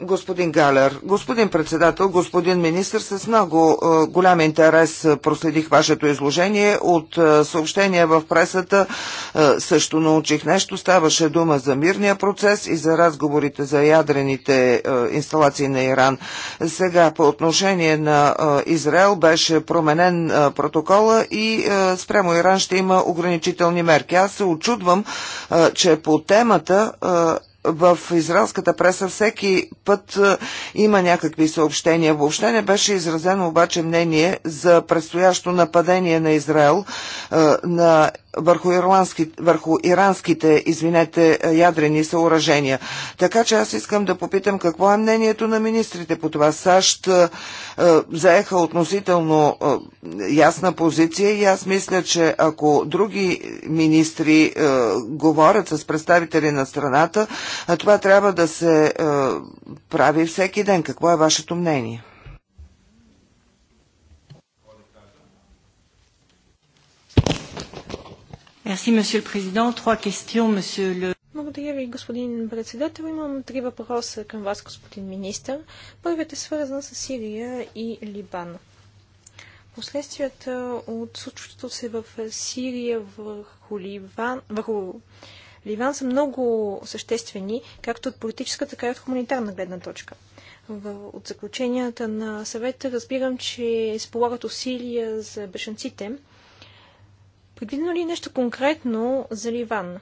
A: Господин Галер, господин председател, господин министр, с много е, голям интерес е, проследих вашето изложение. От е, съобщения в пресата е, също научих нещо. Ставаше дума за мирния процес и за разговорите за ядрените е, инсталации на Иран. Сега по отношение на е, Израел беше променен е, протокола и е, спрямо Иран ще има ограничителни мерки. Аз се очудвам, е, че по темата е, в израелската преса всеки път е, има някакви съобщения. Въобще не беше изразено обаче мнение за предстоящо нападение на Израел е, на върху, ирландски, върху иранските извинете, е, ядрени съоръжения. Така че аз искам да попитам какво е мнението на министрите по това. САЩ е, е, заеха относително е, ясна позиция и аз мисля, че ако други министри е, говорят с представители на страната, е, това трябва да се прави всеки ден. Какво е вашето мнение?
B: Merci, Monsieur le Président. questions, Monsieur le...
C: Благодаря ви, господин председател. Имам три въпроса към вас, господин министр. Първият е свързан с Сирия и Либан. Последствията от случващото се в Сирия върху Ливан, върху Ливан са много съществени, както от политическа, така и от хуманитарна гледна точка. От заключенията на съвета разбирам, че се полагат усилия за бешенците, Предвидено ли е нещо конкретно за Ливан?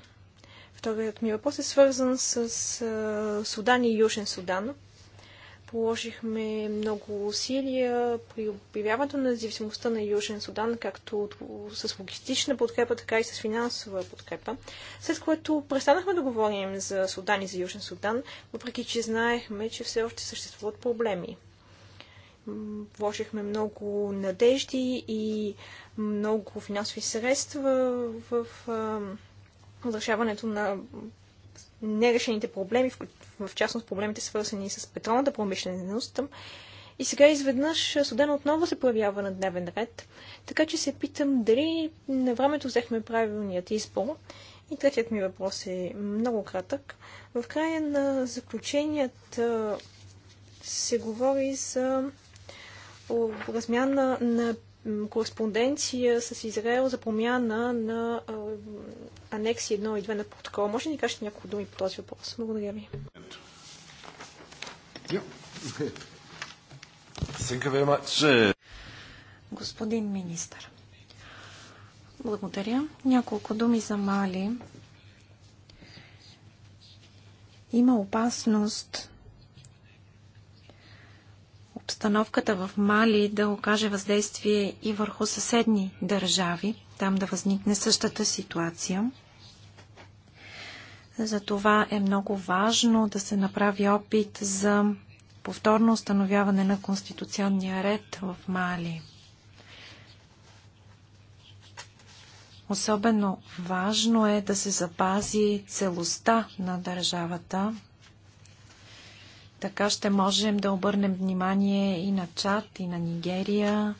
C: Вторият ми въпрос е свързан с а, Судан и Южен Судан. Положихме много усилия при обявяването на зависимостта на Южен Судан, както с логистична подкрепа, така и с финансова подкрепа, след което престанахме да говорим за Судан и за Южен Судан, въпреки че знаехме, че все още съществуват проблеми вложихме много надежди и много финансови средства в разрешаването на нерешените проблеми, в частност проблемите свързани с петролната промишленост. И сега изведнъж студен отново се появява на дневен ред, така че се питам дали на времето взехме правилният избор. И третият ми въпрос е много кратък. В края на заключенията се говори за размяна на кореспонденция с Израел за промяна на анекси 1 и 2 на протокола. Може ли да ни кажете няколко думи по този въпрос?
B: Благодаря ви. *laughs* Uh, Господин министр, благодаря. Няколко думи за Мали. Има опасност обстановката в Мали да окаже въздействие и върху съседни държави, там да възникне същата ситуация. Затова е много важно да се направи опит за повторно установяване на конституционния ред в Мали. Особено важно е да се запази целостта на държавата, така ще можем да обърнем внимание и на Чад, и на Нигерия,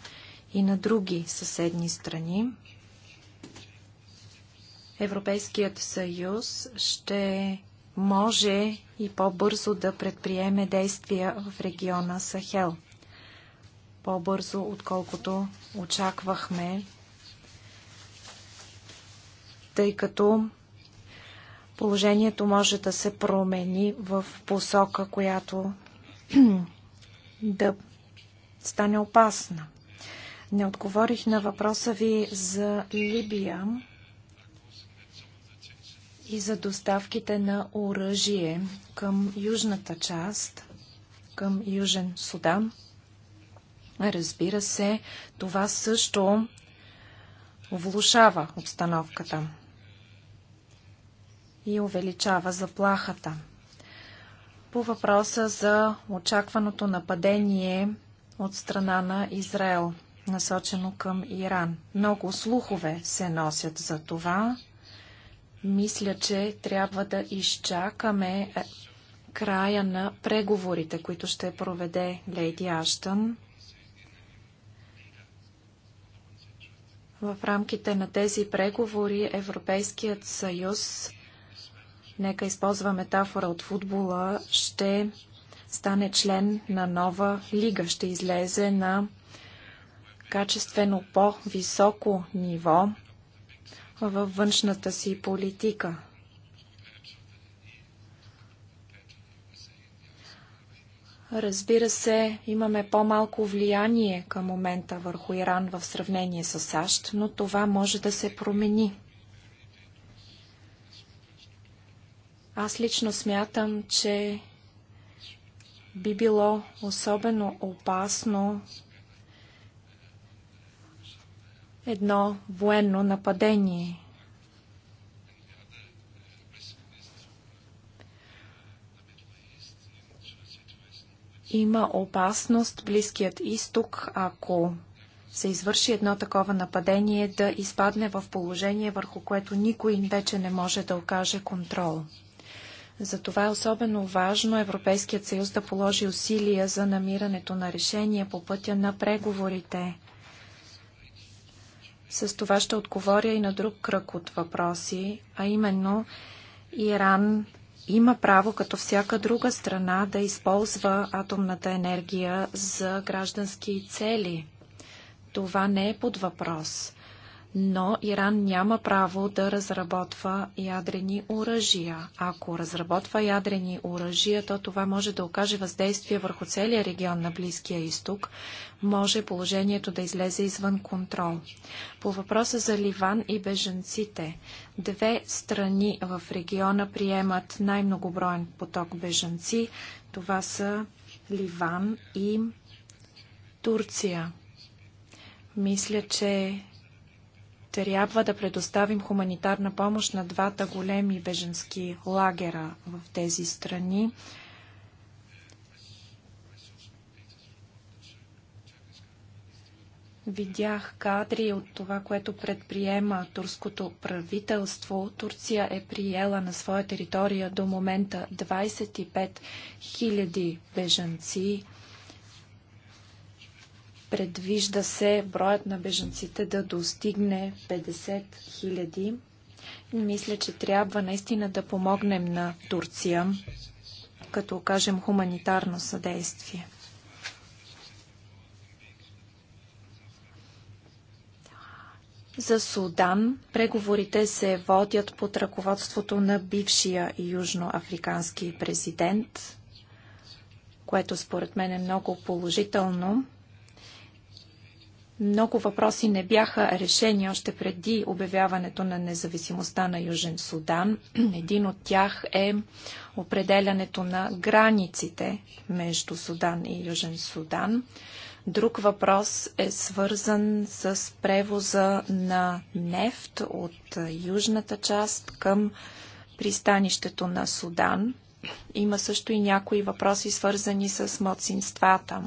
B: и на други съседни страни. Европейският съюз ще може и по-бързо да предприеме действия в региона Сахел. По-бързо, отколкото очаквахме, тъй като положението може да се промени в посока, която *clears throat* да стане опасна. Не отговорих на въпроса ви за Либия и за доставките на оръжие към южната част, към Южен Судан. Разбира се, това също влушава обстановката и увеличава заплахата. По въпроса за очакваното нападение от страна на Израел, насочено към Иран. Много слухове се носят за това. Мисля, че трябва да изчакаме е, края на преговорите, които ще проведе Лейди Аштън. В рамките на тези преговори Европейският съюз нека използва метафора от футбола, ще стане член на нова лига, ще излезе на качествено по-високо ниво във външната си политика. Разбира се, имаме по-малко влияние към момента върху Иран в сравнение с САЩ, но това може да се промени. Аз лично смятам, че би било особено опасно едно военно нападение. Има опасност Близкият изток, ако се извърши едно такова нападение, да изпадне в положение, върху което никой вече не може да окаже контрол. Затова е особено важно Европейският съюз да положи усилия за намирането на решение по пътя на преговорите. С това ще отговоря и на друг кръг от въпроси, а именно Иран има право, като всяка друга страна, да използва атомната енергия за граждански цели. Това не е под въпрос но Иран няма право да разработва ядрени оръжия. Ако разработва ядрени оръжия, то това може да окаже въздействие върху целия регион на Близкия изток. Може положението да излезе извън контрол. По въпроса за Ливан и беженците. Две страни в региона приемат най-многоброен поток беженци. Това са Ливан и Турция. Мисля, че трябва да предоставим хуманитарна помощ на двата големи беженски лагера в тези страни. Видях кадри от това, което предприема турското правителство. Турция е приела на своя територия до момента 25 000 беженци. Предвижда се броят на бежанците да достигне 50 000. Мисля, че трябва наистина да помогнем на Турция, като окажем хуманитарно съдействие. За Судан преговорите се водят под ръководството на бившия южноафрикански президент, което според мен е много положително. Много въпроси не бяха решени още преди обявяването на независимостта на Южен Судан. *clears throat* Един от тях е определянето на границите между Судан и Южен Судан. Друг въпрос е свързан с превоза на нефт от южната част към пристанището на Судан. *clears throat* Има също и някои въпроси, свързани с младсинствата.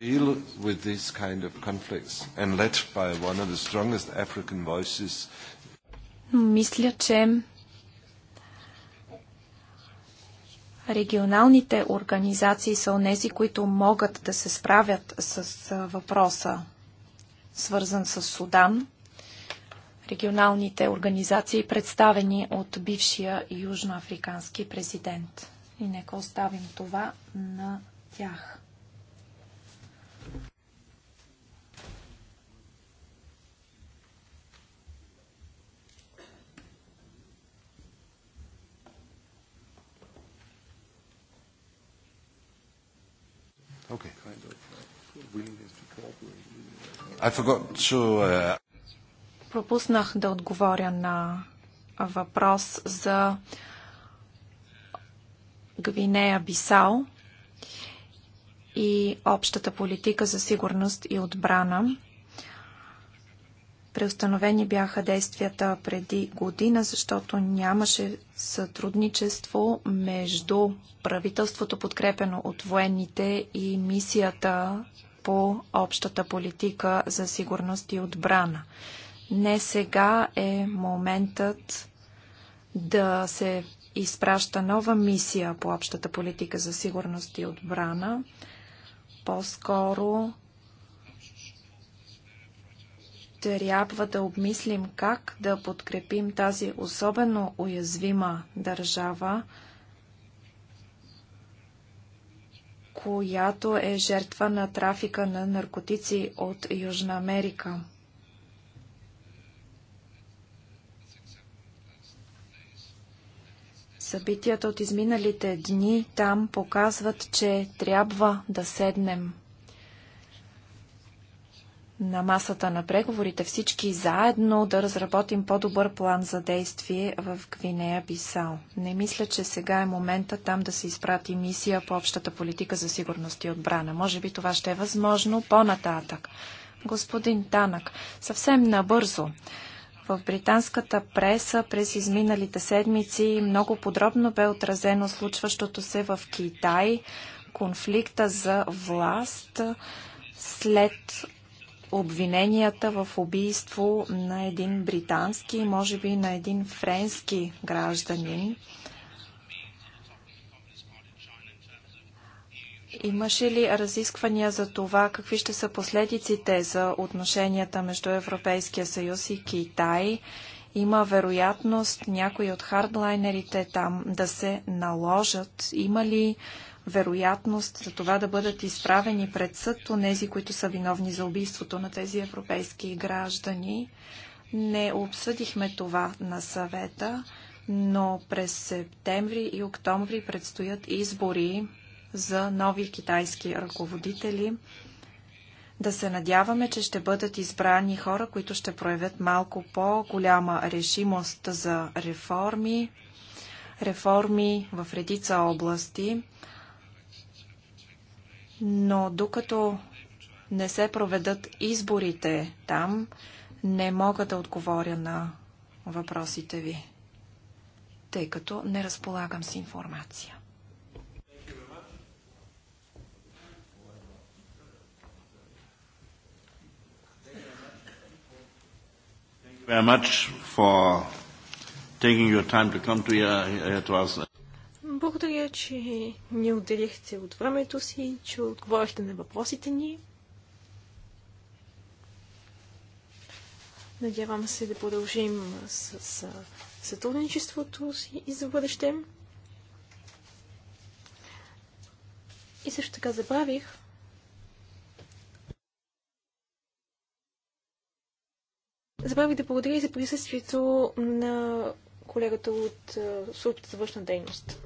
C: deal with this kind of conflicts and led by one of the strongest African voices.
B: Мисля, че регионалните организации са онези, които могат да се справят с въпроса, свързан с Судан. Регионалните организации, представени от бившия южноафрикански президент. И нека оставим това на тях.
C: Okay. Kind of uh, willingness to cooperate.
A: I forgot to, uh...
B: Пропуснах да отговоря на въпрос за Гвинея Бисал и общата политика за сигурност и отбрана. Преустановени бяха действията преди година, защото нямаше сътрудничество между правителството, подкрепено от военните и мисията по общата политика за сигурност и отбрана. Не сега е моментът да се изпраща нова мисия по общата политика за сигурност и отбрана. По-скоро трябва да обмислим как да подкрепим тази особено уязвима държава, която е жертва на трафика на наркотици от Южна Америка. Събитията от изминалите дни там показват, че трябва да седнем на масата на преговорите всички заедно да разработим по-добър план за действие в Гвинея Бисал. Не мисля, че сега е момента там да се изпрати мисия по общата политика за сигурност и отбрана. Може би това ще е възможно по-нататък. Господин Танък, съвсем набързо. В британската преса през изминалите седмици много подробно бе отразено случващото се в Китай, конфликта за власт след обвиненията в убийство на един британски, може би на един френски гражданин. Имаше ли разисквания за това какви ще са последиците за отношенията между Европейския съюз и Китай? Има вероятност някои от хардлайнерите там да се наложат. Има ли вероятност за това да бъдат изправени пред съд онези, които са виновни за убийството на тези европейски граждани. Не обсъдихме това на съвета, но през септември и октомври предстоят избори за нови китайски ръководители. Да се надяваме, че ще бъдат избрани хора, които ще проявят малко по-голяма решимост за реформи, реформи в редица области, но докато не се проведат изборите там, не мога да отговоря на въпросите ви, тъй като не разполагам с информация.
A: Thank you very much for taking your time to come to here, here to us.
C: Благодаря, че ни отделихте от времето си, че отговорихте на въпросите ни. Надявам се да продължим с, с сътрудничеството си и за бъдеще. И също така забравих, Забравих да благодаря и за присъствието на колегата от службата за външна дейност.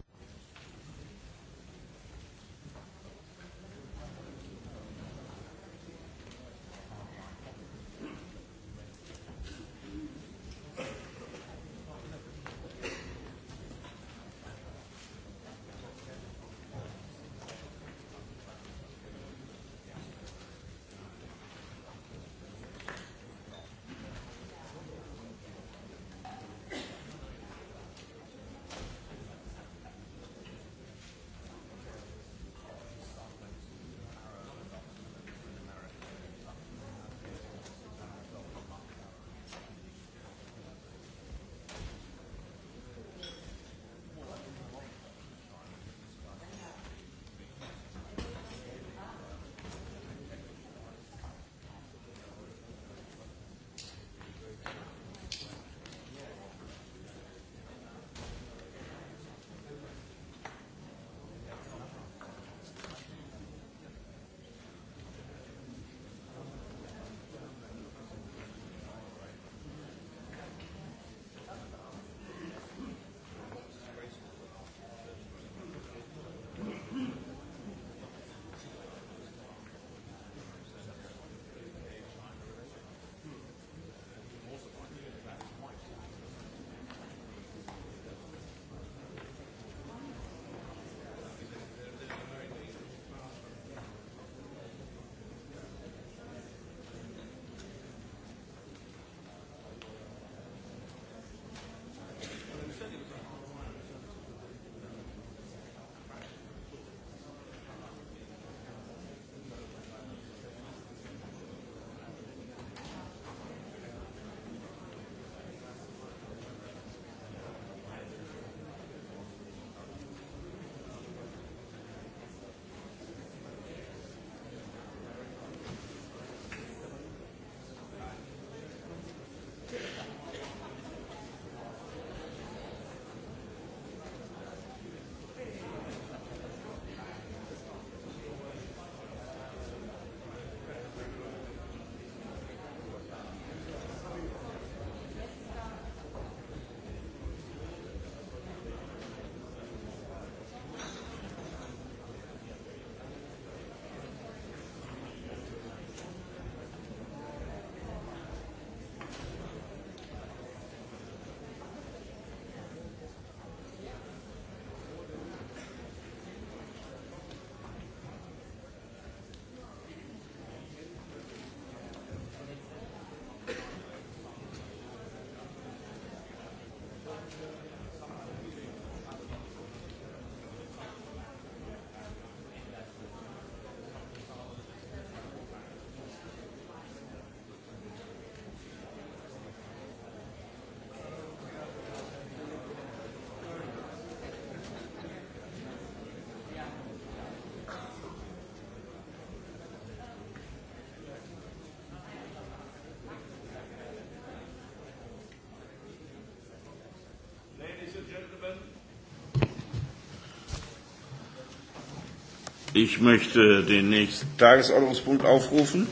A: Ich möchte den nächsten Tagesordnungspunkt aufrufen.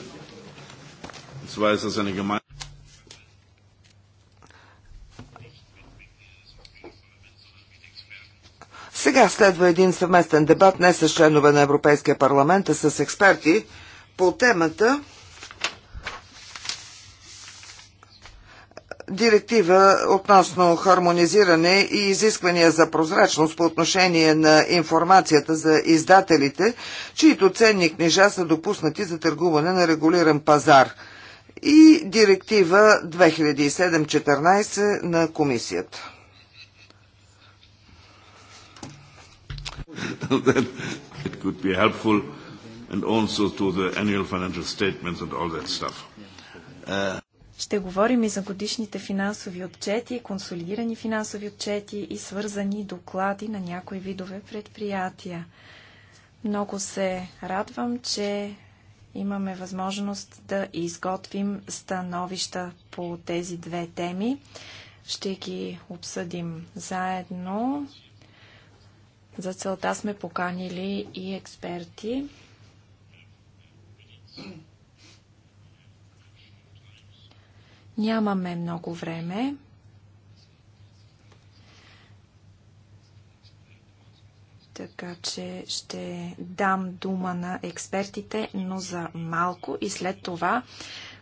A: Und zwar ist das eine Gemeinde. Сега следва един съвместен дебат не с членове на Европейския парламент, а с експерти по темата директива относно хармонизиране и изисквания за прозрачност по отношение на информацията за издателите, чието ценни книжа са допуснати за търгуване на регулиран пазар и директива 2007-14 на комисията. it could be helpful and also to the annual financial statements and all that stuff. Uh...
B: Ще говорим и за годишните финансови отчети, консолидирани финансови отчети и свързани доклади на някои видове предприятия. Много се радвам, че имаме възможност да изготвим становища по тези две теми. Ще ги обсъдим заедно. За целта сме поканили и експерти. Нямаме много време. Така че ще дам дума на експертите, но за малко и след това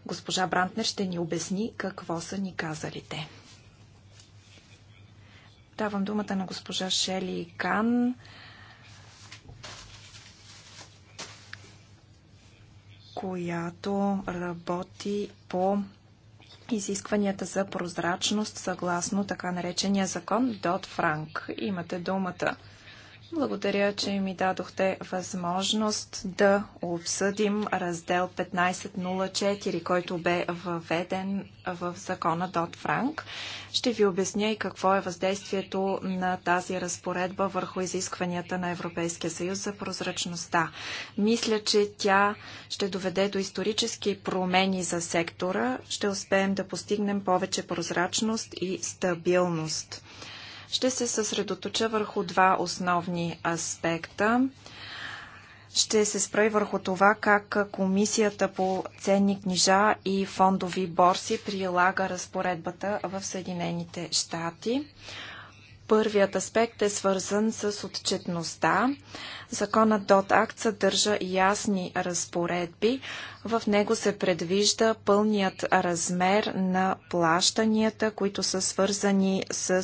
B: госпожа Брантнер ще ни обясни какво са ни казали те. Давам думата на госпожа Шели Кан, която работи по изискванията за прозрачност съгласно така наречения закон Дот Франк. Имате думата. Благодаря, че ми дадохте възможност да обсъдим раздел 1504, който бе въведен в закона Дот Франк. Ще ви обясня и какво е въздействието на тази разпоредба върху изискванията на Европейския съюз за прозрачността. Мисля, че тя ще доведе до исторически промени за сектора. Ще успеем да постигнем повече прозрачност и стабилност. Ще се съсредоточа върху два основни аспекта. Ще се спра и върху това как Комисията по ценни книжа и фондови борси прилага разпоредбата в Съединените щати. Първият аспект е свързан с отчетността. Законът Дот Акт съдържа ясни разпоредби. В него се предвижда пълният размер на плащанията, които са свързани с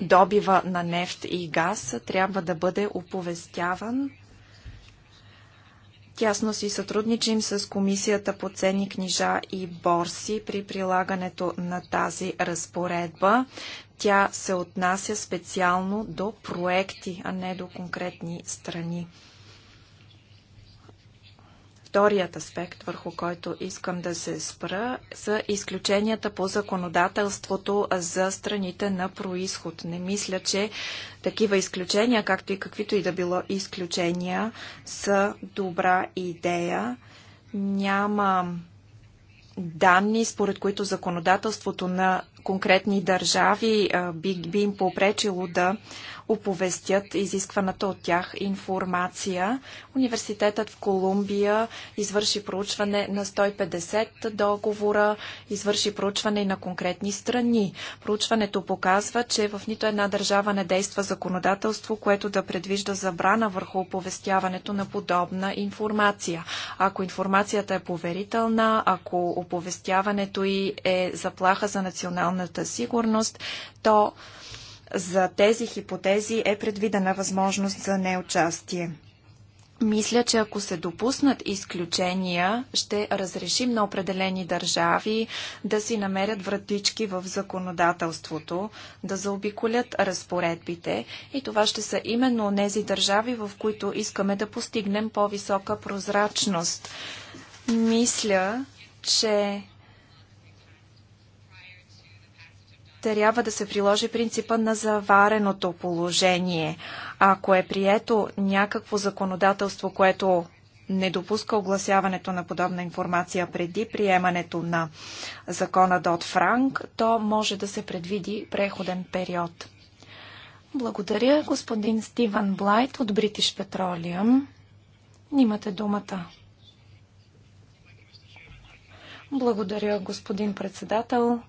B: добива на нефт и газ трябва да бъде оповестяван. Тясно си сътрудничим с Комисията по ценни книжа и борси при прилагането на тази разпоредба. Тя се отнася специално до проекти, а не до конкретни страни. Вторият аспект, върху който искам да се спра, са изключенията по законодателството за страните на происход. Не мисля, че такива изключения, както и каквито и да било изключения, са добра идея. Няма данни, според които законодателството на конкретни държави би, би им попречило да оповестят изискваната от тях информация. Университетът в Колумбия извърши проучване на 150 договора, извърши проучване и на конкретни страни. Проучването показва, че в нито една държава не действа законодателство, което да предвижда забрана върху оповестяването на подобна информация. Ако информацията е поверителна, ако оповестяването и е заплаха за националната сигурност, то за тези хипотези е предвидена възможност за неучастие. Мисля, че ако се допуснат изключения, ще разрешим на определени държави да си намерят вратички в законодателството, да заобиколят разпоредбите и това ще са именно тези държави, в които искаме да постигнем по-висока прозрачност. Мисля, че трябва да се приложи принципа на завареното положение. Ако е прието някакво законодателство, което не допуска огласяването на подобна информация преди приемането на закона Дот Франк, то може да се предвиди преходен период. Благодаря, господин Стивън Блайт от British Petroleum. Имате думата. Благодаря, господин председател.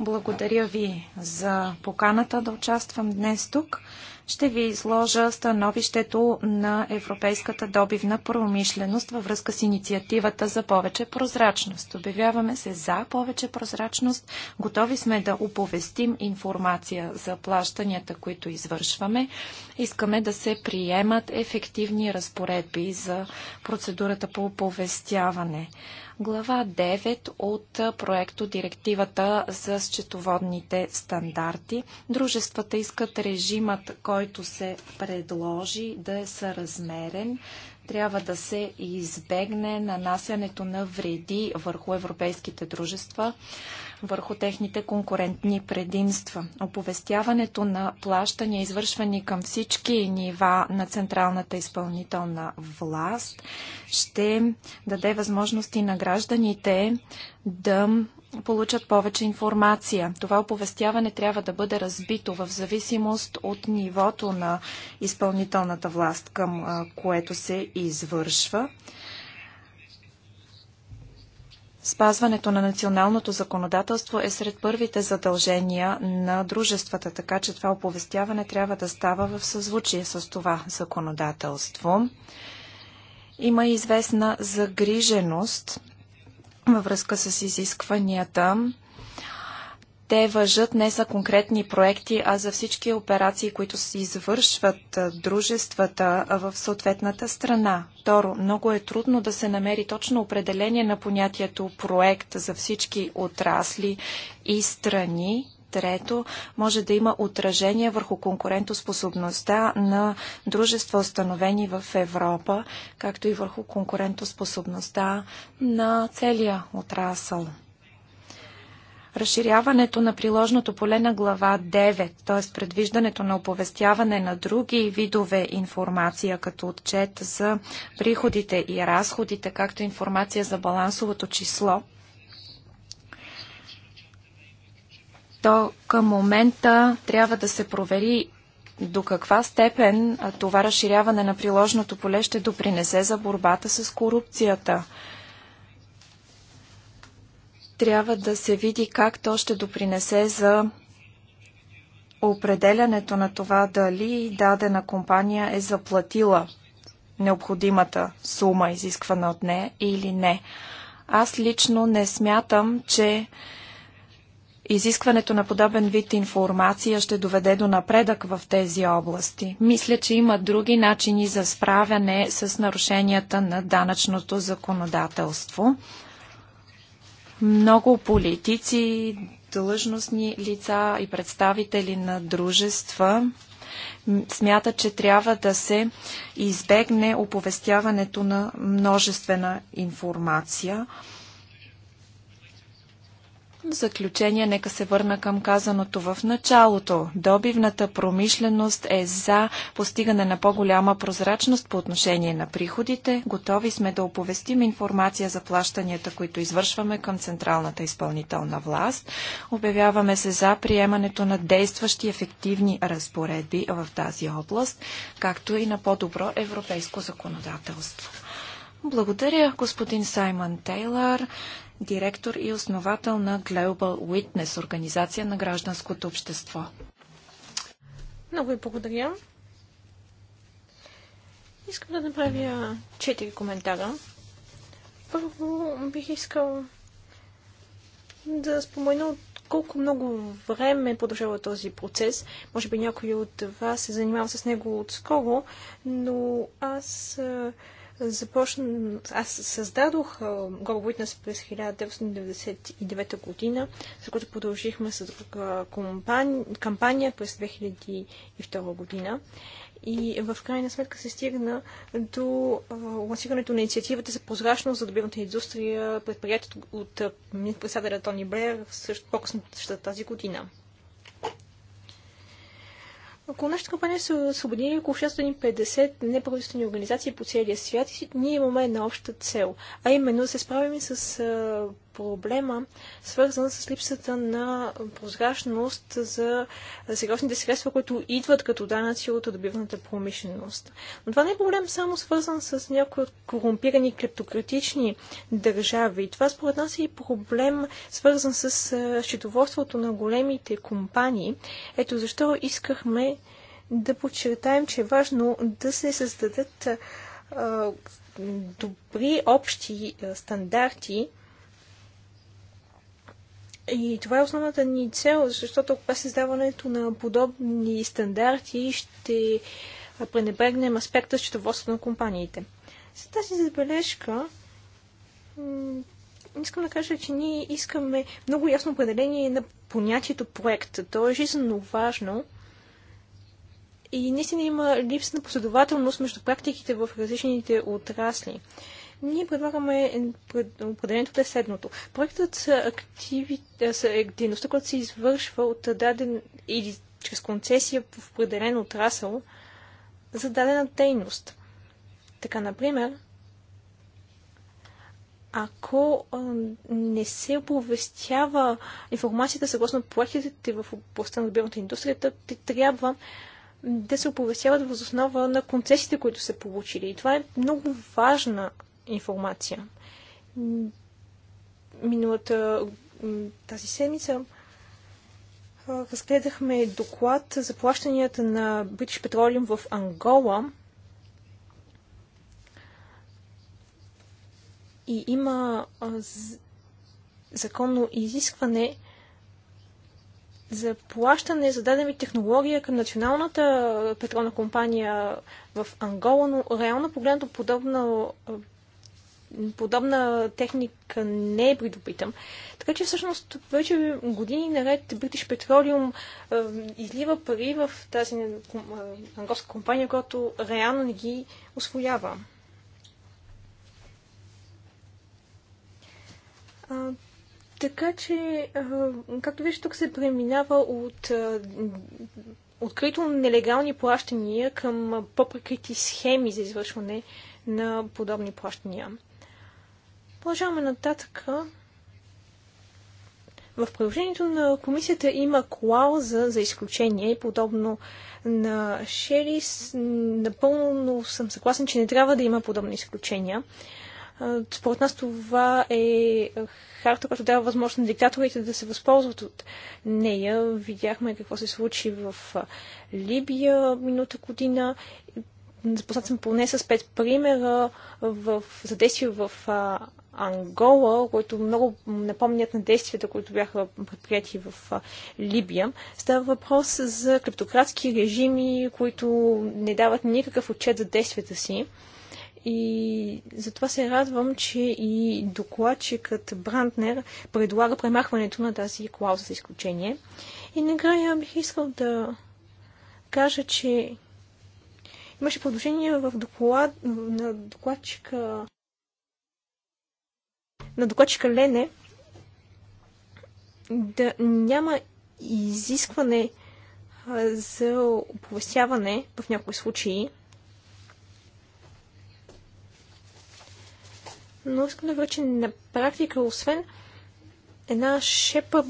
B: Благодаря ви за поканата да участвам днес тук. Ще ви изложа становището на Европейската добивна промишленост във връзка с инициативата за повече прозрачност. Обявяваме се за повече прозрачност. Готови сме да оповестим информация за плащанията, които извършваме. Искаме да се приемат ефективни разпоредби за процедурата по оповестяване глава 9 от проекто Директивата за счетоводните стандарти. Дружествата искат режимът, който се предложи да е съразмерен трябва да се избегне нанасянето на вреди върху европейските дружества върху техните конкурентни предимства. Оповестяването на плащания, извършвани към всички нива на централната изпълнителна власт, ще даде възможности на гражданите да получат повече информация. Това оповестяване трябва да бъде разбито в зависимост от нивото на изпълнителната власт, към което се извършва. Спазването на националното законодателство е сред първите задължения на дружествата, така че това оповестяване трябва да става в съзвучие с това законодателство. Има и известна загриженост във връзка с изискванията те въжат не за конкретни проекти, а за всички операции, които се извършват дружествата в съответната страна. Второ, много е трудно да се намери точно определение на понятието проект за всички отрасли и страни, Трето, може да има отражение върху конкурентоспособността на дружества, установени в Европа, както и върху конкурентоспособността на целия отрасъл разширяването на приложното поле на глава 9, т.е. предвиждането на оповестяване на други видове информация, като отчет за приходите и разходите, както информация за балансовото число, то към момента трябва да се провери до каква степен това разширяване на приложното поле ще допринесе за борбата с корупцията трябва да се види как то ще допринесе за определянето на това дали дадена компания е заплатила необходимата сума, изисквана от нея или не. Аз лично не смятам, че изискването на подобен вид информация ще доведе до напредък в тези области. Мисля, че има други начини за справяне с нарушенията на данъчното законодателство. Много политици, длъжностни лица и представители на дружества смятат, че трябва да се избегне оповестяването на множествена информация – в заключение, нека се върна към казаното в началото. Добивната промишленост е за постигане на по-голяма прозрачност по отношение на приходите. Готови сме да оповестим информация за плащанията, които извършваме към Централната изпълнителна власт. Обявяваме се за приемането на действащи ефективни разпоредби в тази област, както и на по-добро европейско законодателство. Благодаря, господин Саймън Тейлър директор и основател на Global Witness, организация на гражданското общество.
C: Много ви благодаря. Искам да направя четири коментара. Първо бих искал да спомена от колко много време е продължава този процес. Може би някой от вас се занимава с него отскоро, но аз започна, аз създадох Go Witness през 1999 година, за което продължихме с друга компания, кампания през 2002 година. И в крайна сметка се стигна до лансирането на инициативата за прозрачност за добивната индустрия, предприятието от министр-председателя Тони Блер, също по-късно тази година. Около нашата компания са освободили около 650 неправителствени организации по целия свят и ние имаме една обща цел, а именно да се справим с проблема, свързан с липсата на прозрачност за сериозните средства, които идват като данъци от добиваната промишленост. Но това не е проблем само свързан с някои от корумпирани криптократични държави. Това според нас е и проблем свързан с счетоводството на големите компании. Ето защо искахме да подчертаем, че е важно да се създадат добри общи стандарти, и това е основната ни цел, защото ако създаването на подобни стандарти ще пренебрегнем аспекта счетоводство на компаниите. За тази забележка искам да кажа, че ние искаме много ясно определение на понятието проект. То е жизненно важно и наистина има липса на последователност между практиките в различните отрасли. Ние предлагаме определението да е следното. Проектът са активи, са е, дейността, която се извършва от даден или чрез концесия в определен отрасъл за дадена дейност. Така, например, ако не се оповестява информацията съгласно проектите в областта на отбирната индустрията, те трябва да се оповестяват въз основа на концесиите, които са получили. И това е много важна информация. Миналата тази седмица разгледахме доклад за плащанията на British Petroleum в Ангола. И има законно изискване за плащане за дадени технология към националната петролна компания в Ангола, но реално погледнато подобно подобна техника не е придобитам. Така че всъщност вече години наред British Petroleum е, излива пари в тази е, компания, която реално не ги освоява. А, така че, а, е, както виждате, тук се преминава от а, е, открито нелегални плащания към по-прикрити схеми за извършване на подобни плащания. Продължаваме нататък. В предложението на комисията има клауза за изключение подобно на Шерис. Напълно съм съгласен, че не трябва да има подобни изключения. Според нас това е харта, която дава възможност на диктаторите да се възползват от нея. Видяхме какво се случи в Либия минута година. Запознат съм поне с пет примера в, за действие в а, Ангола, които много напомнят на действията, които бяха предприяти в а, Либия. Става въпрос за криптократски режими, които не дават никакъв отчет за действията си. И затова се радвам, че и докладчикът Брантнер предлага премахването на тази клауза за изключение. И накрая бих искал да кажа, че Имаше предложение в доклад, на докладчика на докладчика Лене да няма изискване за оповестяване в някои случаи. Но искам да вече на практика, освен една шепа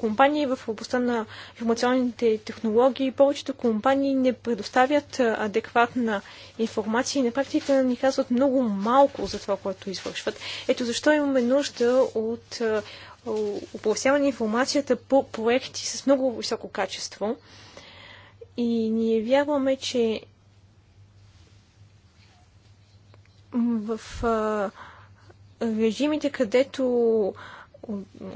C: компании в областта на информационните технологии. Повечето компании не предоставят адекватна информация и на практика ни казват много малко за това, което извършват. Ето защо имаме нужда от оповестяване информацията по проекти с много високо качество. И ние вярваме, че в режимите, където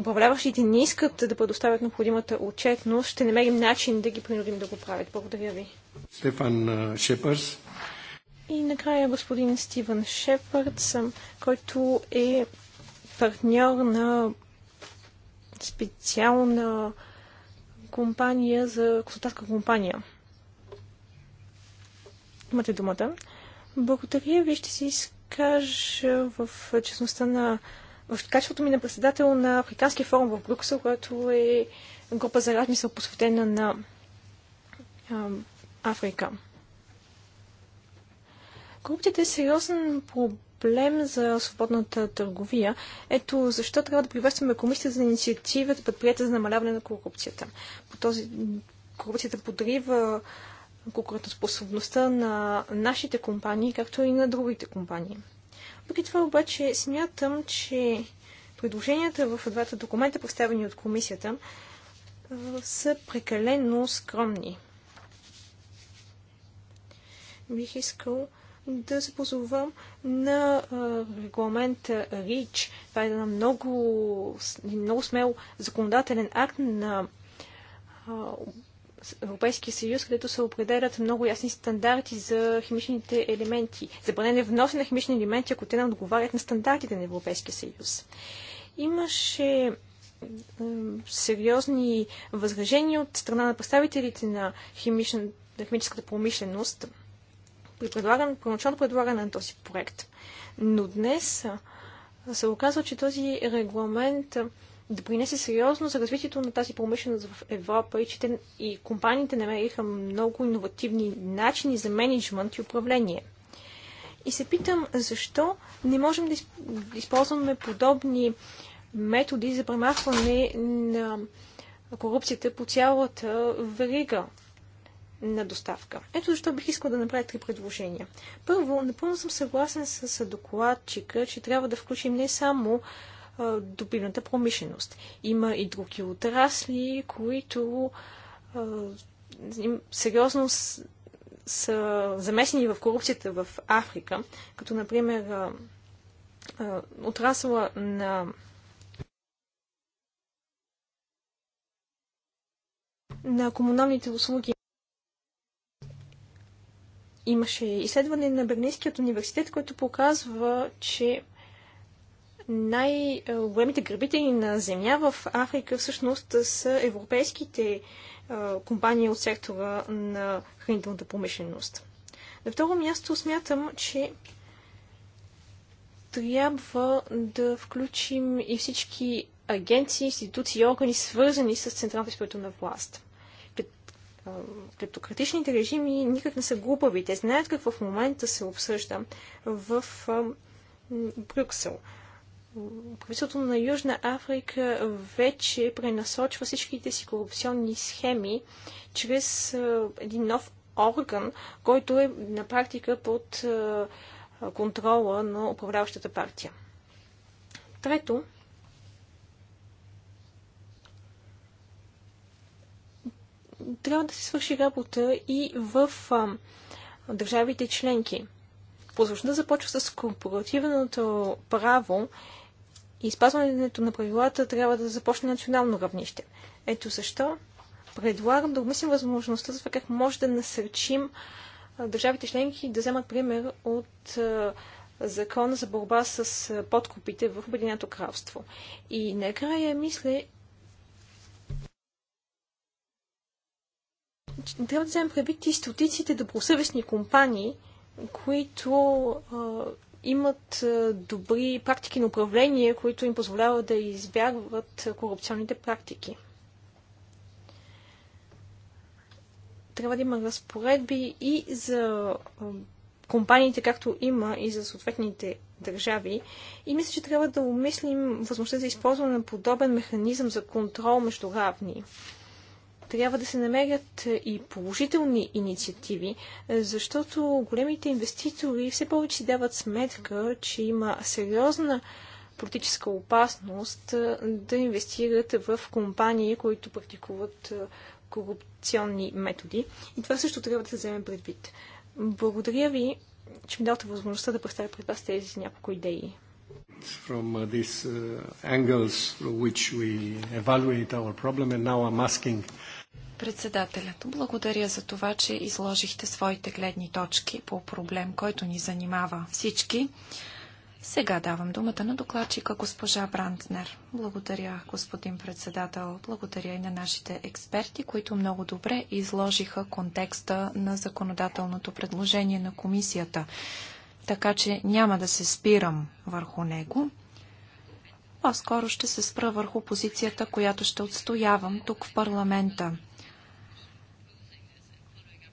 C: управляващите не искат да предоставят необходимата отчетност, ще намерим начин да ги принудим да го правят. Благодаря ви.
B: Стефан Шепърс.
C: И накрая господин Стивен Шепърд, който е партньор на специална компания за консултантска компания. Имате думата. Благодаря ви, ще си изкажа в честността на в качеството ми на председател на Африканския форум в Брюксел, който е група за размисъл посветена на а, Африка. Корупцията е сериозен проблем за свободната търговия. Ето защо трябва да приветстваме комисията за инициативата, предприятия за намаляване на корупцията. По този, корупцията подрива конкурентоспособността на нашите компании, както и на другите компании. Въпреки това обаче смятам, че предложенията в двата документа, представени от комисията, са прекалено скромни. Бих искал да се позовам на регламента РИЧ. Това е на много, много смел законодателен акт на Европейския съюз, където се определят много ясни стандарти за химичните елементи. Забранен е внос на химични елементи, ако те не отговарят на стандартите на Европейския съюз. Имаше сериозни възражения от страна на представителите на, химична, на химическата промишленост при предлаган, първоначално предлагане на този проект. Но днес се оказва, че този регламент допринесе принесе сериозно за развитието на тази промишленост в Европа и че те, и компаниите намериха много иновативни начини за менеджмент и управление. И се питам защо не можем да използваме подобни методи за премахване на корупцията по цялата верига на доставка. Ето защо бих искал да направя три предложения. Първо, напълно съм съгласен с докладчика, че трябва да включим не само добивната промишленост. Има и други отрасли, които сериозно са замесени в корупцията в Африка, като например отрасла на на комуналните услуги. Имаше изследване на Бернинският университет, което показва, че най-големите грабители на земя в Африка всъщност са европейските компании от сектора на хранителната промишленост. На второ място смятам, че трябва да включим и всички агенции, институции и органи, свързани с централната изпълнителна власт. Криптократичните режими никак не са глупави. Те знаят какво в момента се обсъжда в Брюксел правителството на Южна Африка вече пренасочва всичките си корупционни схеми чрез един нов орган, който е на практика под контрола на управляващата партия. Трето, трябва да се свърши работа и в държавите членки. Прозрачността започва с корпоративното право и спазването на правилата трябва да започне национално равнище. Ето защо предлагам да обмислим възможността за това как може да насърчим държавите членки да вземат пример от закона за борба с подкупите в Обединеното кралство. И накрая мисля, трябва да вземем предвид и стотиците добросъвестни компании, които имат добри практики на управление, които им позволяват да избягват корупционните практики. Трябва да има разпоредби и за компаниите, както има и за съответните държави. И мисля, че трябва да умислим възможността за използване на подобен механизъм за контрол между равни трябва да се намерят е, и положителни инициативи, е, защото големите инвеститори все повече си дават сметка, че има сериозна политическа опасност е, да инвестират в компании, които практикуват корупционни методи. И това също трябва да се вземе предвид. Благодаря ви, че ми давате възможността да представя пред вас тези няколко идеи. From uh, these uh, angles through
B: which we evaluate our problem, and now I'm asking Председателят, благодаря за това, че изложихте своите гледни точки по проблем, който ни занимава всички. Сега давам думата на докладчика госпожа Брантнер. Благодаря, господин председател. Благодаря и на нашите експерти, които много добре изложиха контекста на законодателното предложение на комисията. Така че няма да се спирам върху него. По-скоро ще се спра върху позицията, която ще отстоявам тук в парламента.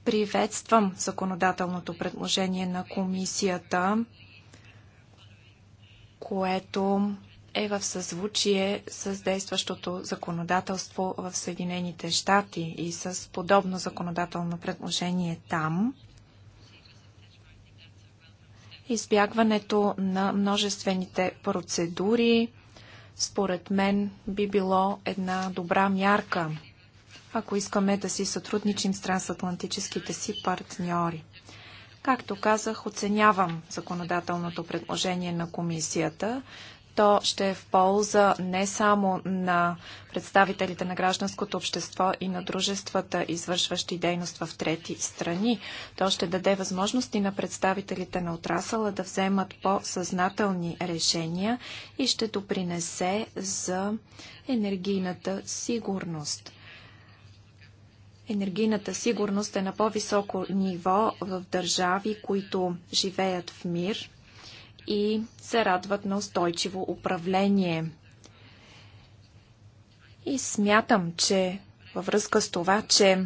B: Приветствам законодателното предложение на комисията, което е в съзвучие с действащото законодателство в Съединените щати и с подобно законодателно предложение там. Избягването на множествените процедури, според мен, би било една добра мярка – ако искаме да си сътрудничим с трансатлантическите си партньори. Както казах, оценявам законодателното предложение на комисията. То ще е в полза не само на представителите на гражданското общество и на дружествата, извършващи дейност в трети страни. То ще даде възможности на представителите на отрасъла да вземат по-съзнателни решения и ще допринесе за енергийната сигурност енергийната сигурност е на по-високо ниво в държави, които живеят в мир и се радват на устойчиво управление. И смятам, че във връзка с това, че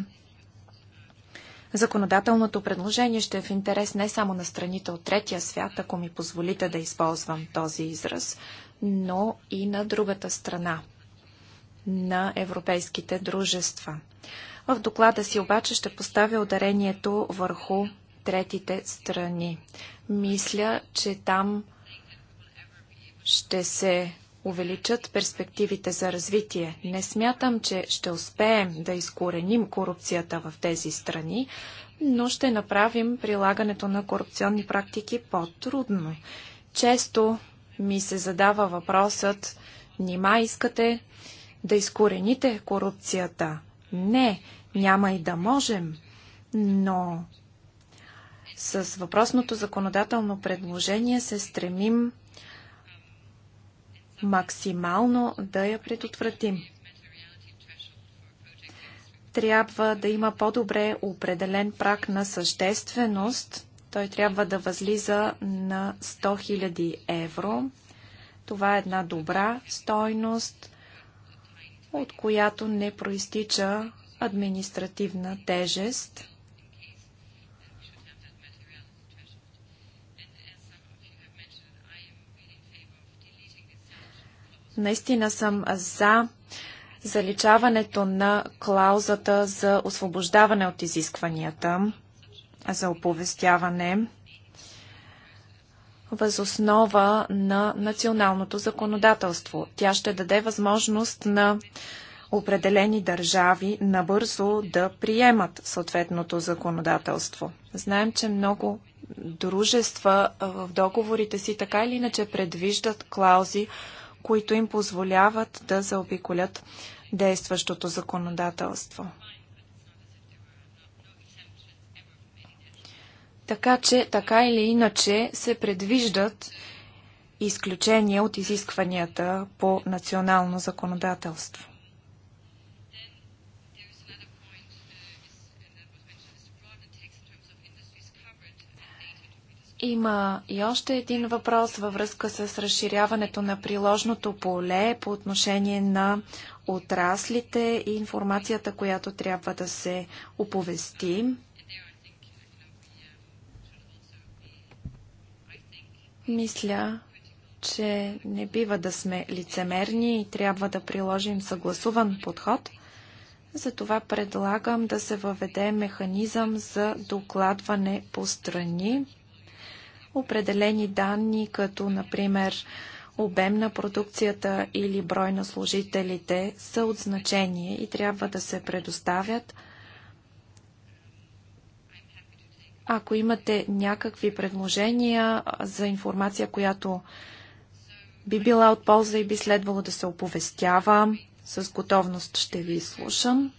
B: законодателното предложение ще е в интерес не само на страните от третия свят, ако ми позволите да използвам този израз, но и на другата страна, на европейските дружества. В доклада си обаче ще поставя ударението върху третите страни. Мисля, че там ще се увеличат перспективите за развитие. Не смятам, че ще успеем да изкореним корупцията в тези страни, но ще направим прилагането на корупционни практики по-трудно. Често ми се задава въпросът, нима искате да изкорените корупцията? Не, няма и да можем, но с въпросното законодателно предложение се стремим максимално да я предотвратим. Трябва да има по-добре определен прак на същественост. Той трябва да възлиза на 100 000 евро. Това е една добра стойност, от която не проистича административна тежест. Наистина съм за заличаването на клаузата за освобождаване от изискванията за оповестяване възоснова на националното законодателство. Тя ще даде възможност на определени държави набързо да приемат съответното законодателство. Знаем, че много дружества в договорите си така или иначе предвиждат клаузи, които им позволяват да заобиколят действащото законодателство. Така че, така или иначе, се предвиждат изключения от изискванията по национално законодателство. Има и още един въпрос във връзка с разширяването на приложното поле по отношение на отраслите и информацията, която трябва да се оповести. Мисля, че не бива да сме лицемерни и трябва да приложим съгласуван подход. Затова предлагам да се въведе механизъм за докладване по страни определени данни, като например обем на продукцията или брой на служителите са от значение и трябва да се предоставят. Ако имате някакви предложения за информация, която би била от полза и би следвало да се оповестява, с готовност ще ви слушам.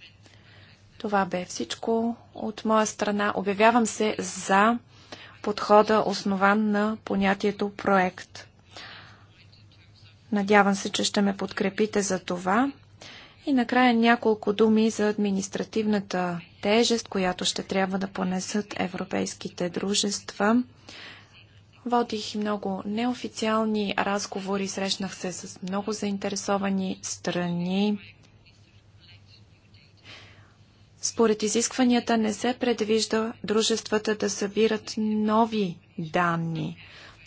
B: Това бе всичко от моя страна. Обявявам се за подхода основан на понятието проект. Надявам се, че ще ме подкрепите за това. И накрая няколко думи за административната тежест, която ще трябва да понесат европейските дружества. Водих много неофициални разговори, срещнах се с много заинтересовани страни. Според изискванията не се предвижда дружествата да събират нови данни.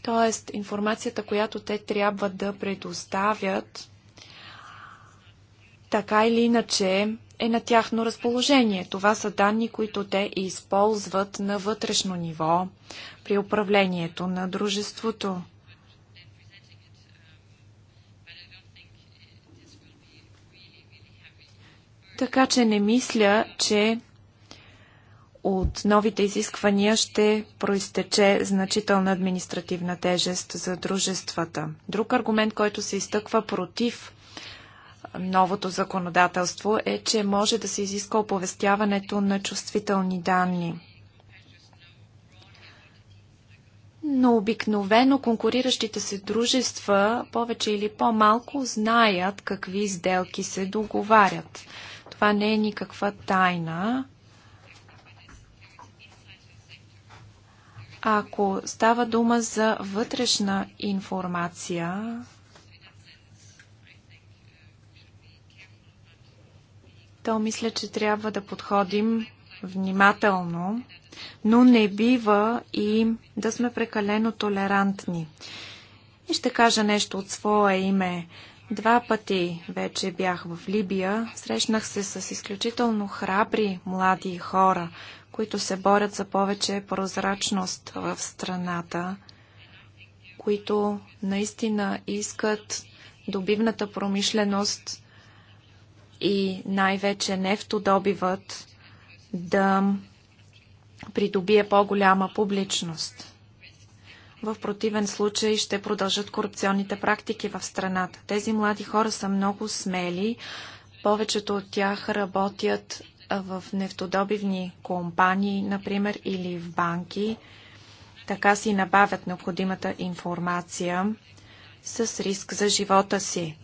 B: Тоест, информацията, която те трябва да предоставят, така или иначе е на тяхно разположение. Това са данни, които те използват на вътрешно ниво при управлението на дружеството. Така че не мисля, че от новите изисквания ще проистече значителна административна тежест за дружествата. Друг аргумент, който се изтъква против новото законодателство е, че може да се изиска оповестяването на чувствителни данни. Но обикновено конкуриращите се дружества повече или по-малко знаят какви сделки се договарят. Това не е никаква тайна. Ако става дума за вътрешна информация, то мисля, че трябва да подходим внимателно, но не бива и да сме прекалено толерантни. И ще кажа нещо от своя име. Два пъти вече бях в Либия. Срещнах се с изключително храбри млади хора, които се борят за повече прозрачност в страната, които наистина искат добивната промишленост и най-вече нефтодобивът да придобие по-голяма публичност. В противен случай ще продължат корупционните практики в страната. Тези млади хора са много смели. Повечето от тях работят в нефтодобивни компании, например, или в банки. Така си набавят необходимата информация с риск за живота си.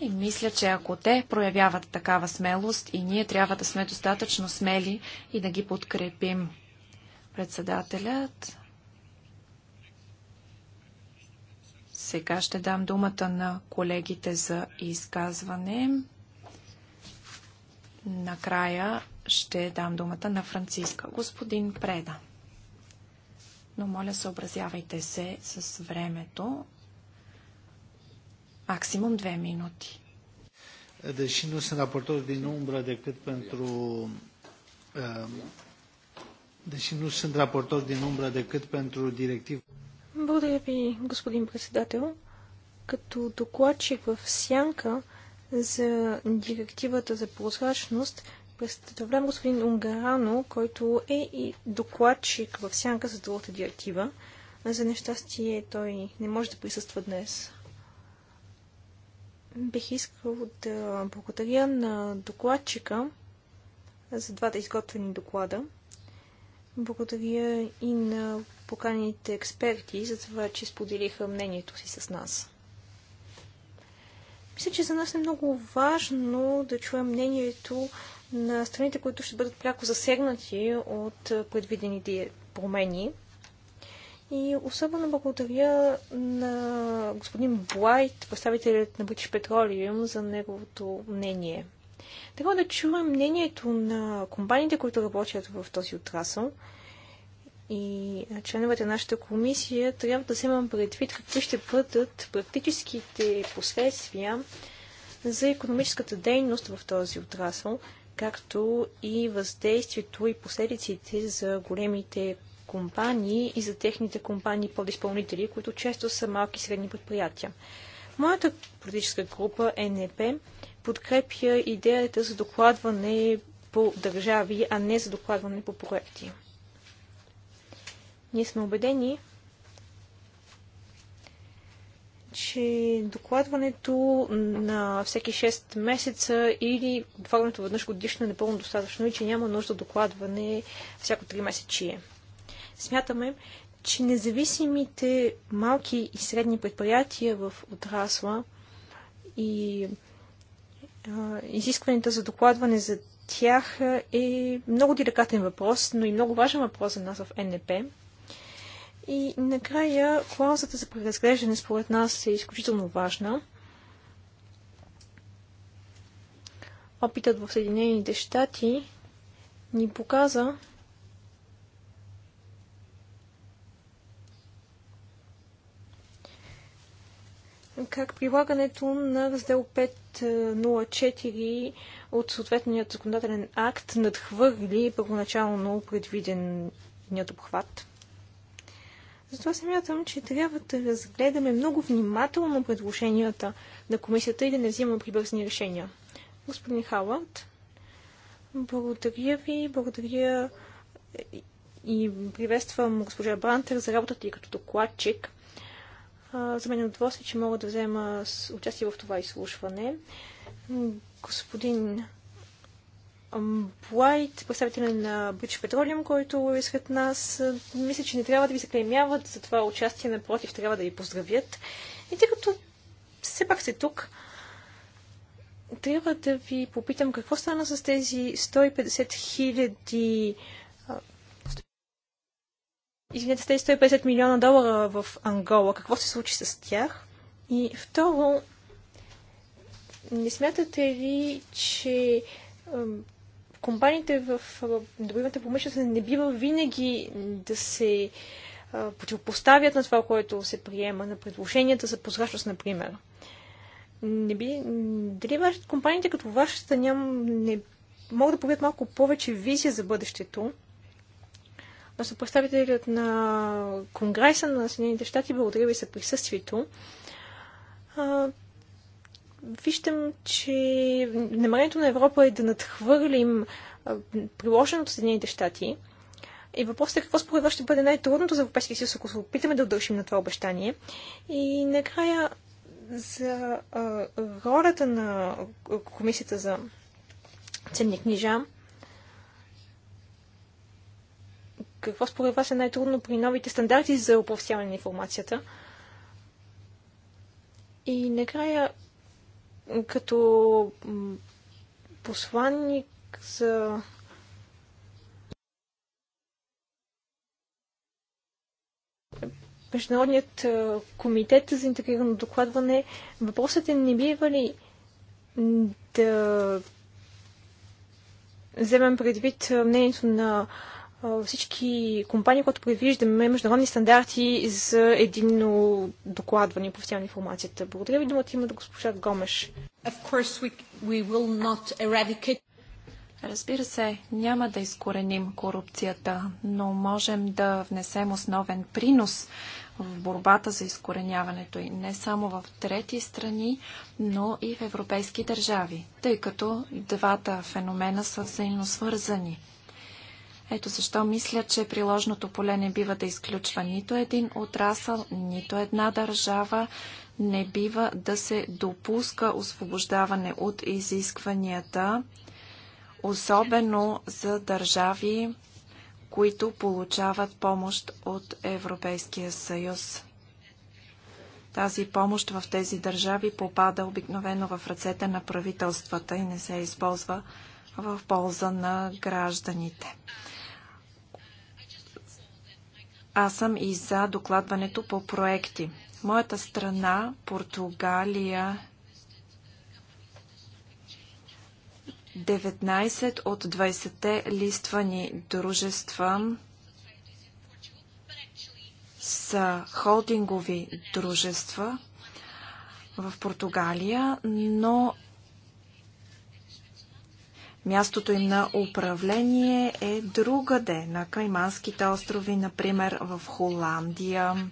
B: И мисля, че ако те проявяват такава смелост и ние трябва да сме достатъчно смели и да ги подкрепим. Председателят Сега ще дам думата на колегите за изказване. Накрая ще дам думата на Франциска. Господин Преда. Но моля, съобразявайте се с времето. Максимум две минути.
A: Deși nu sunt raportor din umbră decât pentru ehm, deși nu sunt raportor din umbră decât pentru directiv
C: благодаря ви, господин председател. Като докладчик в Сянка за директивата за прозрачност, представлявам господин Унгарано, който е и докладчик в Сянка за другата директива. За нещастие той не може да присъства днес. Бих искал да благодаря на докладчика за двата изготвени доклада. Благодаря и на Поканените експерти за това, че споделиха мнението си с нас. Мисля, че за нас е много важно да чуем мнението на страните, които ще бъдат пряко засегнати от предвидените промени. И особено благодаря на господин Блайт, представителят на British Petroleum, за неговото мнение. Трябва да чуем мнението на компаниите, които работят в този отрасъл, и членовете на нашата комисия трябва да вземам предвид какви ще бъдат практическите последствия за економическата дейност в този отрасъл, както и въздействието и последиците за големите компании и за техните компании изпълнители, които често са малки и средни предприятия. Моята политическа група НЕП подкрепя идеята за докладване по държави, а не за докладване по проекти. Ние сме убедени, че докладването на всеки 6 месеца или докладването веднъж годишно е напълно достатъчно и че няма нужда докладване всяко 3 месечие. Смятаме, че независимите малки и средни предприятия в отрасла и а, изискването за докладване за тях е много деликатен въпрос, но и много важен въпрос за нас в НП. И накрая клаузата за преразглеждане според нас е изключително важна. Опитът в Съединените щати ни показа, как прилагането на раздел 504 от съответният законодателен акт надхвърли първоначално предвиденият обхват. Затова смятам, че трябва да разгледаме много внимателно предложенията на комисията и да не взимаме прибързни решения. Господин Халанд, благодаря ви, благодаря и приветствам госпожа Бантер за работата и като докладчик. За мен е удоволствие, че мога да взема участие в това изслушване. Господин Блайт, представителя на British Petroleum, който е сред нас. Мисля, че не трябва да ви заклеймяват за това участие, напротив, трябва да ви поздравят. И тъй като все пак сте тук, трябва да ви попитам какво стана с тези 150 хиляди 000... Извинете, тези 150 милиона долара в Ангола. Какво се случи с тях? И второ, не смятате ли, че компаниите в добивната промишленост не бива винаги да се противопоставят на това, което се приема, на предложенията за прозрачност, например. Не би, дали вашите компаниите като вашата ням, не могат да появят малко повече визия за бъдещето? са представителят на Конгреса на Съединените щати, благодаря ви за присъствието виждам, че намерението на Европа е да надхвърлим приложеното Съединените щати. И въпросът е какво според вас ще бъде най-трудното за Европейския съюз, ако се опитаме да удържим на това обещание. И накрая за а, ролята на Комисията за ценни книжа. Какво според вас е най-трудно при новите стандарти за оповсяване на информацията? И накрая като посланник за Международният комитет за интегрирано докладване, въпросът е не бива ли да вземем предвид мнението на всички компании, които предвиждаме международни стандарти за единно докладване и повсяване информацията. Благодаря ви, думата има да госпожа Гомеш.
B: We, we Разбира се, няма да изкореним корупцията, но можем да внесем основен принос в борбата за изкореняването и не само в трети страни, но и в европейски държави, тъй като двата феномена са взаимно свързани – ето защо мисля, че приложното поле не бива да изключва нито един отрасъл, нито една държава, не бива да се допуска освобождаване от изискванията, особено за държави, които получават помощ от Европейския съюз. Тази помощ в тези държави попада обикновено в ръцете на правителствата и не се използва в полза на гражданите. Аз съм и за докладването по проекти. моята страна, Португалия, 19 от 20-те листвани дружества са холдингови дружества в Португалия, но Мястото им на управление е другаде, на Кайманските острови, например в Холандия.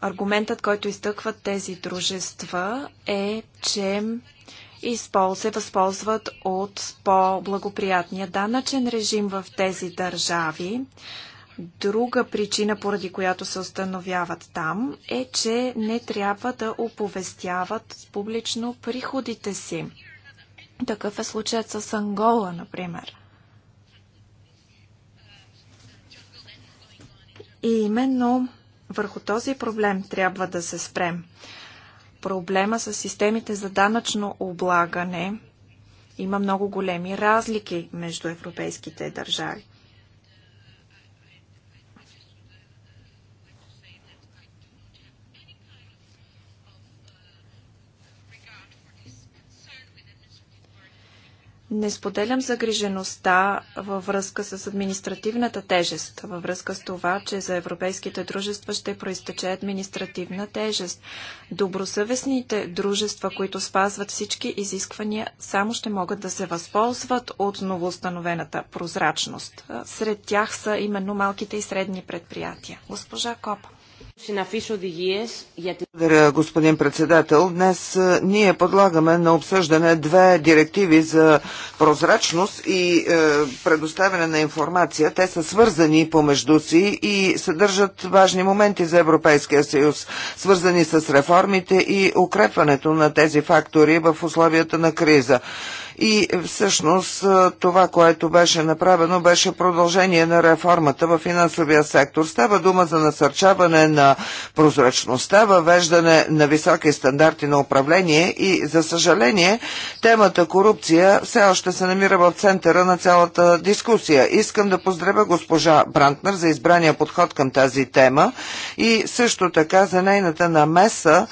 B: Аргументът, който изтъкват тези дружества е, че се възползват от по-благоприятния данъчен режим в тези държави. Друга причина, поради която се установяват там, е, че не трябва да оповестяват публично приходите си. Такъв е случаят с Ангола, например. И именно върху този проблем трябва да се спрем. Проблема с системите за данъчно облагане има много големи разлики между европейските държави. Не споделям загрижеността във връзка с административната тежест, във връзка с това, че за европейските дружества ще проистече административна тежест. Добросъвестните дружества, които спазват всички изисквания, само ще могат да се възползват от новоустановената прозрачност. Сред тях са именно малките и средни предприятия. Госпожа Копа.
A: Благодаря, господин председател. Днес ние подлагаме на обсъждане две директиви за прозрачност и предоставяне на информация. Те са свързани помежду си и съдържат важни моменти за Европейския съюз, свързани с реформите и укрепването на тези фактори в условията на криза и е, всъщност е, това, което беше направено, беше продължение на реформата в финансовия сектор. Става дума за насърчаване на прозрачността, въвеждане на високи стандарти на управление и, за съжаление, темата корупция все още се намира в центъра на цялата дискусия. Искам да поздравя госпожа Брантнер за избрания подход към тази тема и също така за нейната намеса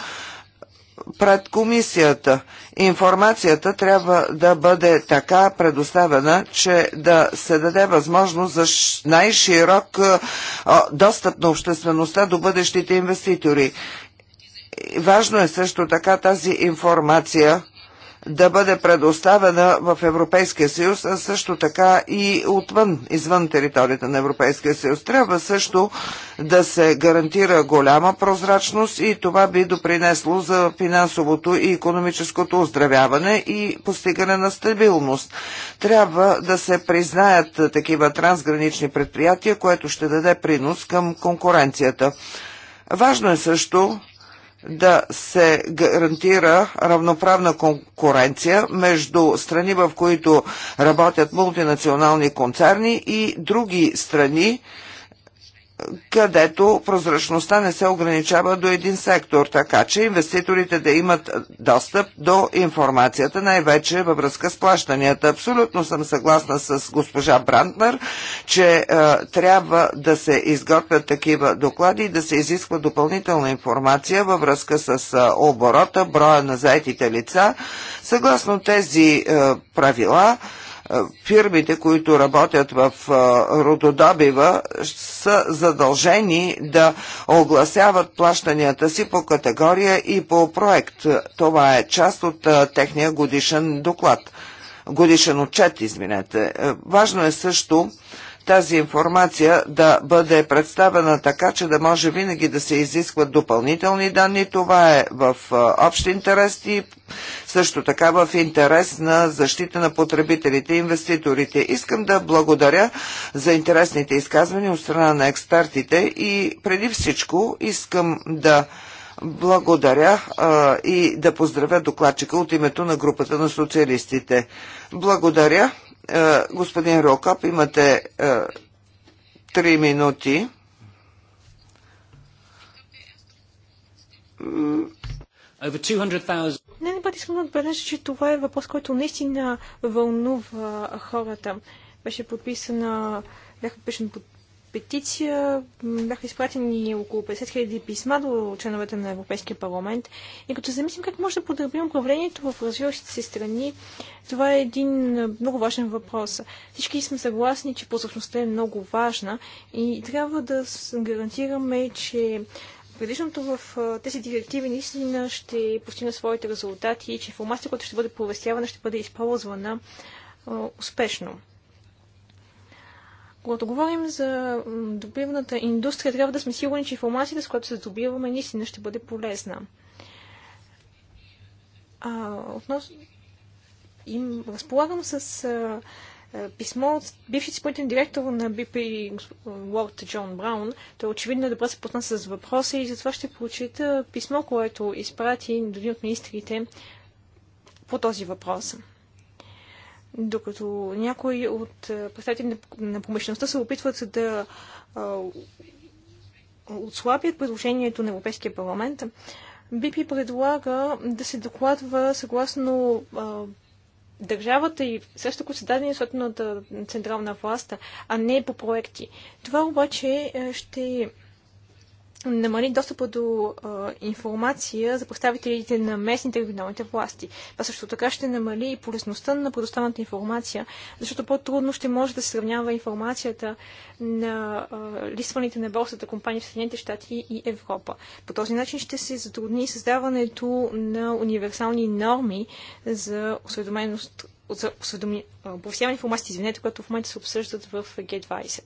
A: пред комисията информацията трябва да бъде така предоставена, че да се даде възможност за най-широк достъп на обществеността до бъдещите инвеститори. Важно е също така тази информация да бъде предоставена в Европейския съюз, а също така и отвън, извън територията на Европейския съюз. Трябва също да се гарантира голяма прозрачност и това би допринесло за финансовото и економическото оздравяване и постигане на стабилност. Трябва да се признаят такива трансгранични предприятия, което ще даде принос към конкуренцията. Важно е също да се гарантира равноправна конкуренция между страни, в които работят мултинационални концерни и други страни, където прозрачността не се ограничава до един сектор, така че инвеститорите да имат достъп до информацията, най-вече във връзка с плащанията. Абсолютно съм съгласна с госпожа Брантнер, че е, трябва да се изготвят такива доклади и да се изисква допълнителна информация във връзка с е, оборота, броя на заетите лица. Съгласно тези е, правила, е, фирмите, които работят в е, рододобива, са задължени да огласяват плащанията си по категория и по проект. Това е част от е, техния годишен доклад. Годишен отчет, извинете. Важно е също тази информация да бъде представена така, че да може винаги да се изискват допълнителни данни. Това е в общ интерес и също така в интерес на защита на потребителите и инвеститорите. Искам да благодаря за интересните изказвания от страна на експертите и преди всичко искам да благодаря а, и да поздравя докладчика от името на групата на социалистите. Благодаря. Е, господин Рокап, имате е, три минути. Не,
C: не най искам да отбележа, че това е въпрос, който наистина вълнува хората. Беше подписана, бяха подписани петиция бяха изпратени около 50 000 писма до членовете на Европейския парламент. И като замислим как може да подобрим управлението в развиващите се страни, това е един много важен въпрос. Всички сме съгласни, че прозрачността е много важна и трябва да гарантираме, че предишното в тези директиви наистина ще постигна своите резултати и че информацията, която ще бъде повестявана, ще бъде използвана успешно. Когато говорим за добивната индустрия, трябва да сме сигурни, че информацията, с която се добиваме, наистина ще бъде полезна. А, относ... Им разполагам с а, писмо от бивши изпълнителен директор на BP Лорд Джон Браун. Той очевидно е добре се позна с въпроса и затова ще прочита писмо, което изпрати до един от министрите по този въпрос. Докато някои от представители на промишлеността се опитват да отслабят предложението на Европейския парламент, БП предлага да се докладва съгласно а, държавата и също които са дадени съответната централна власт, а не по проекти. Това обаче ще намали достъпа до а, информация за представителите на местните и регионалните власти. Това също така ще намали и полезността на предоставената информация, защото по-трудно ще може да се сравнява информацията на а, листваните на борсата компании в Съединените щати и Европа. По този начин ще се затрудни създаването на универсални норми за осведоменост за осведоми... информация, извинете, която в момента се обсъждат в G20.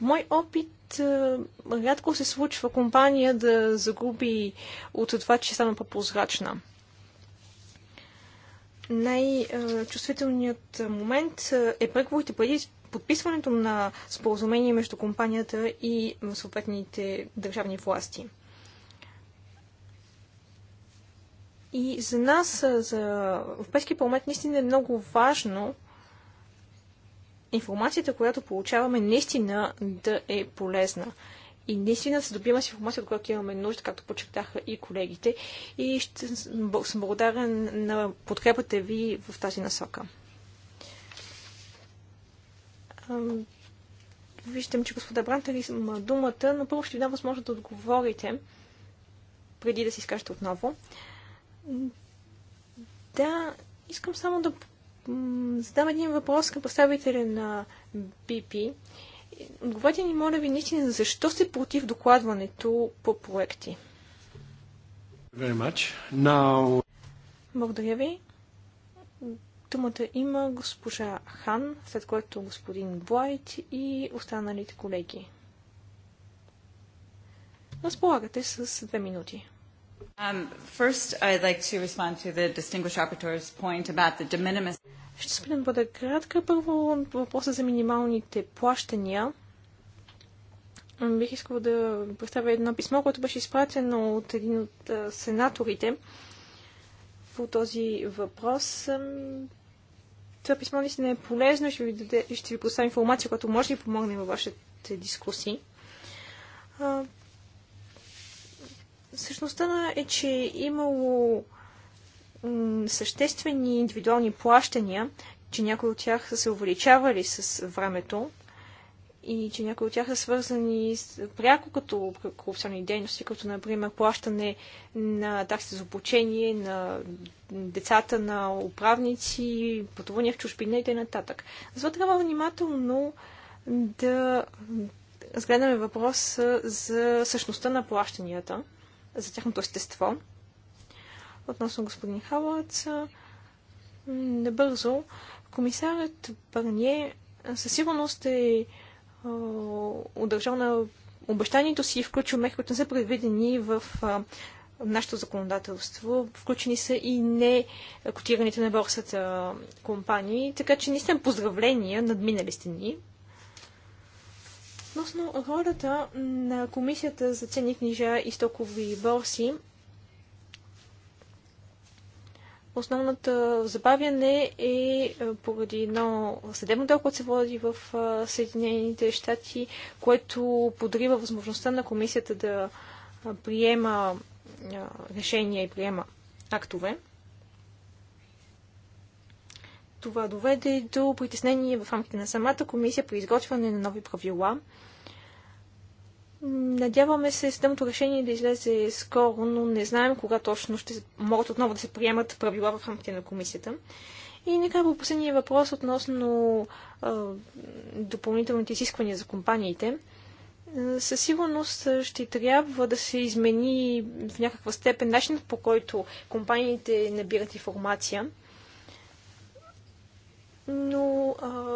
C: По мой опит, рядко се случва компания да загуби от това, че е стана по-прозрачна. Най-чувствителният момент е преговорите преди подписването на споразумение между компанията и съответните държавни власти. И за нас, за Европейския парламент, наистина е много важно информацията, която получаваме, наистина да е полезна. И наистина да се добиваме с информация, от която имаме нужда, както подчертаха и колегите. И ще съм благодарен на подкрепата ви в тази насока. Виждам, че господа Брантер има думата, но първо ще ви дам възможност да отговорите, преди да си изкажете отново. Да, искам само да задам един въпрос към представителя на BP. Отговорете ни, моля ви, наистина, защо сте против докладването по проекти?
B: Now...
C: Благодаря ви. Думата има госпожа Хан, след което господин Блайт и останалите колеги. Разполагате с две минути.
B: Um, first, I'd like to respond to the distinguished rapporteur's point about the de minimis.
C: Ще спина да бъда кратка. Първо въпроса за минималните плащания. Бих искала да представя едно писмо, което беше изпратено от един от сенаторите по този въпрос. Това писмо наистина е полезно. Ще ви, ще ви поставя информация, която може да ви помогне във вашите дискусии. Същността е, че имало съществени индивидуални плащания, че някои от тях са се увеличавали с времето и че някои от тях са свързани с, пряко като корупционни дейности, като например плащане на такси за обучение, на децата на управници, пътувания в чужбина и т.н. Затова трябва внимателно да разгледаме въпрос за същността на плащанията, за тяхното естество относно господин Халац. Набързо, комисарът Парние със сигурност е удържал на обещанието си и включил мерки, които не са предвидени в а, нашето законодателство. Включени са и не котираните на борсата компании, така че наистина поздравления надминали сте ни. Относно ролята на Комисията за ценни книжа и стокови борси, Основната забавяне е, е поради едно съдебно дело, което се води в е, Съединените щати, което подрива възможността на комисията да е, приема решения и приема актове. Това доведе до притеснение в рамките на самата комисия при изготвяне на нови правила Надяваме се съдебното решение да излезе скоро, но не знаем кога точно ще могат отново да се приемат правила в рамките на комисията. И нека по последния въпрос относно а, допълнителните изисквания за компаниите. Със сигурност ще трябва да се измени в някаква степен начинът по който компаниите набират информация. Но а,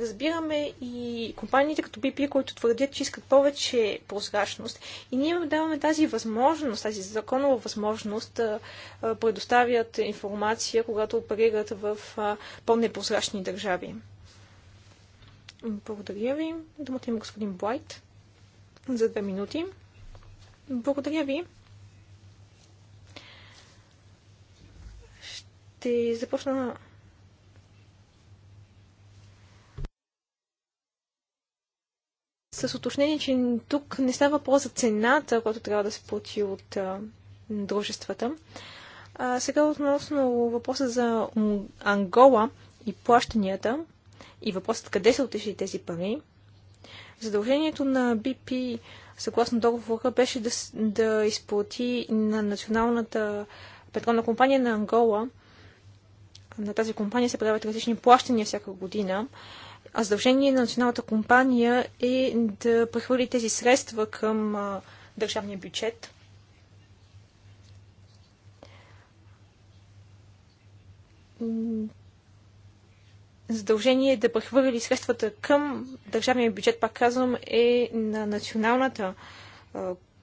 C: разбираме и компаниите като BP, които твърдят, че искат повече прозрачност. И ние им даваме тази възможност, тази законова възможност да предоставят информация, когато оперират в по-непрозрачни държави. Благодаря ви. Думата има господин Блайт за две минути. Благодаря ви. Ще започна с уточнение, че тук не става въпрос за цената, която трябва да се плати от а, дружествата. А, сега относно въпроса за Ангола и плащанията и въпросът къде са отишли тези пари. Задължението на BP съгласно договора беше да, да изплати на националната петролна компания на Ангола. На тази компания се правят различни плащания всяка година а задължение на националната компания е да прехвърли тези средства към а, държавния бюджет. Задължение да прехвърли средствата към държавния бюджет, пак казвам, е на националната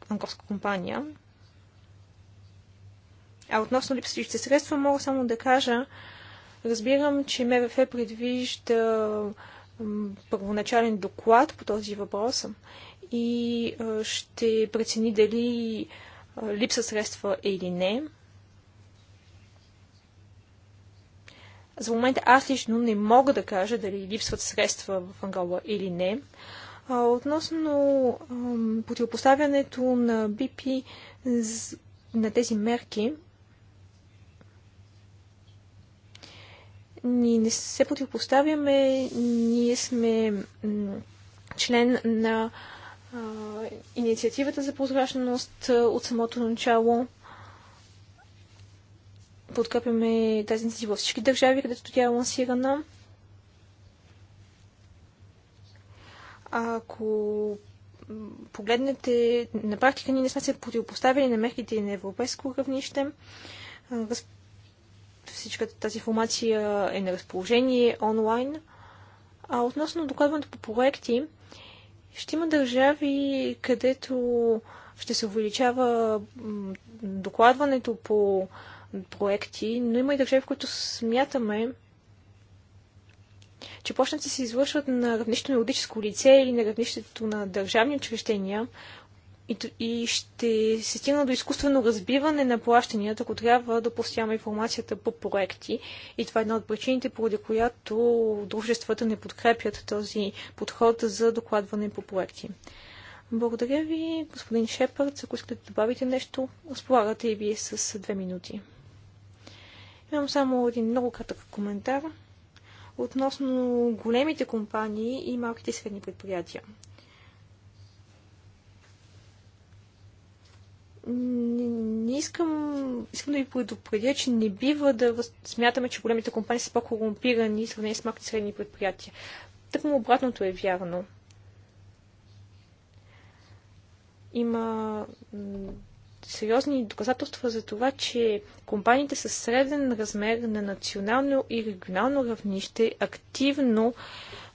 C: банковска компания. А относно липсващите средства, мога само да кажа, разбирам, че МВФ предвижда първоначален доклад по този въпрос и ще прецени дали липса средства е или не. За момента аз лично не мога да кажа дали липсват средства в Ангола или не. Относно противопоставянето на БИПИ на тези мерки, Ние не се противопоставяме, ние сме член на а, инициативата за прозрачност от самото начало. Подкрепяме тази инициатива във всички държави, където тя е лансирана. Ако погледнете, на практика ние не сме се противопоставили на мерките и на европейско равнище. Всичката тази информация е на разположение онлайн. А относно докладването по проекти, ще има държави, където ще се увеличава докладването по проекти, но има и държави, в които смятаме, че почнат се извършват на равнището на юридическо лице или на равнището на държавни учреждения, и, и ще се стигна до изкуствено разбиване на плащанията, ако трябва да постяваме информацията по проекти. И това е една от причините, поради която дружествата не подкрепят този подход за докладване по проекти. Благодаря ви, господин Шепард. Ако искате да добавите нещо, разполагате и вие с две минути. Имам само един много кратък коментар относно големите компании и малките и средни предприятия. не, не искам, искам да ви предупредя, че не бива да смятаме, че големите компании са по-корумпирани в сравнение с малки средни предприятия. му обратното е вярно. Има сериозни доказателства за това, че компаниите с среден размер на национално и регионално равнище активно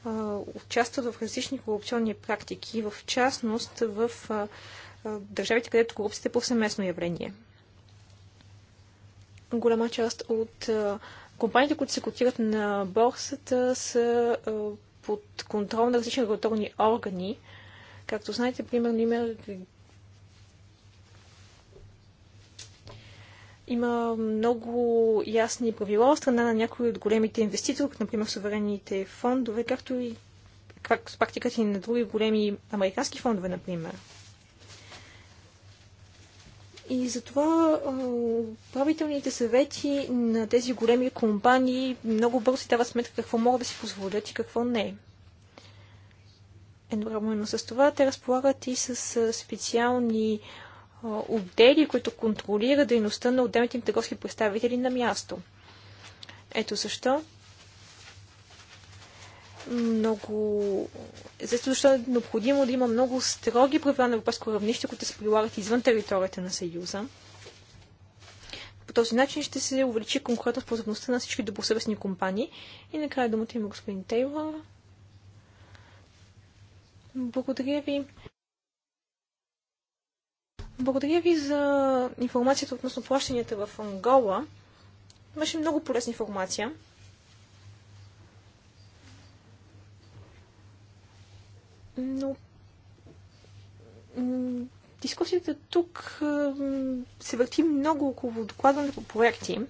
C: а, участват в различни корупционни практики, в частност в а, държавите, където корупцията е повсеместно явление. Голяма част от компаниите, които се котират на борсата, са под контрол на различни регулаторни органи. Както знаете, примерно има има много ясни правила от страна на някои от големите инвеститори, като например суверенните фондове, както и как, практиката и на други големи американски фондове, например. И затова правителните съвети на тези големи компании много бързо си дават сметка какво могат да си позволят и какво не. Едновременно с това те разполагат и с специални отдели, които контролират дейността на отделните им търговски представители на място. Ето защо много... Естествено, защото е необходимо да има много строги правила на европейско равнище, които се прилагат извън територията на Съюза. По този начин ще се увеличи конкретно способността на всички добросъвестни компании. И накрая думата има господин Тейлор. Благодаря ви. Благодаря ви за информацията относно плащанията в Ангола. Имаше много полезна информация. Но дискусията тук се върти много около докладване по проекти.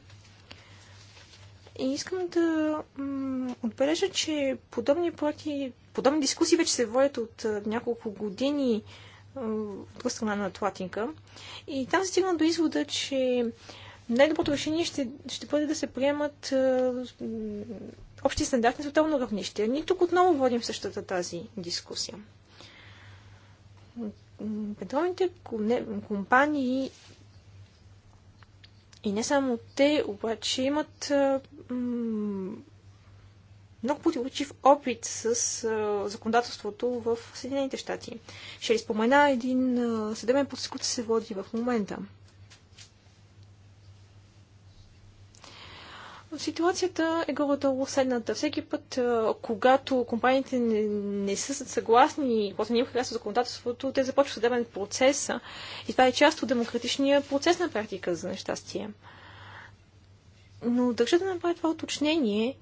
C: И искам да отбележа, че подобни проекти, подобни дискусии вече се водят от няколко години от страна на Атлантика. И там се стигна до извода, че най-доброто решение ще, ще бъде да се приемат общи стандарти на световно равнище. Ние тук отново водим същата тази дискусия. Петролните компании и не само те, обаче имат много противоречив опит с а, законодателството в Съединените щати. Ще ли спомена един а, съдебен процес, който се води в момента. Ситуацията е горе-долу следната. Всеки път, когато компаниите не, не са съгласни, когато не им харесва законодателството, те започват съдебен процес. И това е част от демократичния процес на практика, за нещастие. Но държа да направя това уточнение,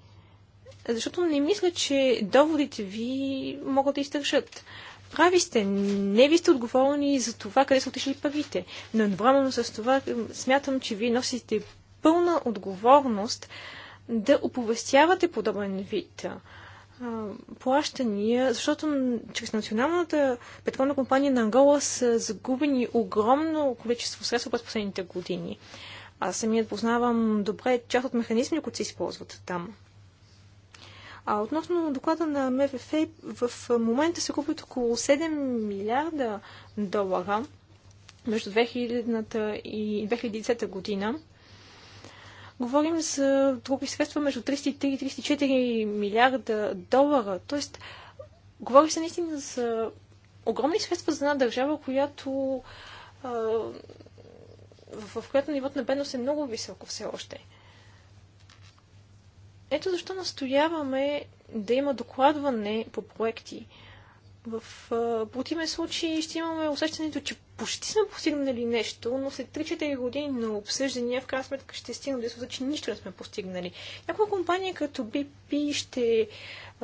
C: защото не мисля, че доводите ви могат да издържат. Прави сте, не ви сте отговорни за това, къде са отишли парите. Но едновременно с това смятам, че вие носите пълна отговорност да оповестявате подобен вид плащания, защото чрез Националната петролна компания на Ангола са загубени огромно количество средства през последните години. Аз самият познавам добре част от механизми, които се използват там. А относно доклада на МВФ, в момента се купят около 7 милиарда долара между 2000 и 2010 година говорим за други средства между 33 и 34 милиарда долара. Тоест, говори се наистина за огромни средства за една държава, която в, в която нивото на бедност е много високо все още. Ето защо настояваме да има докладване по проекти. В противен случай ще имаме усещането, че почти сме постигнали нещо, но след 3-4 години на обсъждания в крайна сметка ще стигнем до да че нищо не сме постигнали. Някои компании като BP ще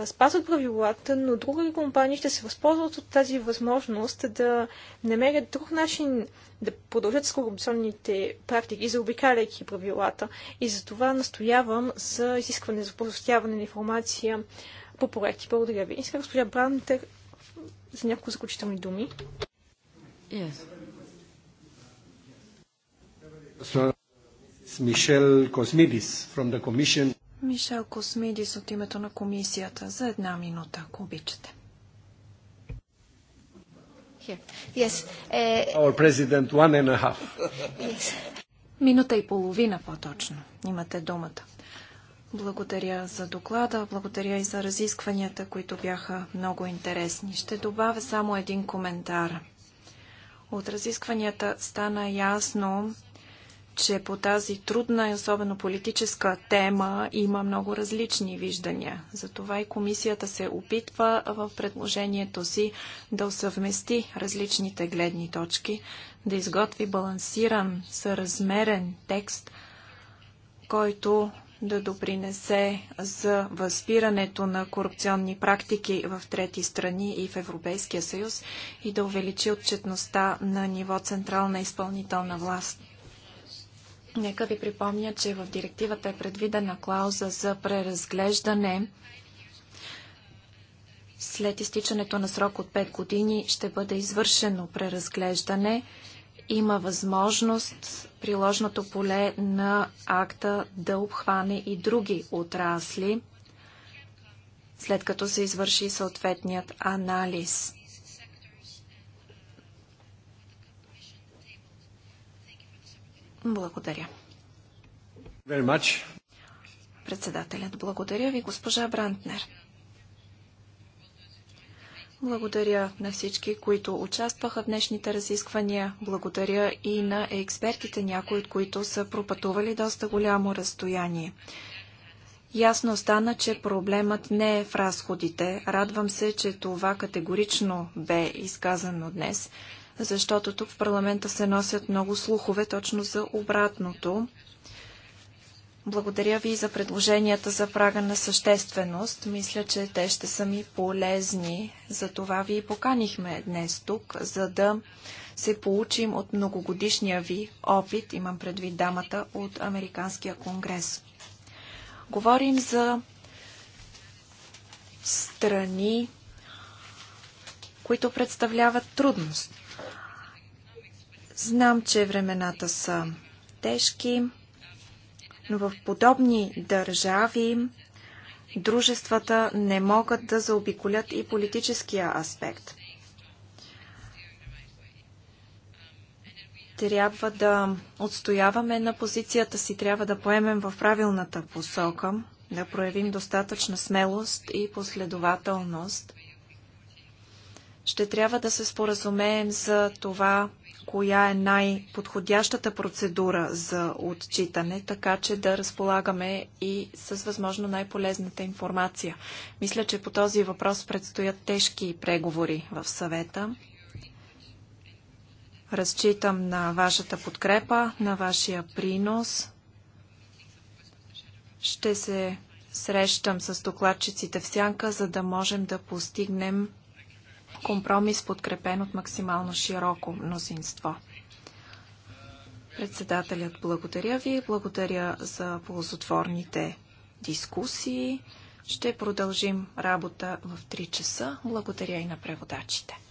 C: спазват правилата, но други компании ще се възползват от тази възможност да намерят друг начин да продължат с корупционните практики, заобикаляйки правилата. И за това настоявам за изискване за посостяване на информация по проекти. Благодаря ви. Иска госпожа Брантер за няколко заключителни думи.
A: Yes. Мишел Космидис from the Commission.
B: Мишел Космидис от името на комисията за една минута, ако обичате. Yes. Eh...
A: Our president one and a half. Yes.
B: Минута и половина по-точно. Имате думата. Благодаря за доклада, благодаря и за разискванията, които бяха много интересни. Ще добавя само един коментар. От разискванията стана ясно, че по тази трудна и особено политическа тема има много различни виждания. Затова и комисията се опитва в предложението си да усъвмести различните гледни точки, да изготви балансиран, съразмерен текст, който да допринесе за възпирането на корупционни практики в трети страни и в Европейския съюз и да увеличи отчетността на ниво централна изпълнителна власт. Нека ви припомня, че в директивата е предвидена клауза за преразглеждане след изтичането на срок от 5 години ще бъде извършено преразглеждане има възможност приложното поле на акта да обхване и други отрасли, след като се извърши съответният анализ. Благодаря. Председателят, благодаря ви, госпожа Брантнер. Благодаря на всички, които участваха в днешните разисквания. Благодаря и на експертите, някои от които са пропътували доста голямо разстояние. Ясно стана, че проблемът не е в разходите. Радвам се, че това категорично бе изказано днес, защото тук в парламента се носят много слухове точно за обратното. Благодаря ви за предложенията за прага на същественост. Мисля, че те ще са ми полезни. За това ви поканихме днес тук, за да се получим от многогодишния ви опит, имам предвид дамата от Американския конгрес. Говорим за страни, които представляват трудност. Знам, че времената са тежки. Но в подобни държави дружествата не могат да заобиколят и политическия аспект. Трябва да отстояваме на позицията си, трябва да поемем в правилната посока, да проявим достатъчна смелост и последователност. Ще трябва да се споразумеем за това коя е най-подходящата процедура за отчитане, така че да разполагаме и с възможно най-полезната информация. Мисля, че по този въпрос предстоят тежки преговори в съвета. Разчитам на вашата подкрепа, на вашия принос. Ще се срещам с докладчиците в сянка, за да можем да постигнем Компромис подкрепен от максимално широко мнозинство. Председателят, благодаря ви. Благодаря за ползотворните дискусии. Ще продължим работа в 3 часа. Благодаря и на преводачите.